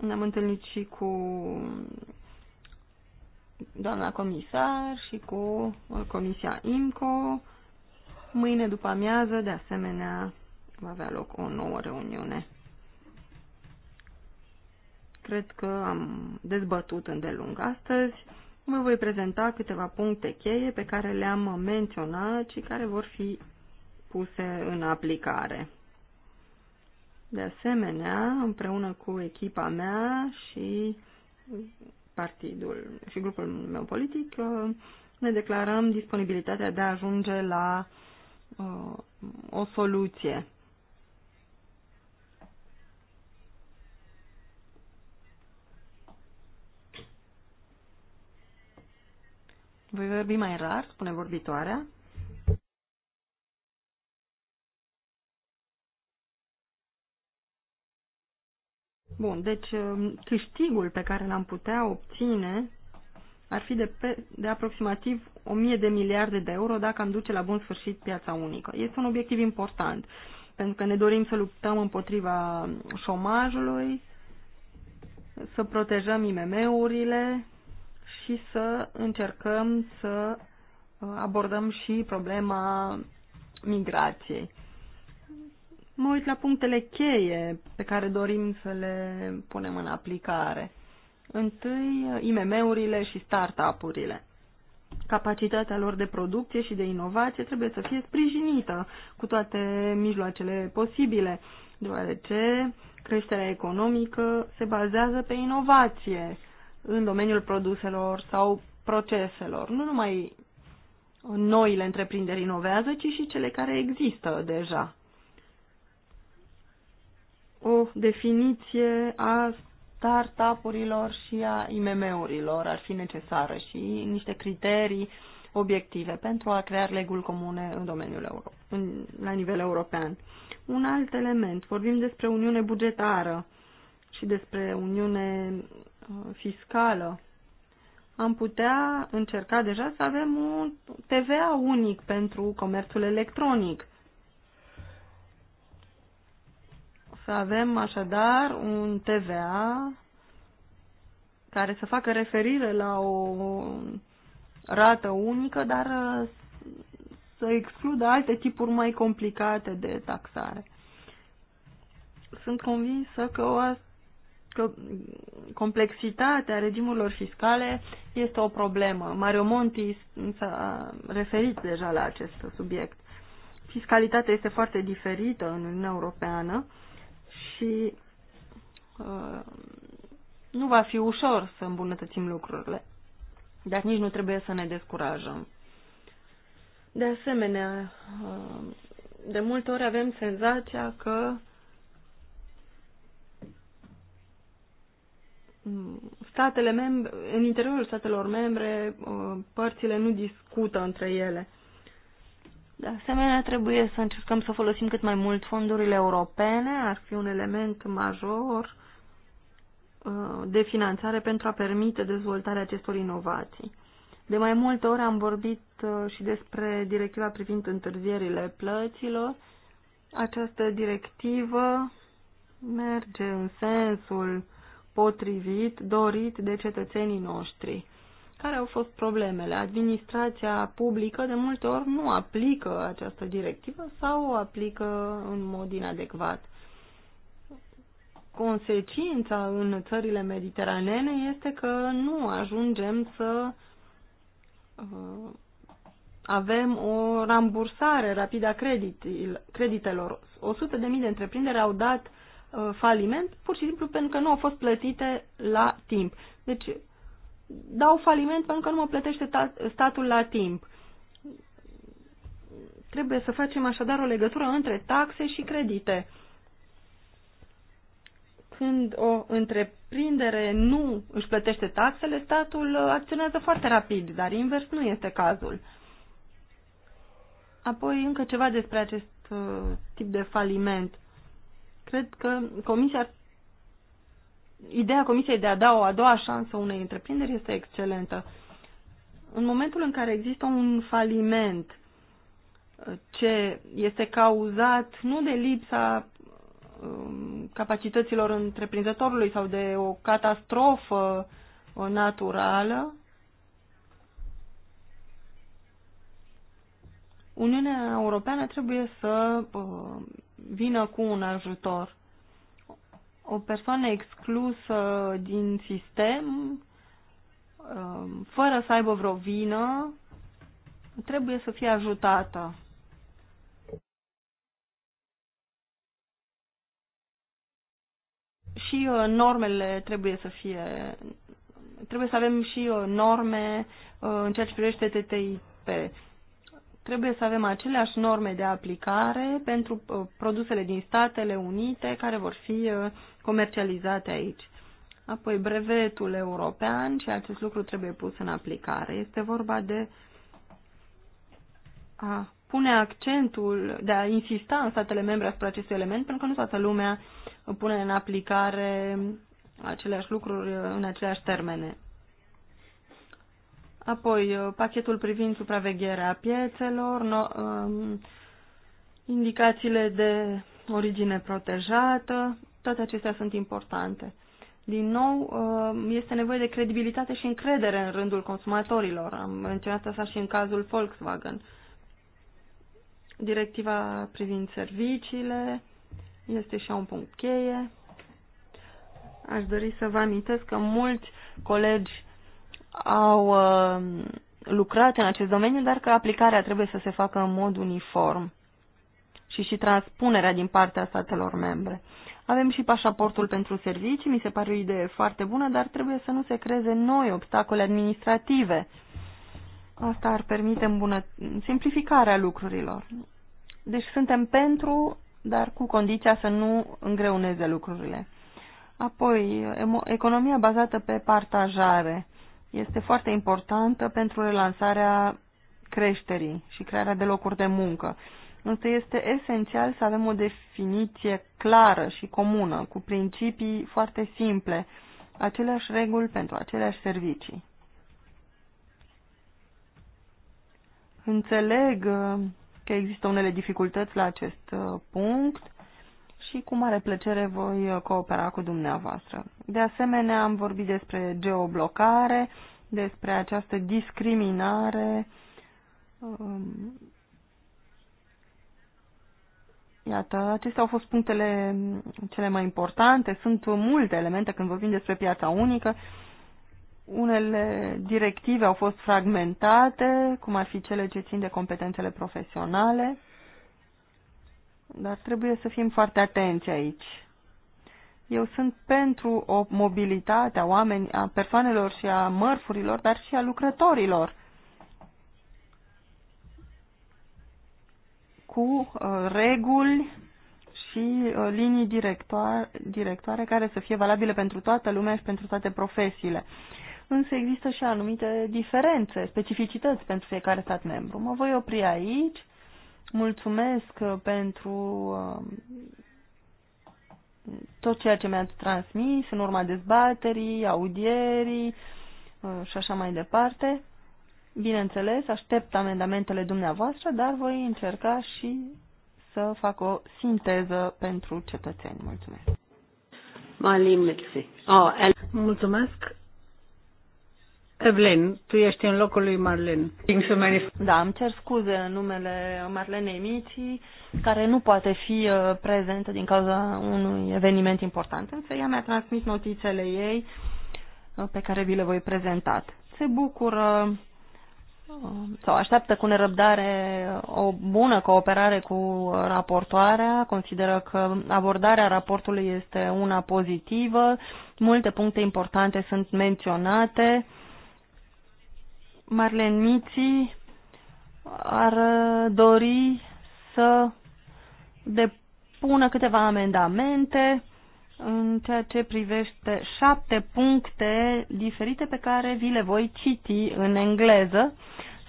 ne-am întâlnit și cu doamna comisar și cu uh, Comisia IMCO. Mâine după amiază, de asemenea, va avea loc o nouă reuniune. Cred că am dezbătut îndelung astăzi. Vă voi prezenta câteva puncte cheie pe care le-am menționat și care vor fi puse în aplicare. De asemenea, împreună cu echipa mea și partidul și grupul meu politic uh, ne declarăm disponibilitatea de a ajunge la uh, o soluție. Voi vorbi mai rar, spune vorbitoarea. Bun, deci um, câștigul pe care l-am putea obține ar fi de, pe, de aproximativ 1000 de miliarde de euro dacă am duce la bun sfârșit piața unică. Este un obiectiv important, pentru că ne dorim să luptăm împotriva șomajului, să protejăm IMM-urile și să încercăm să uh, abordăm și problema migrației mă uit la punctele cheie pe care dorim să le punem în aplicare. Întâi, IMM-urile și startup-urile. Capacitatea lor de producție și de inovație trebuie să fie sprijinită cu toate mijloacele posibile, deoarece creșterea economică se bazează pe inovație în domeniul produselor sau proceselor. Nu numai noile întreprinderi inovează, ci și cele care există deja o definiție a startup-urilor și a IMM-urilor ar fi necesară și niște criterii obiective pentru a crea reguli comune în domeniul euro, în, la nivel european. Un alt element, vorbim despre uniune bugetară și despre uniune uh, fiscală. Am putea încerca deja să avem un TVA unic pentru comerțul electronic Să avem așadar un TVA care să facă referire la o rată unică, dar uh, să excludă alte tipuri mai complicate de taxare. Sunt convinsă că, o, că complexitatea regimurilor fiscale este o problemă. Mario Monti s-a referit deja la acest subiect. Fiscalitatea este foarte diferită în Uniunea Europeană și uh, nu va fi ușor să îmbunătățim lucrurile, dar nici nu trebuie să ne descurajăm. De asemenea, uh, de multe ori avem senzația că mm, statele membre, în interiorul statelor membre, uh, părțile nu discută între ele. De asemenea, trebuie să încercăm să folosim cât mai mult fondurile europene, ar fi un element major uh, de finanțare pentru a permite dezvoltarea acestor inovații. De mai multe ori am vorbit uh, și despre directiva privind întârzierile plăților. Această directivă merge în sensul potrivit, dorit de cetățenii noștri. Care au fost problemele? Administrația publică de multe ori nu aplică această directivă sau o aplică în mod inadecvat. Consecința în țările mediteranene este că nu ajungem să uh, avem o rambursare rapidă a creditelor. 100.000 de întreprinderi au dat uh, faliment pur și simplu pentru că nu au fost plătite la timp. Deci dau faliment pentru că nu mă plătește statul la timp. Trebuie să facem așadar o legătură între taxe și credite. Când o întreprindere nu își plătește taxele, statul acționează foarte rapid, dar invers nu este cazul. Apoi încă ceva despre acest uh, tip de faliment. Cred că Comisia ar ideea Comisiei de a da o a doua șansă unei întreprinderi este excelentă. În momentul în care există un faliment ce este cauzat nu de lipsa um, capacităților întreprinzătorului sau de o catastrofă uh, naturală, Uniunea Europeană trebuie să uh, vină cu un ajutor o persoană exclusă din sistem, um, fără să aibă vreo vină, trebuie să fie ajutată. Și uh, normele trebuie să fie. Trebuie să avem și uh, norme uh, în ceea ce privește TTIP. Trebuie să avem aceleași norme de aplicare pentru produsele din Statele Unite care vor fi comercializate aici. Apoi brevetul european și acest lucru trebuie pus în aplicare. Este vorba de a pune accentul, de a insista în statele membre asupra acestui element, pentru că nu toată lumea pune în aplicare aceleași lucruri în aceleași termene. Apoi, pachetul privind supravegherea piețelor, no, um, indicațiile de origine protejată, toate acestea sunt importante. Din nou, uh, este nevoie de credibilitate și încredere în rândul consumatorilor. Am menționat asta și în cazul Volkswagen. Directiva privind serviciile este și un punct cheie. Aș dori să vă amintesc că mulți colegi au uh, lucrat în acest domeniu, dar că aplicarea trebuie să se facă în mod uniform și și transpunerea din partea statelor membre. Avem și pașaportul pentru servicii, mi se pare o idee foarte bună, dar trebuie să nu se creeze noi obstacole administrative. Asta ar permite îmbună... simplificarea lucrurilor. Deci suntem pentru, dar cu condiția să nu îngreuneze lucrurile. Apoi, economia bazată pe partajare este foarte importantă pentru relansarea creșterii și crearea de locuri de muncă. Însă este esențial să avem o definiție clară și comună, cu principii foarte simple, aceleași reguli pentru aceleași servicii. Înțeleg uh, că există unele dificultăți la acest uh, punct și cu mare plăcere voi uh, coopera cu dumneavoastră. De asemenea, am vorbit despre geoblocare, despre această discriminare um, Iată, acestea au fost punctele cele mai importante. Sunt multe elemente când vorbim despre piața unică. Unele directive au fost fragmentate, cum ar fi cele ce țin de competențele profesionale, dar trebuie să fim foarte atenți aici. Eu sunt pentru o mobilitate a oamenilor, a persoanelor și a mărfurilor, dar și a lucrătorilor. cu uh, reguli și uh, linii directoare, directoare care să fie valabile pentru toată lumea și pentru toate profesiile. Însă există și anumite diferențe, specificități pentru fiecare stat membru. Mă voi opri aici. Mulțumesc uh, pentru tot ceea ce mi-ați transmis în urma dezbaterii, audierii și așa mai departe. Bineînțeles, aștept amendamentele dumneavoastră, dar voi încerca și să fac o sinteză pentru cetățeni. Mulțumesc. Oh, Mulțumesc. Evelyn, tu ești în locul lui Marlen. Da, îmi cer scuze în numele Marlenei Miții, care nu poate fi uh, prezentă din cauza unui eveniment important, însă ea mi-a transmis notițele ei uh, pe care vi le voi prezenta. Se bucură sau așteaptă cu nerăbdare o bună cooperare cu raportoarea, consideră că abordarea raportului este una pozitivă, multe puncte importante sunt menționate. Marlen Miții ar dori să depună câteva amendamente în ceea ce privește șapte puncte diferite pe care vi le voi citi în engleză.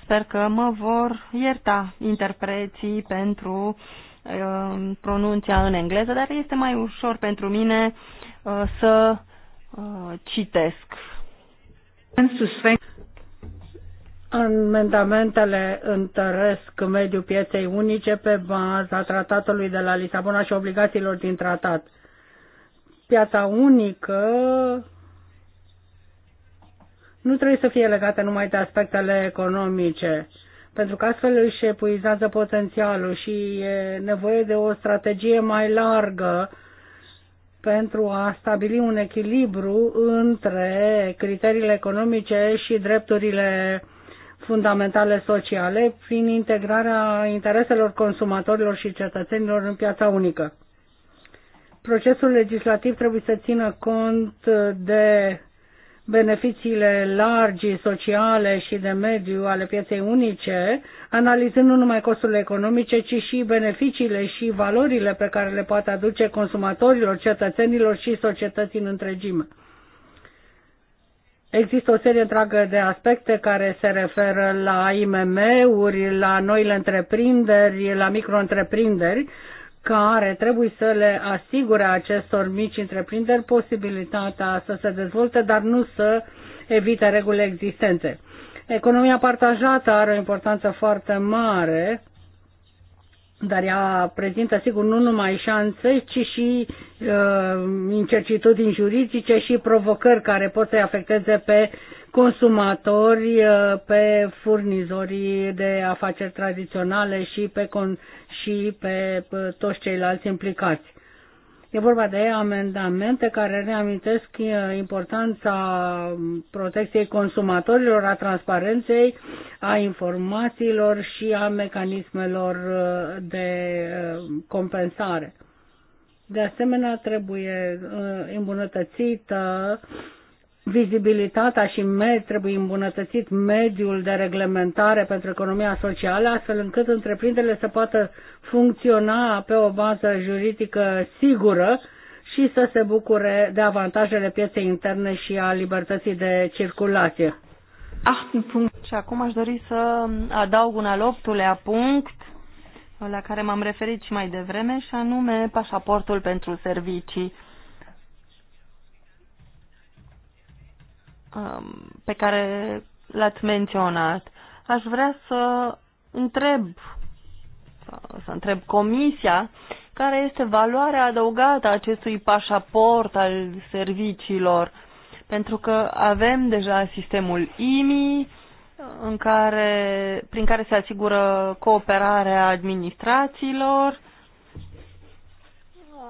Sper că mă vor ierta interpreții pentru uh, pronunția în engleză, dar este mai ușor pentru mine uh, să uh, citesc. Amendamentele întăresc mediul pieței unice pe baza tratatului de la Lisabona și obligațiilor din tratat piața unică nu trebuie să fie legată numai de aspectele economice, pentru că astfel își epuizează potențialul și e nevoie de o strategie mai largă pentru a stabili un echilibru între criteriile economice și drepturile fundamentale sociale prin integrarea intereselor consumatorilor și cetățenilor în piața unică procesul legislativ trebuie să țină cont de beneficiile largi sociale și de mediu ale pieței unice, analizând nu numai costurile economice, ci și beneficiile și valorile pe care le poate aduce consumatorilor, cetățenilor și societății în întregime. Există o serie întreagă de aspecte care se referă la IMM-uri, la noile întreprinderi, la micro-întreprinderi, care trebuie să le asigure acestor mici întreprinderi posibilitatea să se dezvolte, dar nu să evite regulile existente. Economia partajată are o importanță foarte mare, dar ea prezintă sigur nu numai șanse, ci și uh, incertitudini juridice și provocări care pot să-i afecteze pe consumatori, uh, pe furnizorii de afaceri tradiționale și pe, con- și pe uh, toți ceilalți implicați. E vorba de amendamente care reamintesc uh, importanța protecției consumatorilor, a transparenței, a informațiilor și a mecanismelor de compensare. De asemenea, trebuie îmbunătățită vizibilitatea și med, trebuie îmbunătățit mediul de reglementare pentru economia socială, astfel încât întreprinderile să poată funcționa pe o bază juridică sigură și să se bucure de avantajele pieței interne și a libertății de circulație. Ah, punct. Și acum aș dori să adaug un al optulea punct la care m-am referit și mai devreme, și anume pașaportul pentru servicii Um, pe care l-ați menționat. Aș vrea să întreb, să întreb Comisia, care este valoarea adăugată a acestui pașaport al serviciilor, pentru că avem deja sistemul IMI, în care, prin care se asigură cooperarea administrațiilor,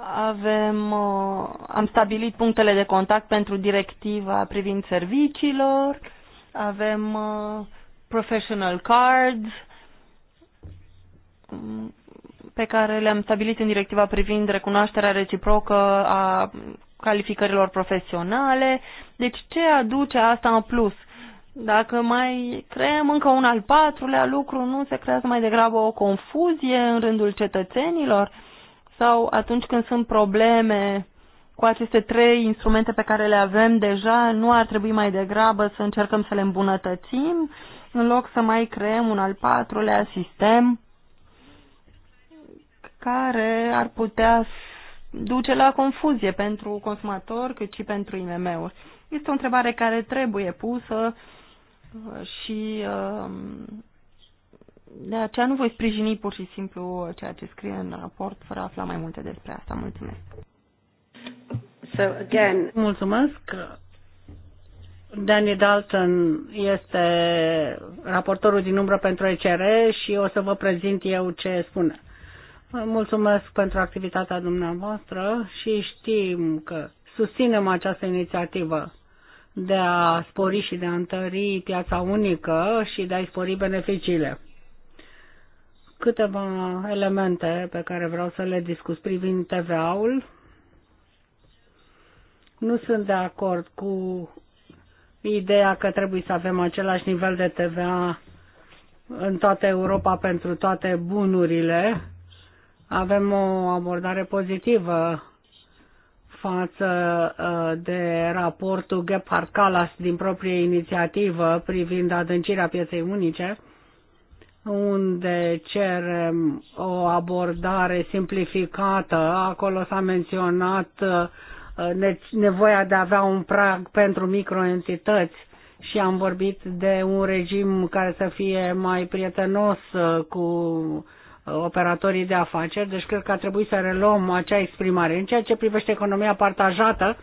avem, uh, am stabilit punctele de contact pentru directiva privind serviciilor, avem uh, professional cards um, pe care le-am stabilit în directiva privind recunoașterea reciprocă a calificărilor profesionale. Deci ce aduce asta în plus? Dacă mai creăm încă un al patrulea lucru, nu se creează mai degrabă o confuzie în rândul cetățenilor? sau atunci când sunt probleme cu aceste trei instrumente pe care le avem deja, nu ar trebui mai degrabă să încercăm să le îmbunătățim, în loc să mai creăm un al patrulea sistem care ar putea duce la confuzie pentru consumator cât și pentru IMM-uri. Este o întrebare care trebuie pusă și um, de aceea nu voi sprijini pur și simplu ceea ce scrie în raport fără a afla mai multe despre asta. Mulțumesc. So again, mulțumesc. Danny Dalton este raportorul din umbră pentru ECR și o să vă prezint eu ce spune. Mulțumesc pentru activitatea dumneavoastră și știm că susținem această inițiativă de a spori și de a întări piața unică și de a-i spori beneficiile câteva elemente pe care vreau să le discut privind TVA-ul. Nu sunt de acord cu ideea că trebuie să avem același nivel de TVA în toată Europa pentru toate bunurile. Avem o abordare pozitivă față uh, de raportul Gephardt-Callas din proprie inițiativă privind adâncirea pieței unice unde cerem o abordare simplificată. Acolo s-a menționat uh, nevoia de a avea un prag pentru microentități și am vorbit de un regim care să fie mai prietenos uh, cu uh, operatorii de afaceri, deci cred că ar trebui să reluăm acea exprimare. În ceea ce privește economia partajată,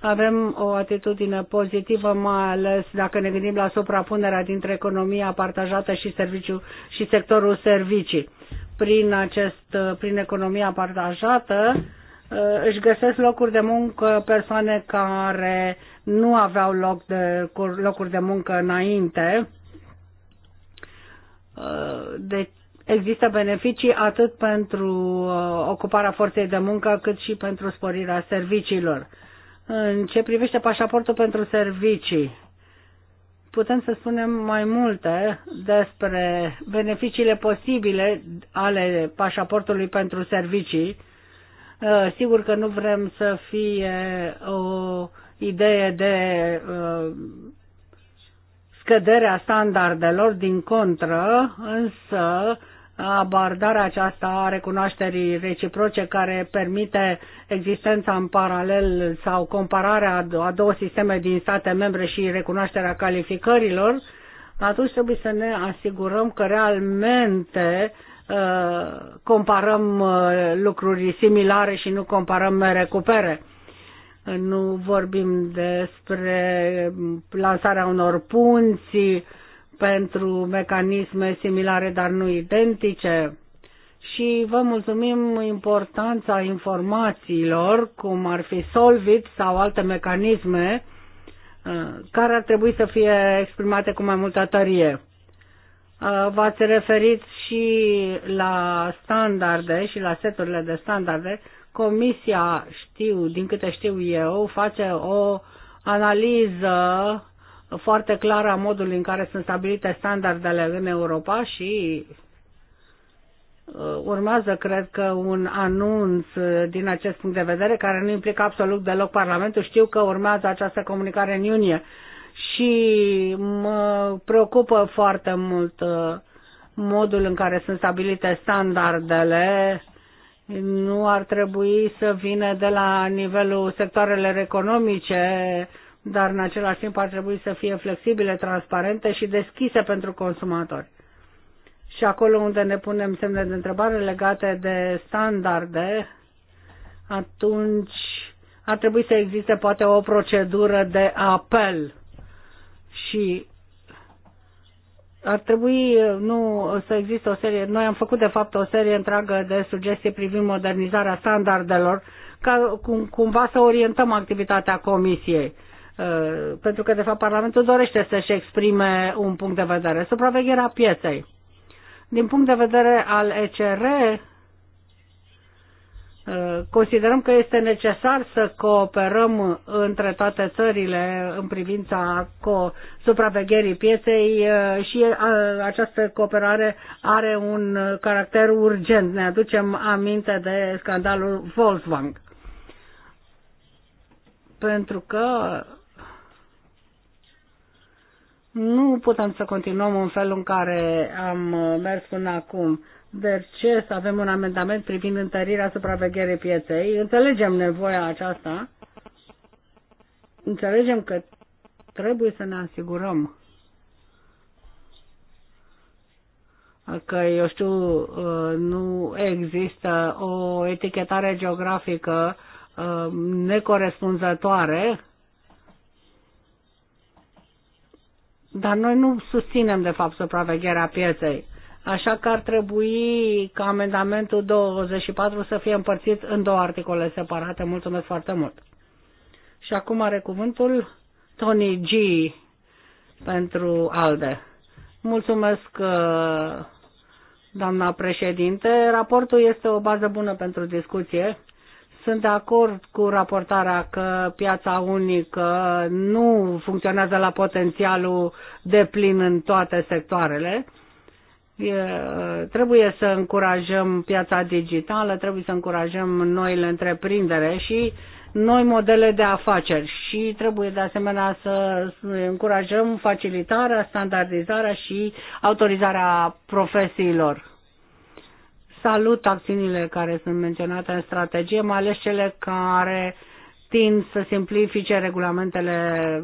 avem o atitudine pozitivă, mai ales dacă ne gândim la suprapunerea dintre economia partajată și, serviciu, și sectorul servicii. Prin, acest, prin economia partajată eh, își găsesc locuri de muncă persoane care nu aveau loc de, locuri de muncă înainte. Eh, deci există beneficii atât pentru eh, ocuparea forței de muncă cât și pentru sporirea serviciilor. În ce privește pașaportul pentru servicii, putem să spunem mai multe despre beneficiile posibile ale pașaportului pentru servicii. Uh, sigur că nu vrem să fie o idee de uh, scăderea standardelor, din contră, însă abordarea aceasta a recunoașterii reciproce care permite existența în paralel sau compararea a două sisteme din state membre și recunoașterea calificărilor, atunci trebuie să ne asigurăm că realmente ă, comparăm ă, lucruri similare și nu comparăm mere cu pere. Nu vorbim despre lansarea unor punți, pentru mecanisme similare, dar nu identice. Și vă mulțumim importanța informațiilor, cum ar fi Solvit sau alte mecanisme, uh, care ar trebui să fie exprimate cu mai multă tărie. Uh, v-ați referit și la standarde și la seturile de standarde. Comisia, știu, din câte știu eu, face o analiză foarte clară a modului în care sunt stabilite standardele în Europa și uh, urmează, cred că, un anunț din acest punct de vedere, care nu implică absolut deloc Parlamentul. Știu că urmează această comunicare în iunie și mă preocupă foarte mult uh, modul în care sunt stabilite standardele. Nu ar trebui să vină de la nivelul sectoarelor economice, dar în același timp ar trebui să fie flexibile, transparente și deschise pentru consumatori. Și acolo unde ne punem semne de întrebare legate de standarde, atunci ar trebui să existe poate o procedură de apel și ar trebui nu să existe o serie, noi am făcut de fapt o serie întreagă de sugestii privind modernizarea standardelor, ca cum, cumva să orientăm activitatea comisiei. Uh, pentru că, de fapt, Parlamentul dorește să-și exprime un punct de vedere. Supravegherea pieței. Din punct de vedere al ECR, uh, considerăm că este necesar să cooperăm între toate țările în privința co supravegherii pieței uh, și această cooperare are un caracter urgent. Ne aducem aminte de scandalul Volkswagen. Pentru că nu putem să continuăm în felul în care am uh, mers până acum. Deci ce să avem un amendament privind întărirea supravegherii pieței? Înțelegem nevoia aceasta. Înțelegem că trebuie să ne asigurăm că, eu știu, uh, nu există o etichetare geografică uh, necorespunzătoare Dar noi nu susținem, de fapt, supravegherea pieței. Așa că ar trebui ca amendamentul 24 să fie împărțit în două articole separate. Mulțumesc foarte mult. Și acum are cuvântul Tony G pentru ALDE. Mulțumesc, uh, doamna președinte. Raportul este o bază bună pentru discuție sunt de acord cu raportarea că piața unică nu funcționează la potențialul de plin în toate sectoarele. E, trebuie să încurajăm piața digitală, trebuie să încurajăm noile întreprindere și noi modele de afaceri și trebuie de asemenea să încurajăm facilitarea, standardizarea și autorizarea profesiilor Salut acțiunile care sunt menționate în strategie, mai ales cele care tind să simplifice regulamentele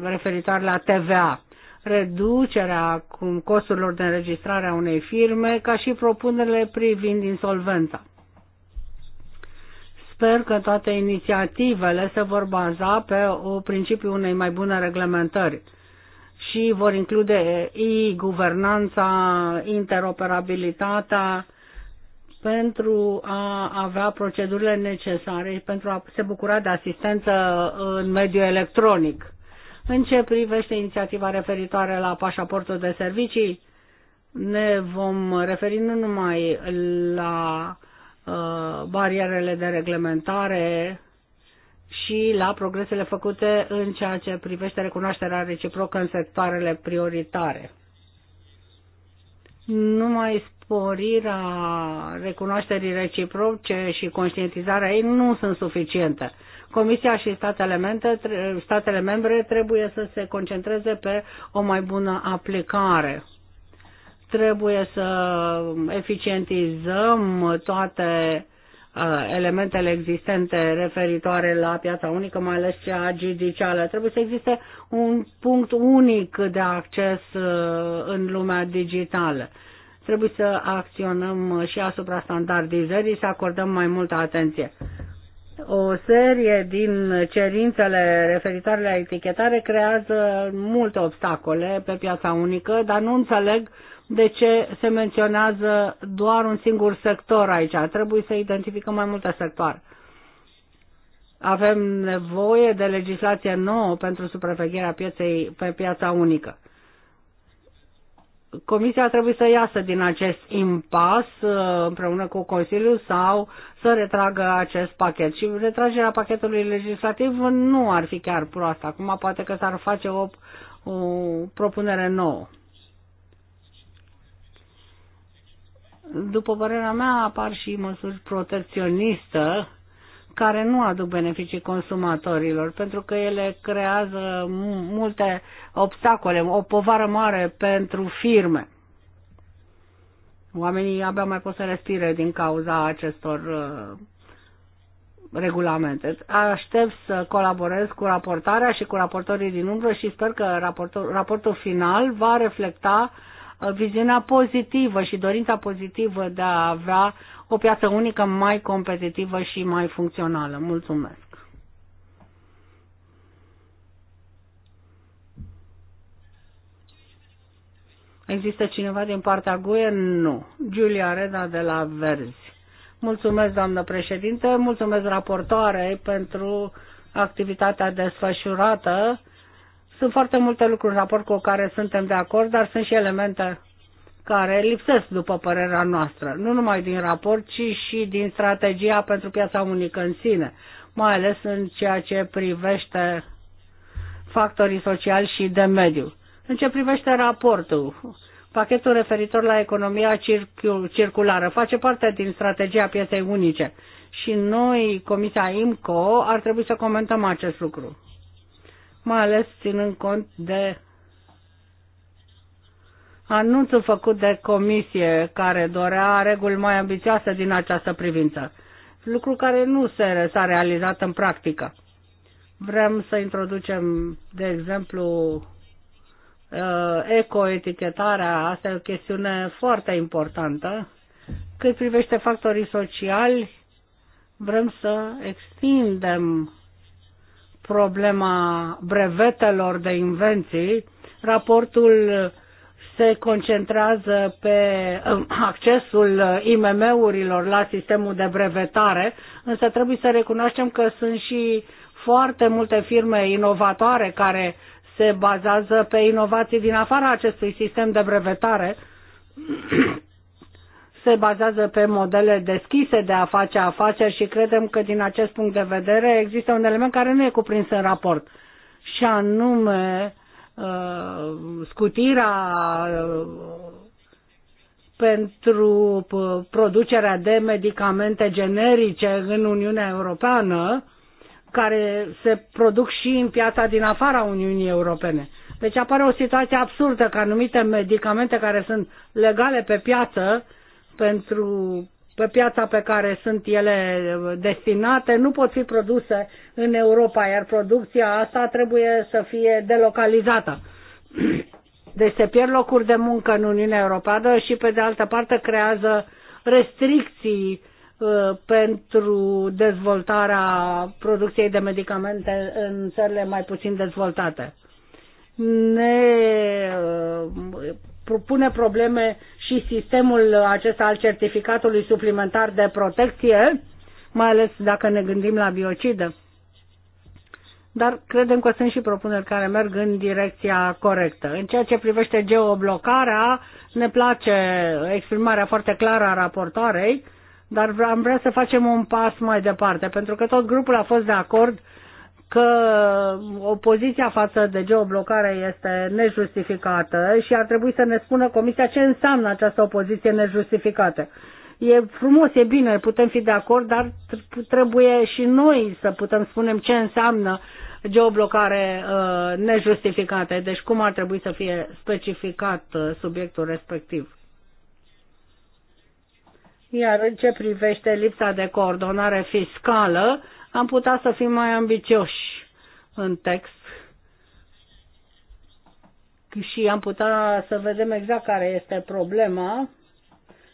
referitoare la TVA, reducerea costurilor de înregistrare a unei firme, ca și propunerile privind insolvența. Sper că toate inițiativele se vor baza pe o principiu unei mai bune reglementări și vor include e-guvernanța, interoperabilitatea, pentru a avea procedurile necesare pentru a se bucura de asistență în mediul electronic. În ce privește inițiativa referitoare la pașaportul de servicii, ne vom referi nu numai la uh, barierele de reglementare și la progresele făcute în ceea ce privește recunoașterea reciprocă în sectoarele prioritare. Nu mai sporirea recunoașterii reciproce și conștientizarea ei nu sunt suficiente. Comisia și statele membre, statele membre trebuie să se concentreze pe o mai bună aplicare. Trebuie să eficientizăm toate uh, elementele existente referitoare la piața unică, mai ales cea digicală. Trebuie să existe un punct unic de acces uh, în lumea digitală. Trebuie să acționăm și asupra standardizării, să acordăm mai multă atenție. O serie din cerințele referitoare la etichetare creează multe obstacole pe piața unică, dar nu înțeleg de ce se menționează doar un singur sector aici. Trebuie să identificăm mai multe sectoare avem nevoie de legislație nouă pentru supravegherea pieței pe piața unică. Comisia trebuie să iasă din acest impas uh, împreună cu Consiliul sau să retragă acest pachet. Și retragerea pachetului legislativ nu ar fi chiar proastă. Acum poate că s-ar face o, o propunere nouă. După părerea mea apar și măsuri protecționistă care nu aduc beneficii consumatorilor, pentru că ele creează multe obstacole, o povară mare pentru firme. Oamenii abia mai pot să respire din cauza acestor uh, regulamente. Aștept să colaborez cu raportarea și cu raportorii din umbră și sper că raportul, raportul final va reflecta uh, viziunea pozitivă și dorința pozitivă de a avea o piață unică mai competitivă și mai funcțională. Mulțumesc! Există cineva din partea GUE? Nu. Giulia Reda de la Verzi. Mulțumesc, doamnă președinte, mulțumesc raportoarei pentru activitatea desfășurată. Sunt foarte multe lucruri în raport cu care suntem de acord, dar sunt și elemente care lipsesc, după părerea noastră, nu numai din raport, ci și din strategia pentru piața unică în sine, mai ales în ceea ce privește factorii sociali și de mediu. În ce privește raportul, pachetul referitor la economia circulară face parte din strategia pieței unice și noi, Comisia IMCO, ar trebui să comentăm acest lucru, mai ales ținând cont de anunțul făcut de comisie care dorea reguli mai ambițioase din această privință, lucru care nu s-a realizat în practică. Vrem să introducem, de exemplu, uh, ecoetichetarea, asta e o chestiune foarte importantă. Cât privește factorii sociali, vrem să extindem problema brevetelor de invenții. Raportul se concentrează pe uh, accesul uh, IMM-urilor la sistemul de brevetare, însă trebuie să recunoaștem că sunt și foarte multe firme inovatoare care se bazează pe inovații din afara acestui sistem de brevetare, se bazează pe modele deschise de a face afaceri și credem că din acest punct de vedere există un element care nu e cuprins în raport, și anume Uh, scutirea uh, pentru producerea de medicamente generice în Uniunea Europeană, care se produc și în piața din afara Uniunii Europene. Deci apare o situație absurdă că anumite medicamente care sunt legale pe piață pentru pe piața pe care sunt ele uh, destinate, nu pot fi produse în Europa, iar producția asta trebuie să fie delocalizată. Deci se pierd locuri de muncă în Uniunea Europeană și, pe de altă parte, creează restricții uh, pentru dezvoltarea producției de medicamente în țările mai puțin dezvoltate. Ne uh, propune probleme și sistemul acesta al certificatului suplimentar de protecție, mai ales dacă ne gândim la biocidă. Dar credem că sunt și propuneri care merg în direcția corectă. În ceea ce privește geoblocarea, ne place exprimarea foarte clară a raportoarei, dar am vrea să facem un pas mai departe, pentru că tot grupul a fost de acord că opoziția față de geoblocare este nejustificată și ar trebui să ne spună Comisia ce înseamnă această opoziție nejustificată. E frumos, e bine, putem fi de acord, dar trebuie și noi să putem spune ce înseamnă geoblocare uh, nejustificată. Deci cum ar trebui să fie specificat uh, subiectul respectiv. Iar în ce privește lipsa de coordonare fiscală, am putea să fim mai ambicioși în text și am putea să vedem exact care este problema.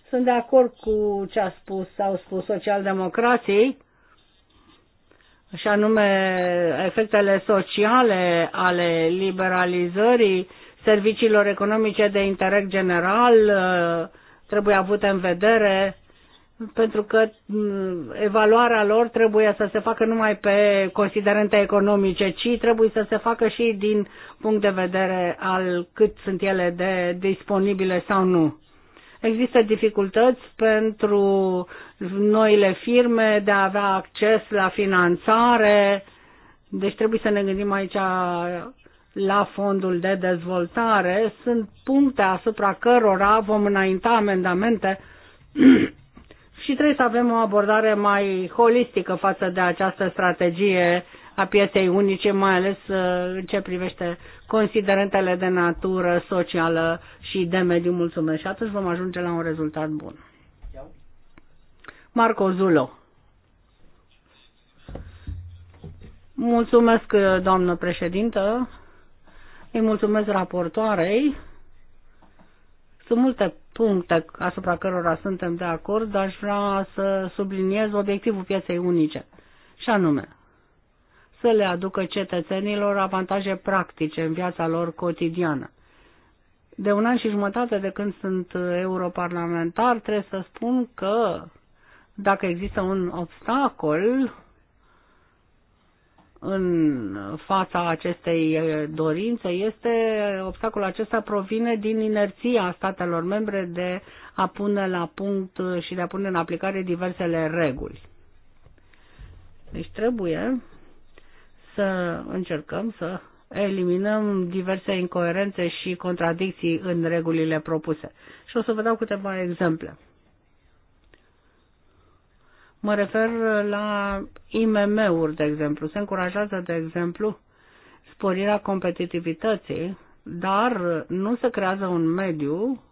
Sunt de acord cu ce a spus, au spus socialdemocrații, și anume efectele sociale ale liberalizării serviciilor economice de interes general uh, trebuie avute în vedere pentru că evaluarea lor trebuie să se facă numai pe considerente economice, ci trebuie să se facă și din punct de vedere al cât sunt ele de disponibile sau nu. Există dificultăți pentru noile firme de a avea acces la finanțare, deci trebuie să ne gândim aici la fondul de dezvoltare. Sunt puncte asupra cărora vom înainta amendamente și trebuie să avem o abordare mai holistică față de această strategie a pieței unice, mai ales uh, în ce privește considerentele de natură socială și de mediu. Mulțumesc și atunci vom ajunge la un rezultat bun. Marco Zulo. Mulțumesc, uh, doamnă președintă. Îi mulțumesc raportoarei. Sunt multe puncte asupra cărora suntem de acord, dar aș vrea să subliniez obiectivul pieței unice, și anume să le aducă cetățenilor avantaje practice în viața lor cotidiană. De un an și jumătate de când sunt europarlamentar, trebuie să spun că dacă există un obstacol, în fața acestei uh, dorințe este, obstacolul acesta provine din inerția statelor membre de a pune la punct uh, și de a pune în aplicare diversele reguli. Deci trebuie să încercăm să eliminăm diverse incoerențe și contradicții în regulile propuse. Și o să vă dau câteva exemple. Mă refer la IMM-uri, de exemplu. Se încurajează, de exemplu, sporirea competitivității, dar nu se creează un mediu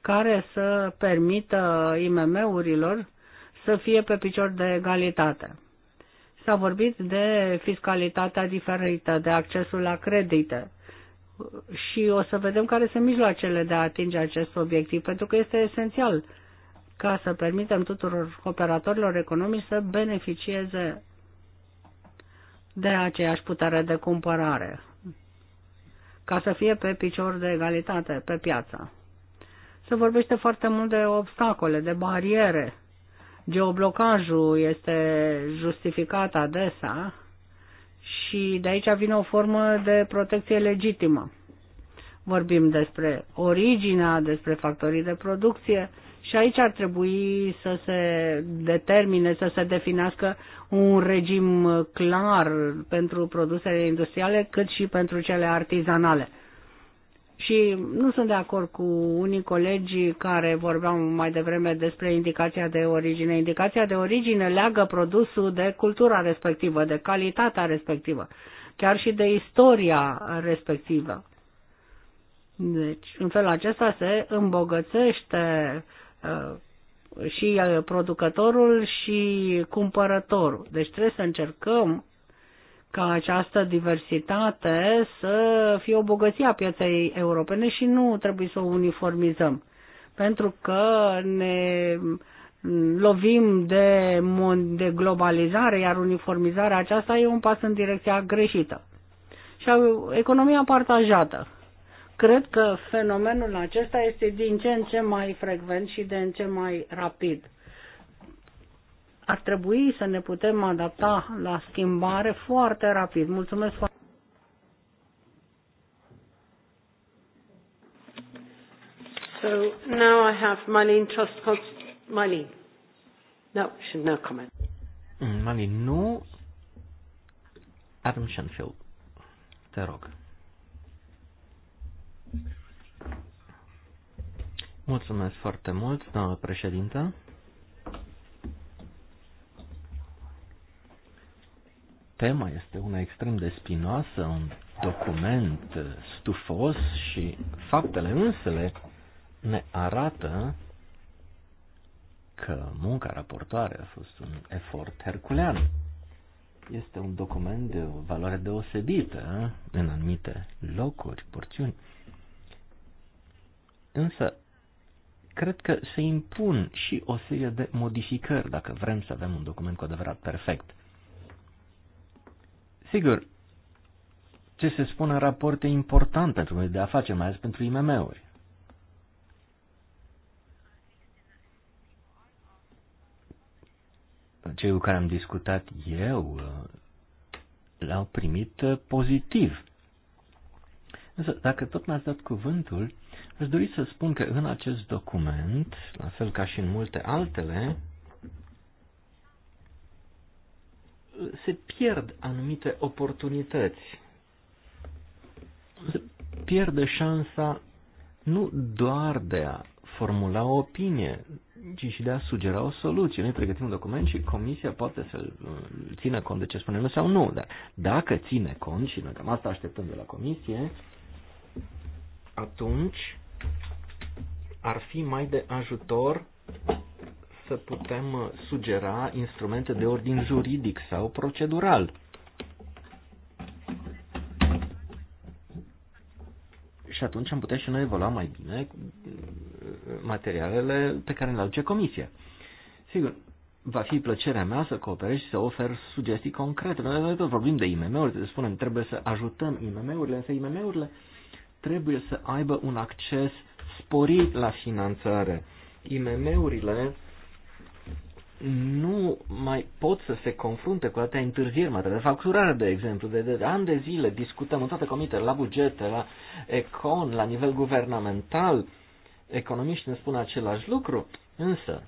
care să permită IMM-urilor să fie pe picior de egalitate. S-a vorbit de fiscalitatea diferită, de accesul la credite și o să vedem care sunt mijloacele de a atinge acest obiectiv, pentru că este esențial ca să permitem tuturor operatorilor economici să beneficieze de aceeași putere de cumpărare, ca să fie pe picior de egalitate pe piață. Se vorbește foarte mult de obstacole, de bariere. Geoblocajul este justificat adesea și de aici vine o formă de protecție legitimă. Vorbim despre originea, despre factorii de producție, și aici ar trebui să se determine, să se definească un regim clar pentru produsele industriale, cât și pentru cele artizanale. Și nu sunt de acord cu unii colegi care vorbeau mai devreme despre indicația de origine. Indicația de origine leagă produsul de cultura respectivă, de calitatea respectivă, chiar și de istoria respectivă. Deci, în felul acesta se îmbogățește Uh, și uh, producătorul și cumpărătorul. Deci trebuie să încercăm ca această diversitate să fie o bogăție a pieței europene și nu trebuie să o uniformizăm. Pentru că ne lovim de, de globalizare, iar uniformizarea aceasta e un pas în direcția greșită. Și economia partajată. Cred că fenomenul acesta este din ce în ce mai frecvent și de în ce mai rapid. Ar trebui să ne putem adapta la schimbare foarte rapid. Mulțumesc foarte So now I have Trust Trustcott. Malin. No, should no comment. Mm, Malin nu. Adam Shenfield. Te rog. Mulțumesc foarte mult, doamnă președintă. Tema este una extrem de spinoasă, un document uh, stufos și faptele însele ne arată că munca raportoare a fost un efort herculean. Este un document de o valoare deosebită în anumite locuri, porțiuni. Însă cred că se impun și o serie de modificări dacă vrem să avem un document cu adevărat perfect. Sigur, ce se spune în raport e important pentru noi de afaceri, mai ales pentru IMM-uri. Cei cu care am discutat eu uh, l-au primit uh, pozitiv. Însă, dacă tot mi-ați dat cuvântul, Aș dori să spun că în acest document, la fel ca și în multe altele, se pierd anumite oportunități. Se pierde șansa nu doar de a formula o opinie, ci și de a sugera o soluție. Noi pregătim un document și comisia poate să țină cont de ce spunem sau nu, dar dacă ține cont, și noi cam asta așteptăm de la comisie, atunci ar fi mai de ajutor să putem uh, sugera instrumente de ordin juridic sau procedural. Și atunci am putea și noi evolua mai bine uh, materialele pe care le aduce comisia. Sigur, va fi plăcerea mea să cooperez și să ofer sugestii concrete. Noi tot vorbim de IMM-uri, să spunem, trebuie să ajutăm IMM-urile, însă IMM-urile uh, trebuie să aibă un acces sporit la finanțare. IMM-urile nu mai pot să se confrunte cu atâtea întârzieri, mai de facturare, de exemplu, de, de, de ani de zile discutăm în toate comitele, la bugete, la econ, la nivel guvernamental, economiști ne spun același lucru, însă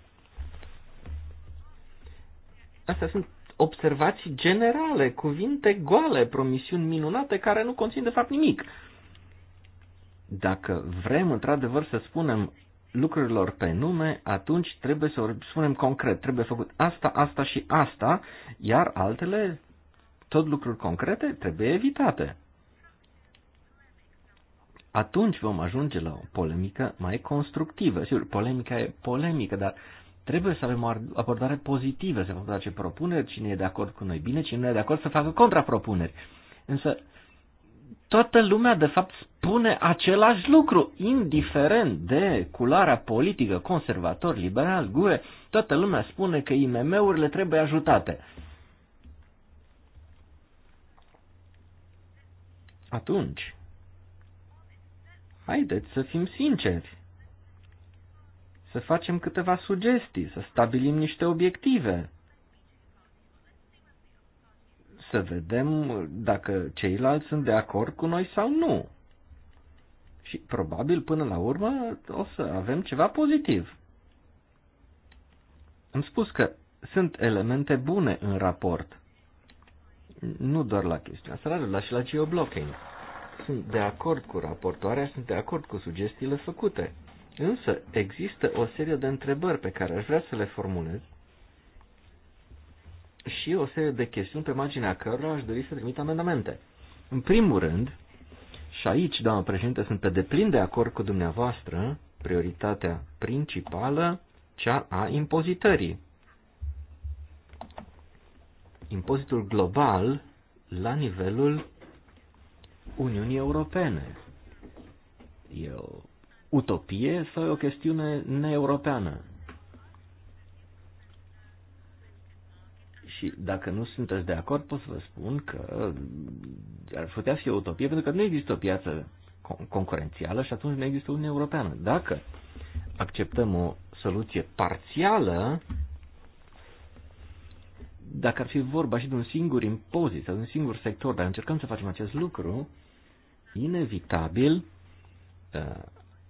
astea sunt observații generale, cuvinte goale, promisiuni minunate care nu conțin de fapt nimic. Dacă vrem într-adevăr să spunem lucrurilor pe nume, atunci trebuie să o spunem concret. Trebuie făcut asta, asta și asta, iar altele, tot lucruri concrete, trebuie evitate. Atunci vom ajunge la o polemică mai constructivă. Sigur, polemica e polemică, dar trebuie să avem o abordare pozitivă, să vom ce propuneri, cine e de acord cu noi bine, cine nu e de acord să facă contrapropuneri. Însă toată lumea, de fapt, spune același lucru, indiferent de culoarea politică, conservator, liberal, GUE, toată lumea spune că IMM-urile trebuie ajutate. Atunci, haideți să fim sinceri, să facem câteva sugestii, să stabilim niște obiective, să vedem dacă ceilalți sunt de acord cu noi sau nu. Și probabil până la urmă o să avem ceva pozitiv. Am spus că sunt elemente bune în raport. Nu doar la chestia asta, dar și la geoblocking. Sunt de acord cu raportoarea, sunt de acord cu sugestiile făcute. Însă există o serie de întrebări pe care aș vrea să le formulez și o serie de chestiuni pe marginea cărora aș dori să trimit amendamente. În primul rând, și aici, doamnă președinte, sunt pe deplin de acord cu dumneavoastră, prioritatea principală, cea a impozitării. Impozitul global la nivelul Uniunii Europene. E o utopie sau e o chestiune neeuropeană? Și dacă nu sunteți de acord, pot să vă spun că ar putea fi o utopie, pentru că nu există o piață concurențială și atunci nu există Uniunea Europeană. Dacă acceptăm o soluție parțială, dacă ar fi vorba și de un singur impozit sau de un singur sector, dar încercăm să facem acest lucru, inevitabil uh,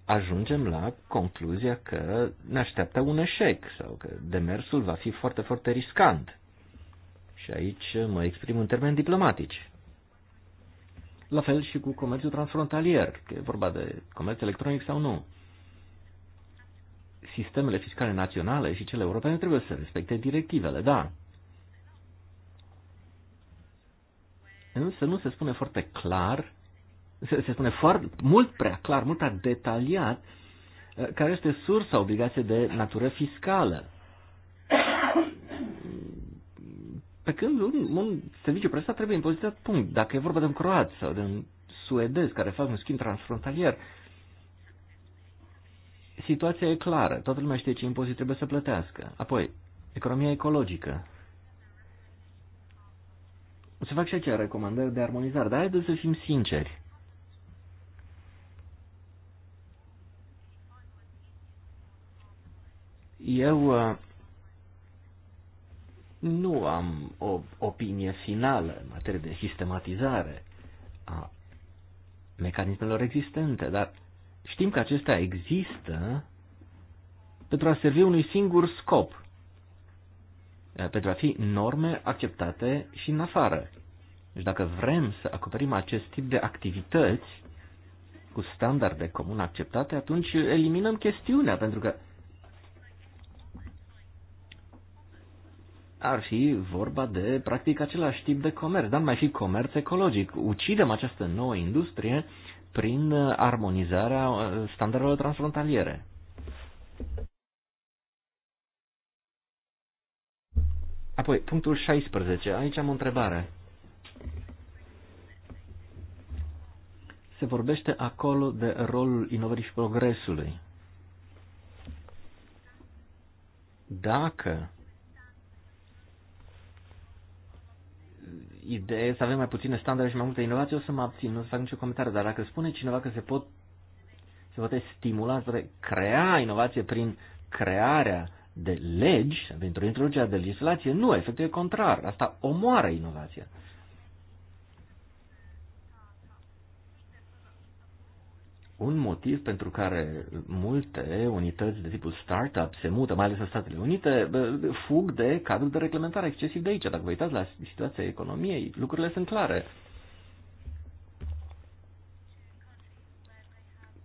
ajungem la concluzia că ne așteaptă un eșec sau că demersul va fi foarte, foarte riscant. Și aici mă exprim în termeni diplomatici. La fel și cu comerțul transfrontalier, că e vorba de comerț electronic sau nu. Sistemele fiscale naționale și cele europene trebuie să respecte directivele, da. Însă nu se spune foarte clar, se, se spune foarte, mult prea clar, mult prea detaliat, uh, care este sursa obligației de natură fiscală. Pe când un, un serviciu prestat trebuie impozitat punct. Dacă e vorba de un croat sau de un suedez care fac un schimb transfrontalier, situația e clară. Toată lumea știe ce impozit trebuie să plătească. Apoi, economia ecologică. O să fac și aceea recomandări de armonizare, dar haideți să fim sinceri. Eu uh, nu am o opinie finală în materie de sistematizare a mecanismelor existente, dar știm că acestea există pentru a servi unui singur scop, eh, pentru a fi norme acceptate și în afară. Deci dacă vrem să acoperim acest tip de activități cu standarde comun acceptate, atunci eliminăm chestiunea, pentru că ar fi vorba de practic același tip de comerț, dar mai fi comerț ecologic. Ucidem această nouă industrie prin uh, armonizarea uh, standardelor transfrontaliere. Apoi, punctul 16. Aici am o întrebare. Se vorbește acolo de rolul inovării și progresului. Dacă idee să avem mai puține standarde și mai multă inovație, o să mă abțin, nu o să fac nicio comentariu, dar dacă spune cineva că se pot se poate stimula, se poate crea inovație prin crearea de legi, pentru introducerea de legislație, nu, efectul e contrar, asta omoară inovația. Un motiv pentru care multe unități de tipul startup se mută, mai ales în Statele Unite, fug de cadrul de reglementare excesiv de aici. Dacă vă uitați la situația economiei, lucrurile sunt clare.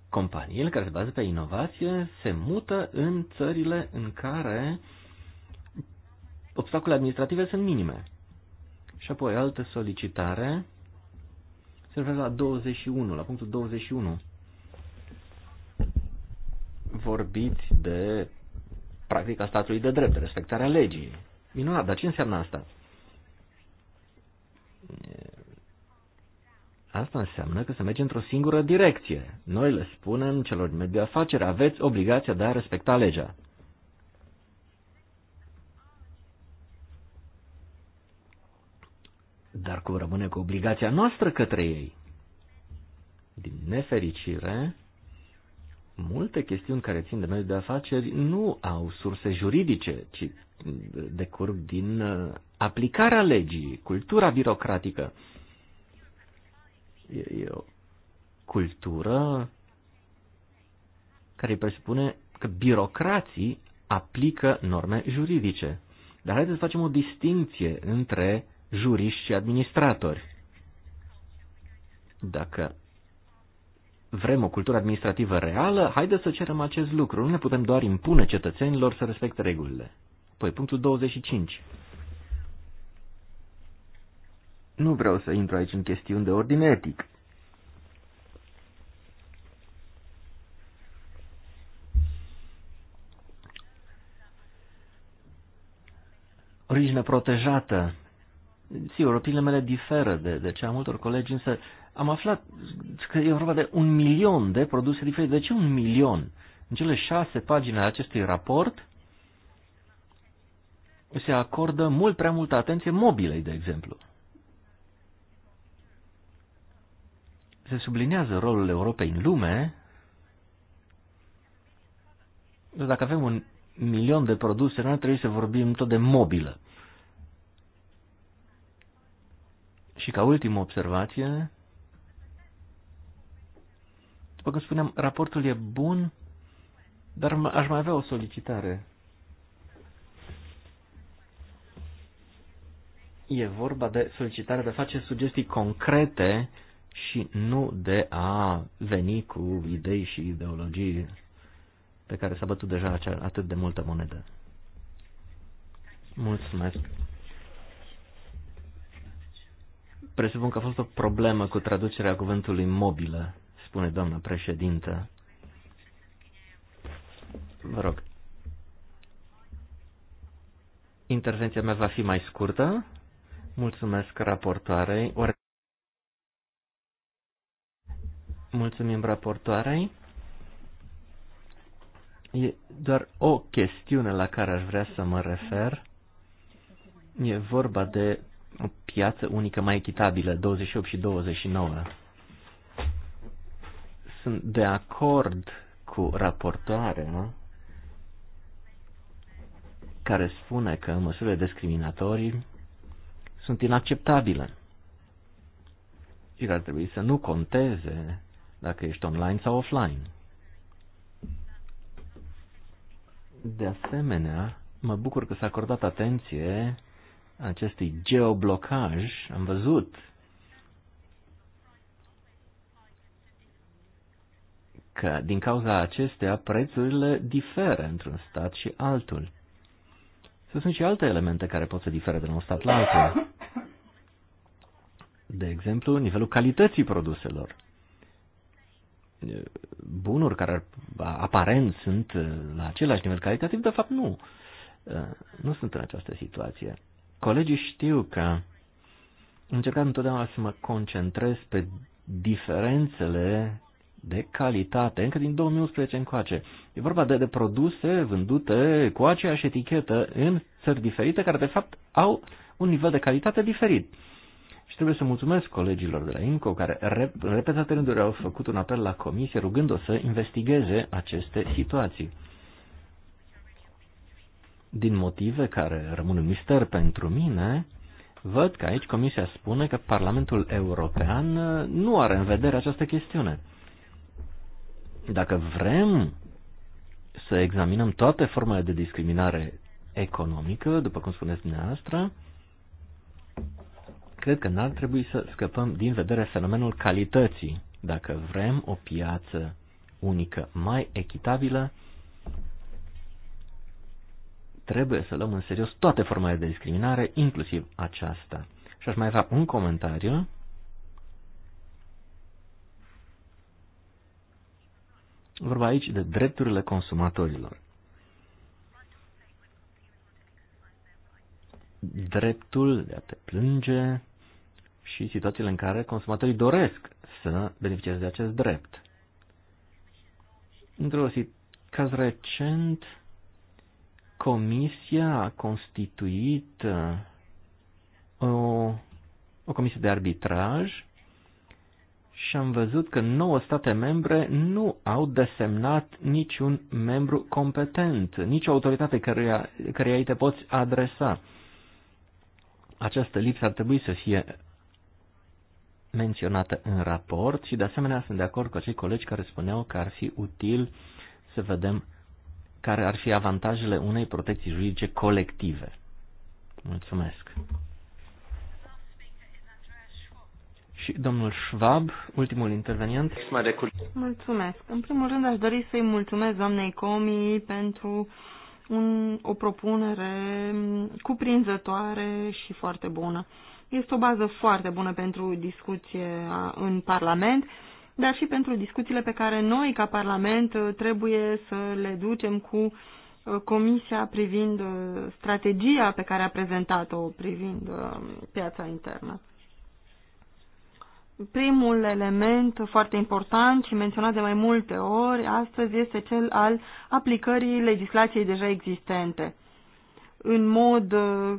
Companiile care se bazează pe inovație se mută în țările în care obstacole administrative sunt minime. Și apoi altă solicitare se referă la 21, la punctul 21 vorbiți de practica statului de drept, de respectarea legii. Minunat, dar ce înseamnă asta? Asta înseamnă că se merge într-o singură direcție. Noi le spunem celor din mediul afaceri, aveți obligația de a respecta legea. Dar cum rămâne cu obligația noastră către ei? Din nefericire, multe chestiuni care țin de mediul de afaceri nu au surse juridice, ci decurg din uh, aplicarea legii, cultura birocratică. E, e o cultură care presupune că birocrații aplică norme juridice. Dar haideți să facem o distinție între juriști și administratori. Dacă vrem o cultură administrativă reală, haideți să cerem acest lucru. Nu ne putem doar impune cetățenilor să respecte regulile. Păi, punctul 25. Nu vreau să intru aici în chestiuni de ordin etic. Origine protejată. Sigur, opiniile mele diferă de, de cea multor colegi, însă am aflat că e vorba de un milion de produse diferite. De ce un milion? În cele șase pagini ale acestui raport se acordă mult prea multă atenție mobilei, de exemplu. Se sublinează rolul Europei în lume, dar dacă avem un milion de produse, noi trebuie să vorbim tot de mobilă. Și ca ultimă observație, după cum spuneam, raportul e bun, dar aș mai avea o solicitare. E vorba de solicitare de a face sugestii concrete și nu de a veni cu idei și ideologii pe care s-a bătut deja atât de multă monedă. Mulțumesc. Presupun că a fost o problemă cu traducerea cuvântului mobilă spune doamna președintă. Vă rog. Intervenția mea va fi mai scurtă. Mulțumesc raportoarei. Mulțumim raportoarei. E doar o chestiune la care aș vrea să mă refer. E vorba de o piață unică mai echitabilă, 28 și 29. Sunt de acord cu raportoarea care spune că măsurile discriminatorii sunt inacceptabile și că ar trebui să nu conteze dacă ești online sau offline. De asemenea, mă bucur că s-a acordat atenție acestui geoblocaj. Am văzut că din cauza acestea prețurile diferă într-un stat și altul. Să sunt și alte elemente care pot să difere de la un stat la altul. De exemplu, nivelul calității produselor. Bunuri care aparent sunt la același nivel calitativ, de fapt nu. Nu sunt în această situație. Colegii știu că am încercat întotdeauna să mă concentrez pe diferențele de calitate încă din 2011 încoace. E vorba de, de produse vândute cu aceeași etichetă în țări diferite, care de fapt au un nivel de calitate diferit. Și trebuie să mulțumesc colegilor de la INCO care în repetate rânduri au făcut un apel la comisie rugându-o să investigeze aceste situații. Din motive care rămân un mister pentru mine, văd că aici Comisia spune că Parlamentul European nu are în vedere această chestiune. Dacă vrem să examinăm toate formele de discriminare economică, după cum spuneți dumneavoastră, cred că n-ar trebui să scăpăm din vedere fenomenul calității. Dacă vrem o piață unică mai echitabilă, trebuie să luăm în serios toate formele de discriminare, inclusiv aceasta. Și aș mai avea un comentariu Vorba aici de drepturile consumatorilor. Dreptul de a te plânge și situațiile în care consumatorii doresc să beneficieze de acest drept. într o caz recent, Comisia a constituit uh, o, o comisie de arbitraj și am văzut că nouă state membre nu au desemnat niciun membru competent, nicio autoritate care căreia îi te poți adresa. Această lipsă ar trebui să fie menționată în raport și de asemenea sunt de acord cu acei colegi care spuneau că ar fi util să vedem care ar fi avantajele unei protecții juridice colective. Mulțumesc! și domnul Schwab, ultimul intervenient. Mulțumesc. În primul rând aș dori să-i mulțumesc doamnei Comi pentru un, o propunere cuprinzătoare și foarte bună. Este o bază foarte bună pentru discuție în Parlament, dar și pentru discuțiile pe care noi, ca Parlament, trebuie să le ducem cu uh, Comisia privind uh, strategia pe care a prezentat-o privind uh, piața internă. Primul element foarte important și menționat de mai multe ori astăzi este cel al aplicării legislației deja existente. În mod uh,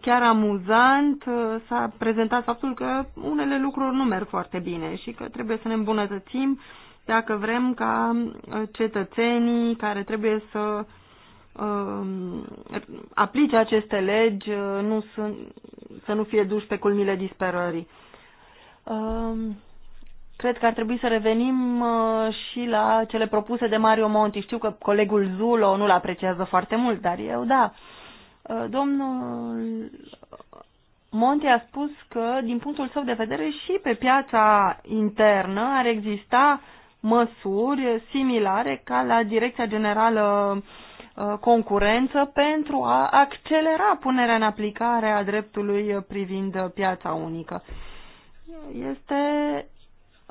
chiar amuzant uh, s-a prezentat faptul că unele lucruri nu merg foarte bine și că trebuie să ne îmbunătățim dacă vrem ca uh, cetățenii care trebuie să aplice aceste legi nu sunt, să nu fie duși pe culmile disperării. Um, cred că ar trebui să revenim uh, și la cele propuse de Mario Monti. Știu că colegul Zulo nu-l apreciază foarte mult, dar eu da. Uh, domnul Monti a spus că, din punctul său de vedere, și pe piața internă ar exista măsuri similare ca la Direcția Generală uh, Concurență pentru a accelera punerea în aplicare a dreptului privind piața unică este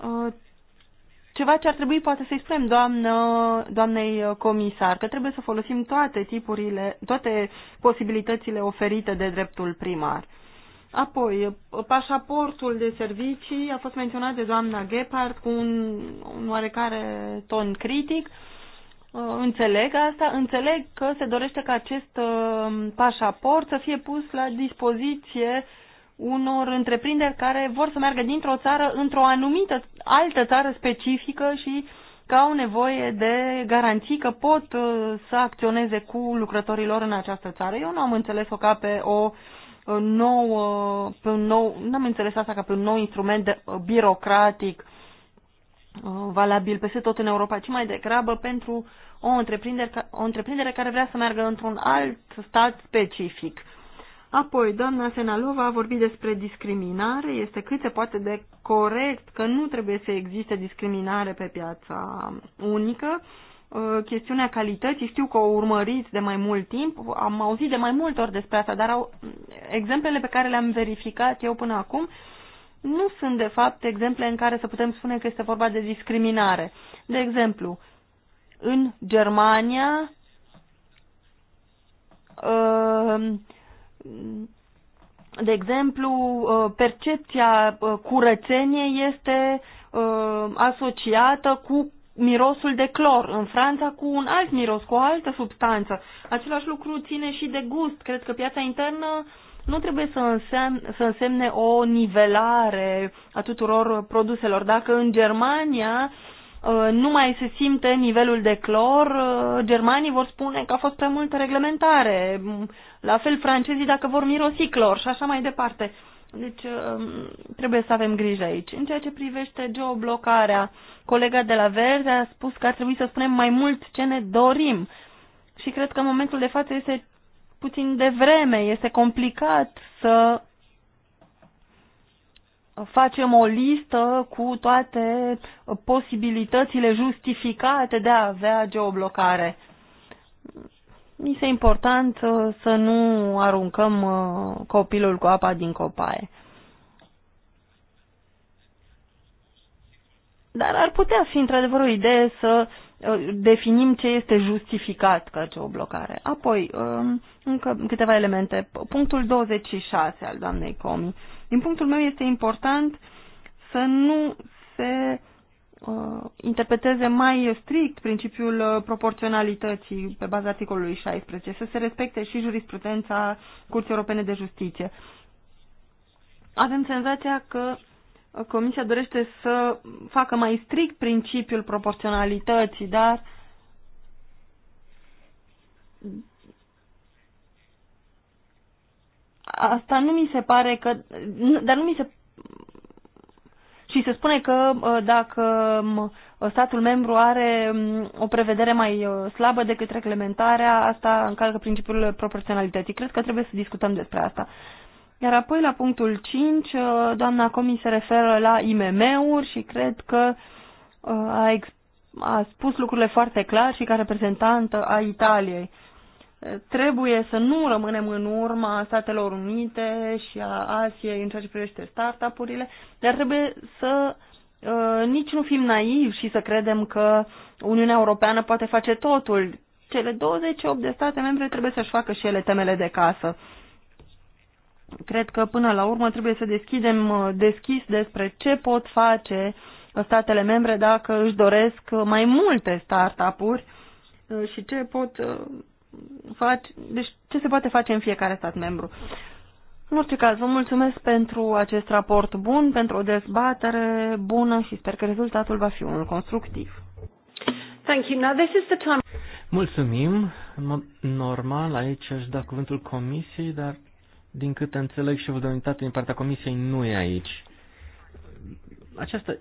uh, ceva ce ar trebui poate să-i spunem doamnă, doamnei uh, comisar, că trebuie să folosim toate tipurile, toate posibilitățile oferite de dreptul primar. Apoi, uh, pașaportul de servicii a fost menționat de doamna Gephardt cu un, un oarecare ton critic. Înțeleg asta, înțeleg că se dorește ca acest pașaport să fie pus la dispoziție uh, unor întreprinderi care vor să meargă dintr-o țară într-o anumită altă țară specifică și că au nevoie de garanții că pot uh, să acționeze cu lucrătorii lor în această țară. Eu nu am înțeles-o ca pe o uh, nouă, pe un nou, nu am înțeles asta ca pe un nou instrument de, uh, birocratic valabil peste tot în Europa, ci mai degrabă pentru o întreprindere, o întreprindere care vrea să meargă într-un alt stat specific Apoi, doamna Senalova a vorbit despre discriminare. Este cât se poate de corect că nu trebuie să existe discriminare pe piața unică. Uh, chestiunea calității, știu că o urmăriți de mai mult timp, am auzit de mai multe ori despre asta, dar au, exemplele pe care le-am verificat eu până acum nu sunt, de fapt, exemple în care să putem spune că este vorba de discriminare. De exemplu, în Germania, uh, de exemplu, uh, percepția uh, curățeniei este uh, asociată cu mirosul de clor, în Franța cu un alt miros, cu o altă substanță. Același lucru ține și de gust. Cred că piața internă nu trebuie să, însemne, să însemne o nivelare a tuturor produselor. Dacă în Germania uh, Uh, nu mai se simte nivelul de clor, uh, germanii vor spune că a fost prea multă reglementare, la fel francezii dacă vor mirosi clor și așa mai departe. Deci uh, trebuie să avem grijă aici. În ceea ce privește geoblocarea, colega de la Verde a spus că ar trebui să spunem mai mult ce ne dorim. Și cred că în momentul de față este puțin de vreme, este complicat să facem o listă cu toate posibilitățile justificate de a avea geoblocare. Mi se important uh, să nu aruncăm uh, copilul cu apa din copaie. Dar ar putea fi într-adevăr o idee să uh, definim ce este justificat ca geoblocare. Apoi, um, încă câteva elemente. Punctul 26 al doamnei Comi. Din punctul meu este important să nu se uh, interpreteze mai strict principiul uh, proporționalității pe baza articolului 16, să se respecte și jurisprudența Curții Europene de Justiție. Avem senzația că uh, Comisia dorește să facă mai strict principiul proporționalității, dar asta nu mi se pare că, dar nu mi se și se spune că uh, dacă um, statul membru are um, o prevedere mai uh, slabă decât reglementarea, asta încalcă principiul proporționalității. Cred că trebuie să discutăm despre asta. Iar apoi, la punctul 5, uh, doamna Comi se referă la IMM-uri și cred că a, a spus lucrurile foarte clar și ca reprezentantă a Italiei. Trebuie să nu rămânem în urma Statelor Unite și a Asiei în ceea ce privește startup-urile, dar trebuie să uh, nici nu fim naivi și să credem că Uniunea Europeană poate face totul. Cele 28 de state membre trebuie să-și facă și ele temele de casă. Cred că până la urmă trebuie să deschidem uh, deschis despre ce pot face statele membre dacă își doresc mai multe startup-uri uh, și ce pot face, deci ce se poate face în fiecare stat membru. În orice caz, vă mulțumesc pentru acest raport bun, pentru o dezbatere bună și sper că rezultatul va fi unul constructiv. Thank you. Now this is the time. Mulțumim. În mod normal, aici aș da cuvântul comisiei, dar din câte înțeleg și văd, unitate din partea comisiei nu e aici. Această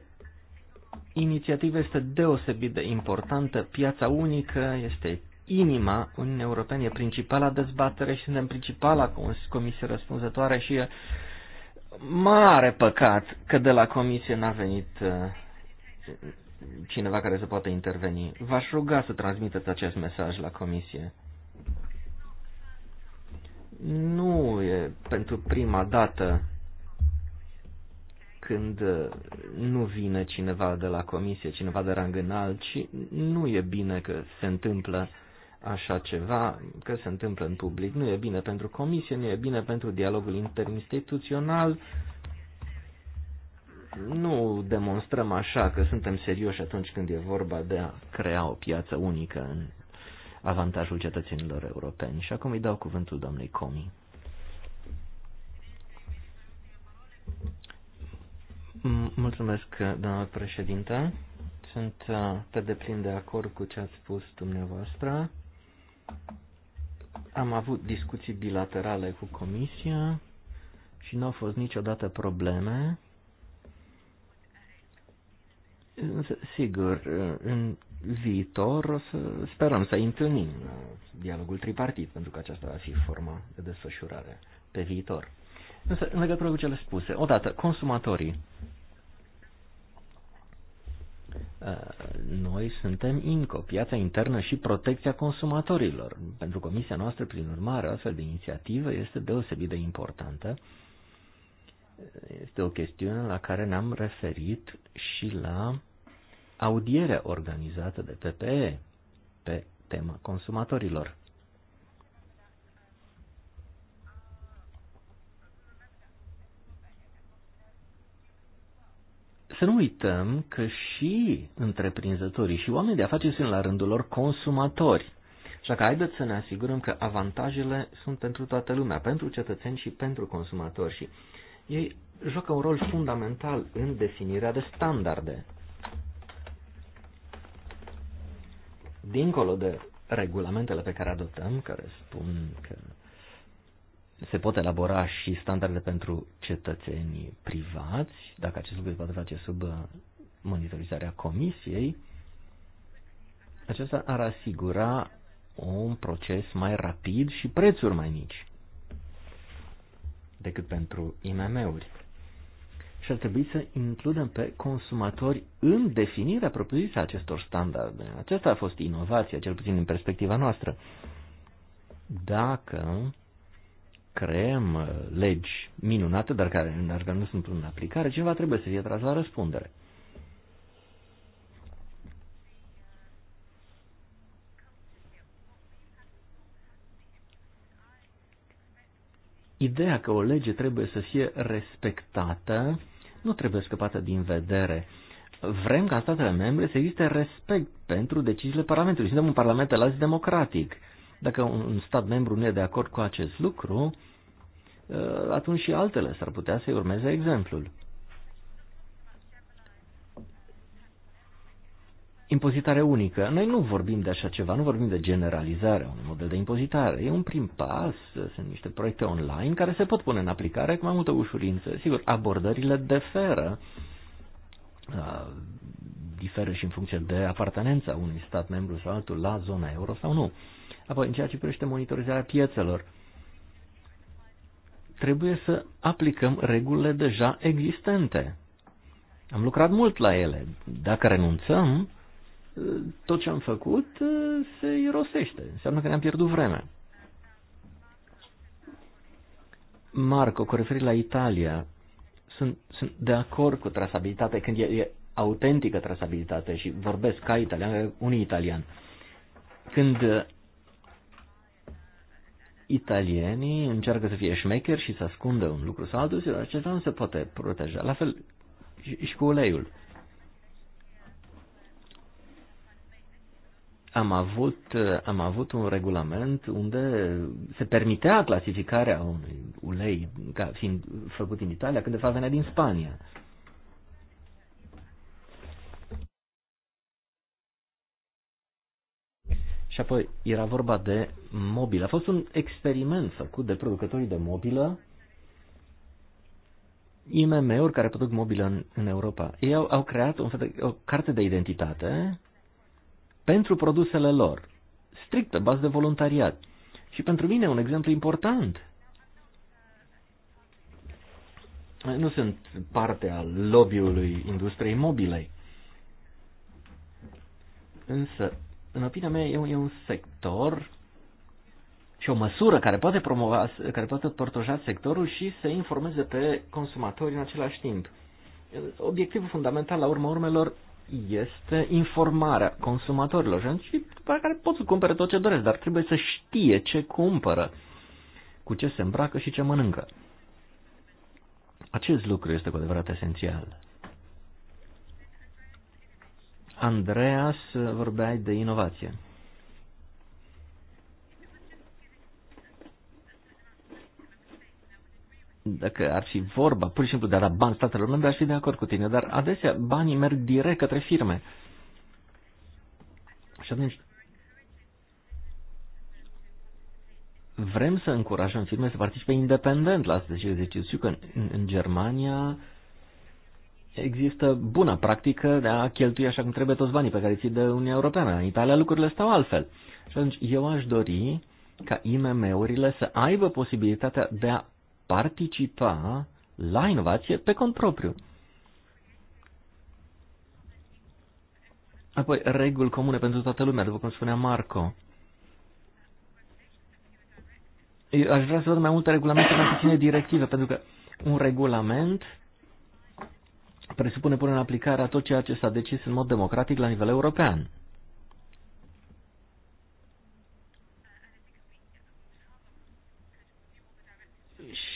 inițiativă este deosebit de importantă. Piața unică este inima Uniunii Europene, e principala dezbatere și suntem principala comisie răspunzătoare și e mare păcat că de la comisie n-a venit uh, cineva care să poată interveni. V-aș ruga să transmiteți acest mesaj la comisie. Nu e pentru prima dată când uh, nu vine cineva de la comisie, cineva de rang înalt, ci nu e bine că se întâmplă așa ceva, că se întâmplă în public. Nu e bine pentru comisie, nu e bine pentru dialogul interinstituțional. Nu demonstrăm așa că suntem serioși atunci când e vorba de a crea o piață unică în avantajul cetățenilor europeni. Și acum îi dau cuvântul doamnei Comi. Mulțumesc, doamnă președinte. Sunt uh, pe deplin de acord cu ce ați spus dumneavoastră. Am avut discuții bilaterale cu Comisia și nu au fost niciodată probleme. Însă, sigur, în viitor o să sperăm să întâlnim dialogul tripartit, pentru că aceasta va fi forma de desfășurare pe viitor. Însă, în legătură cu cele spuse, odată, consumatorii. Uh, noi suntem INCO, piața internă și protecția consumatorilor. Pentru comisia noastră, prin urmare, astfel de inițiativă este deosebit de importantă. Este o chestiune la care ne-am referit și la audierea organizată de PPE pe tema consumatorilor. Să nu uităm că și întreprinzătorii și oamenii de afaceri sunt la rândul lor consumatori. Așa că haideți să ne asigurăm că avantajele sunt pentru toată lumea, pentru cetățeni și pentru consumatori. Și ei joacă un rol fundamental în definirea de standarde. Dincolo de regulamentele pe care adoptăm, care spun că se pot elabora și standarde pentru cetățenii privați, dacă acest lucru se poate face sub uh, monitorizarea comisiei, acesta ar asigura un proces mai rapid și prețuri mai mici decât pentru IMM-uri. Și ar trebui să includem pe consumatori în definirea propusă acestor standarde. Aceasta a fost inovația, cel puțin din perspectiva noastră. Dacă creăm uh, legi minunate, dar care, dar care nu sunt în aplicare, cineva trebuie să fie tras la răspundere. Ideea că o lege trebuie să fie respectată nu trebuie scăpată din vedere. Vrem ca statele membre să existe respect pentru deciziile Parlamentului. Suntem un Parlament elas democratic. Uh, dacă un stat membru nu e de acord cu acest lucru, uh, atunci și altele s-ar putea să-i urmeze exemplul. Impozitare unică. Noi nu vorbim de așa ceva, nu vorbim de generalizare unui model de impozitare. E un prim pas, sunt niște proiecte online care se pot pune în aplicare cu mai multă ușurință. Sigur, abordările deferă, uh, diferă și în funcție de apartenența unui stat membru sau altul la zona euro sau nu. Apoi, în ceea ce privește monitorizarea piețelor, trebuie să aplicăm regulile deja existente. Am lucrat mult la ele. Dacă renunțăm, tot ce am făcut se irosește. Înseamnă că ne-am pierdut vreme. Marco, cu referire la Italia, sunt, sunt de acord cu trasabilitate când e, e autentică trasabilitate și vorbesc ca italian, unii italian. Când italienii încearcă să fie șmecheri și să ascundă un lucru sau altul, dar acesta nu se poate proteja. La fel și cu uleiul. Am avut, am avut un regulament unde se permitea clasificarea unui ulei ca fiind făcut în Italia, când de fapt venea din Spania. Și apoi era vorba de mobilă. A fost un experiment făcut de producătorii de mobilă, IMM-uri care produc mobilă în, în Europa. Ei au, au creat un fel de, o carte de identitate pentru produsele lor, strict pe bază de voluntariat. Și pentru mine un exemplu important. Nu sunt parte al lobby-ului industriei mobilei. Însă în opinia mea, e un, e un sector și o măsură care poate promova, care poate proteja sectorul și să informeze pe consumatori în același timp. Obiectivul fundamental, la urma urmelor, este informarea consumatorilor și după care pot să cumpere tot ce doresc, dar trebuie să știe ce cumpără, cu ce se îmbracă și ce mănâncă. Acest lucru este cu adevărat esențial. Andreas, vorbeai de inovație. Dacă ar fi vorba, pur și simplu, de a da bani statelor membre, aș fi de acord cu tine, dar adesea banii merg direct către firme. Și atunci, vrem să încurajăm firme să participe independent la astfel de decizii. Știu că în, în Germania există bună practică de a cheltui așa cum trebuie toți banii pe care ți de Uniunea Europeană. În Italia lucrurile stau altfel. Și atunci eu aș dori ca IMM-urile să aibă posibilitatea de a participa la inovație pe cont propriu. Apoi, reguli comune pentru toată lumea, după cum spunea Marco. Eu aș vrea să văd mai multe regulamente pentru a directive, pentru că un regulament presupune până în aplicare a tot ceea ce s-a decis în mod democratic la nivel european.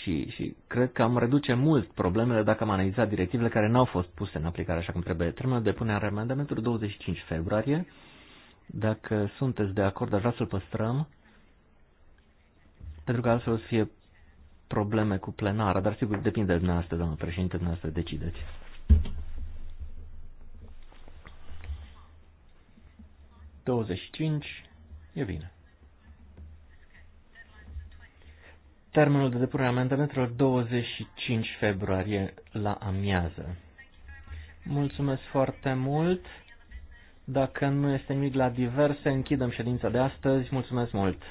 și, și cred că am reduce mult problemele dacă am analizat directivele care n-au fost puse în aplicare așa cum trebuie. Termenul de punere a amendamentul 25 februarie. Dacă sunteți de acord, aș vrea să-l păstrăm, pentru că altfel o să fie probleme cu plenara, dar sigur depinde de dumneavoastră, doamnă președinte, dumneavoastră decideți. 25 e bine. Termenul de depunere a amendamentelor 25 februarie la amiază. Mulțumesc foarte mult. Dacă nu este nimic la diverse, închidem ședința de astăzi. Mulțumesc mult!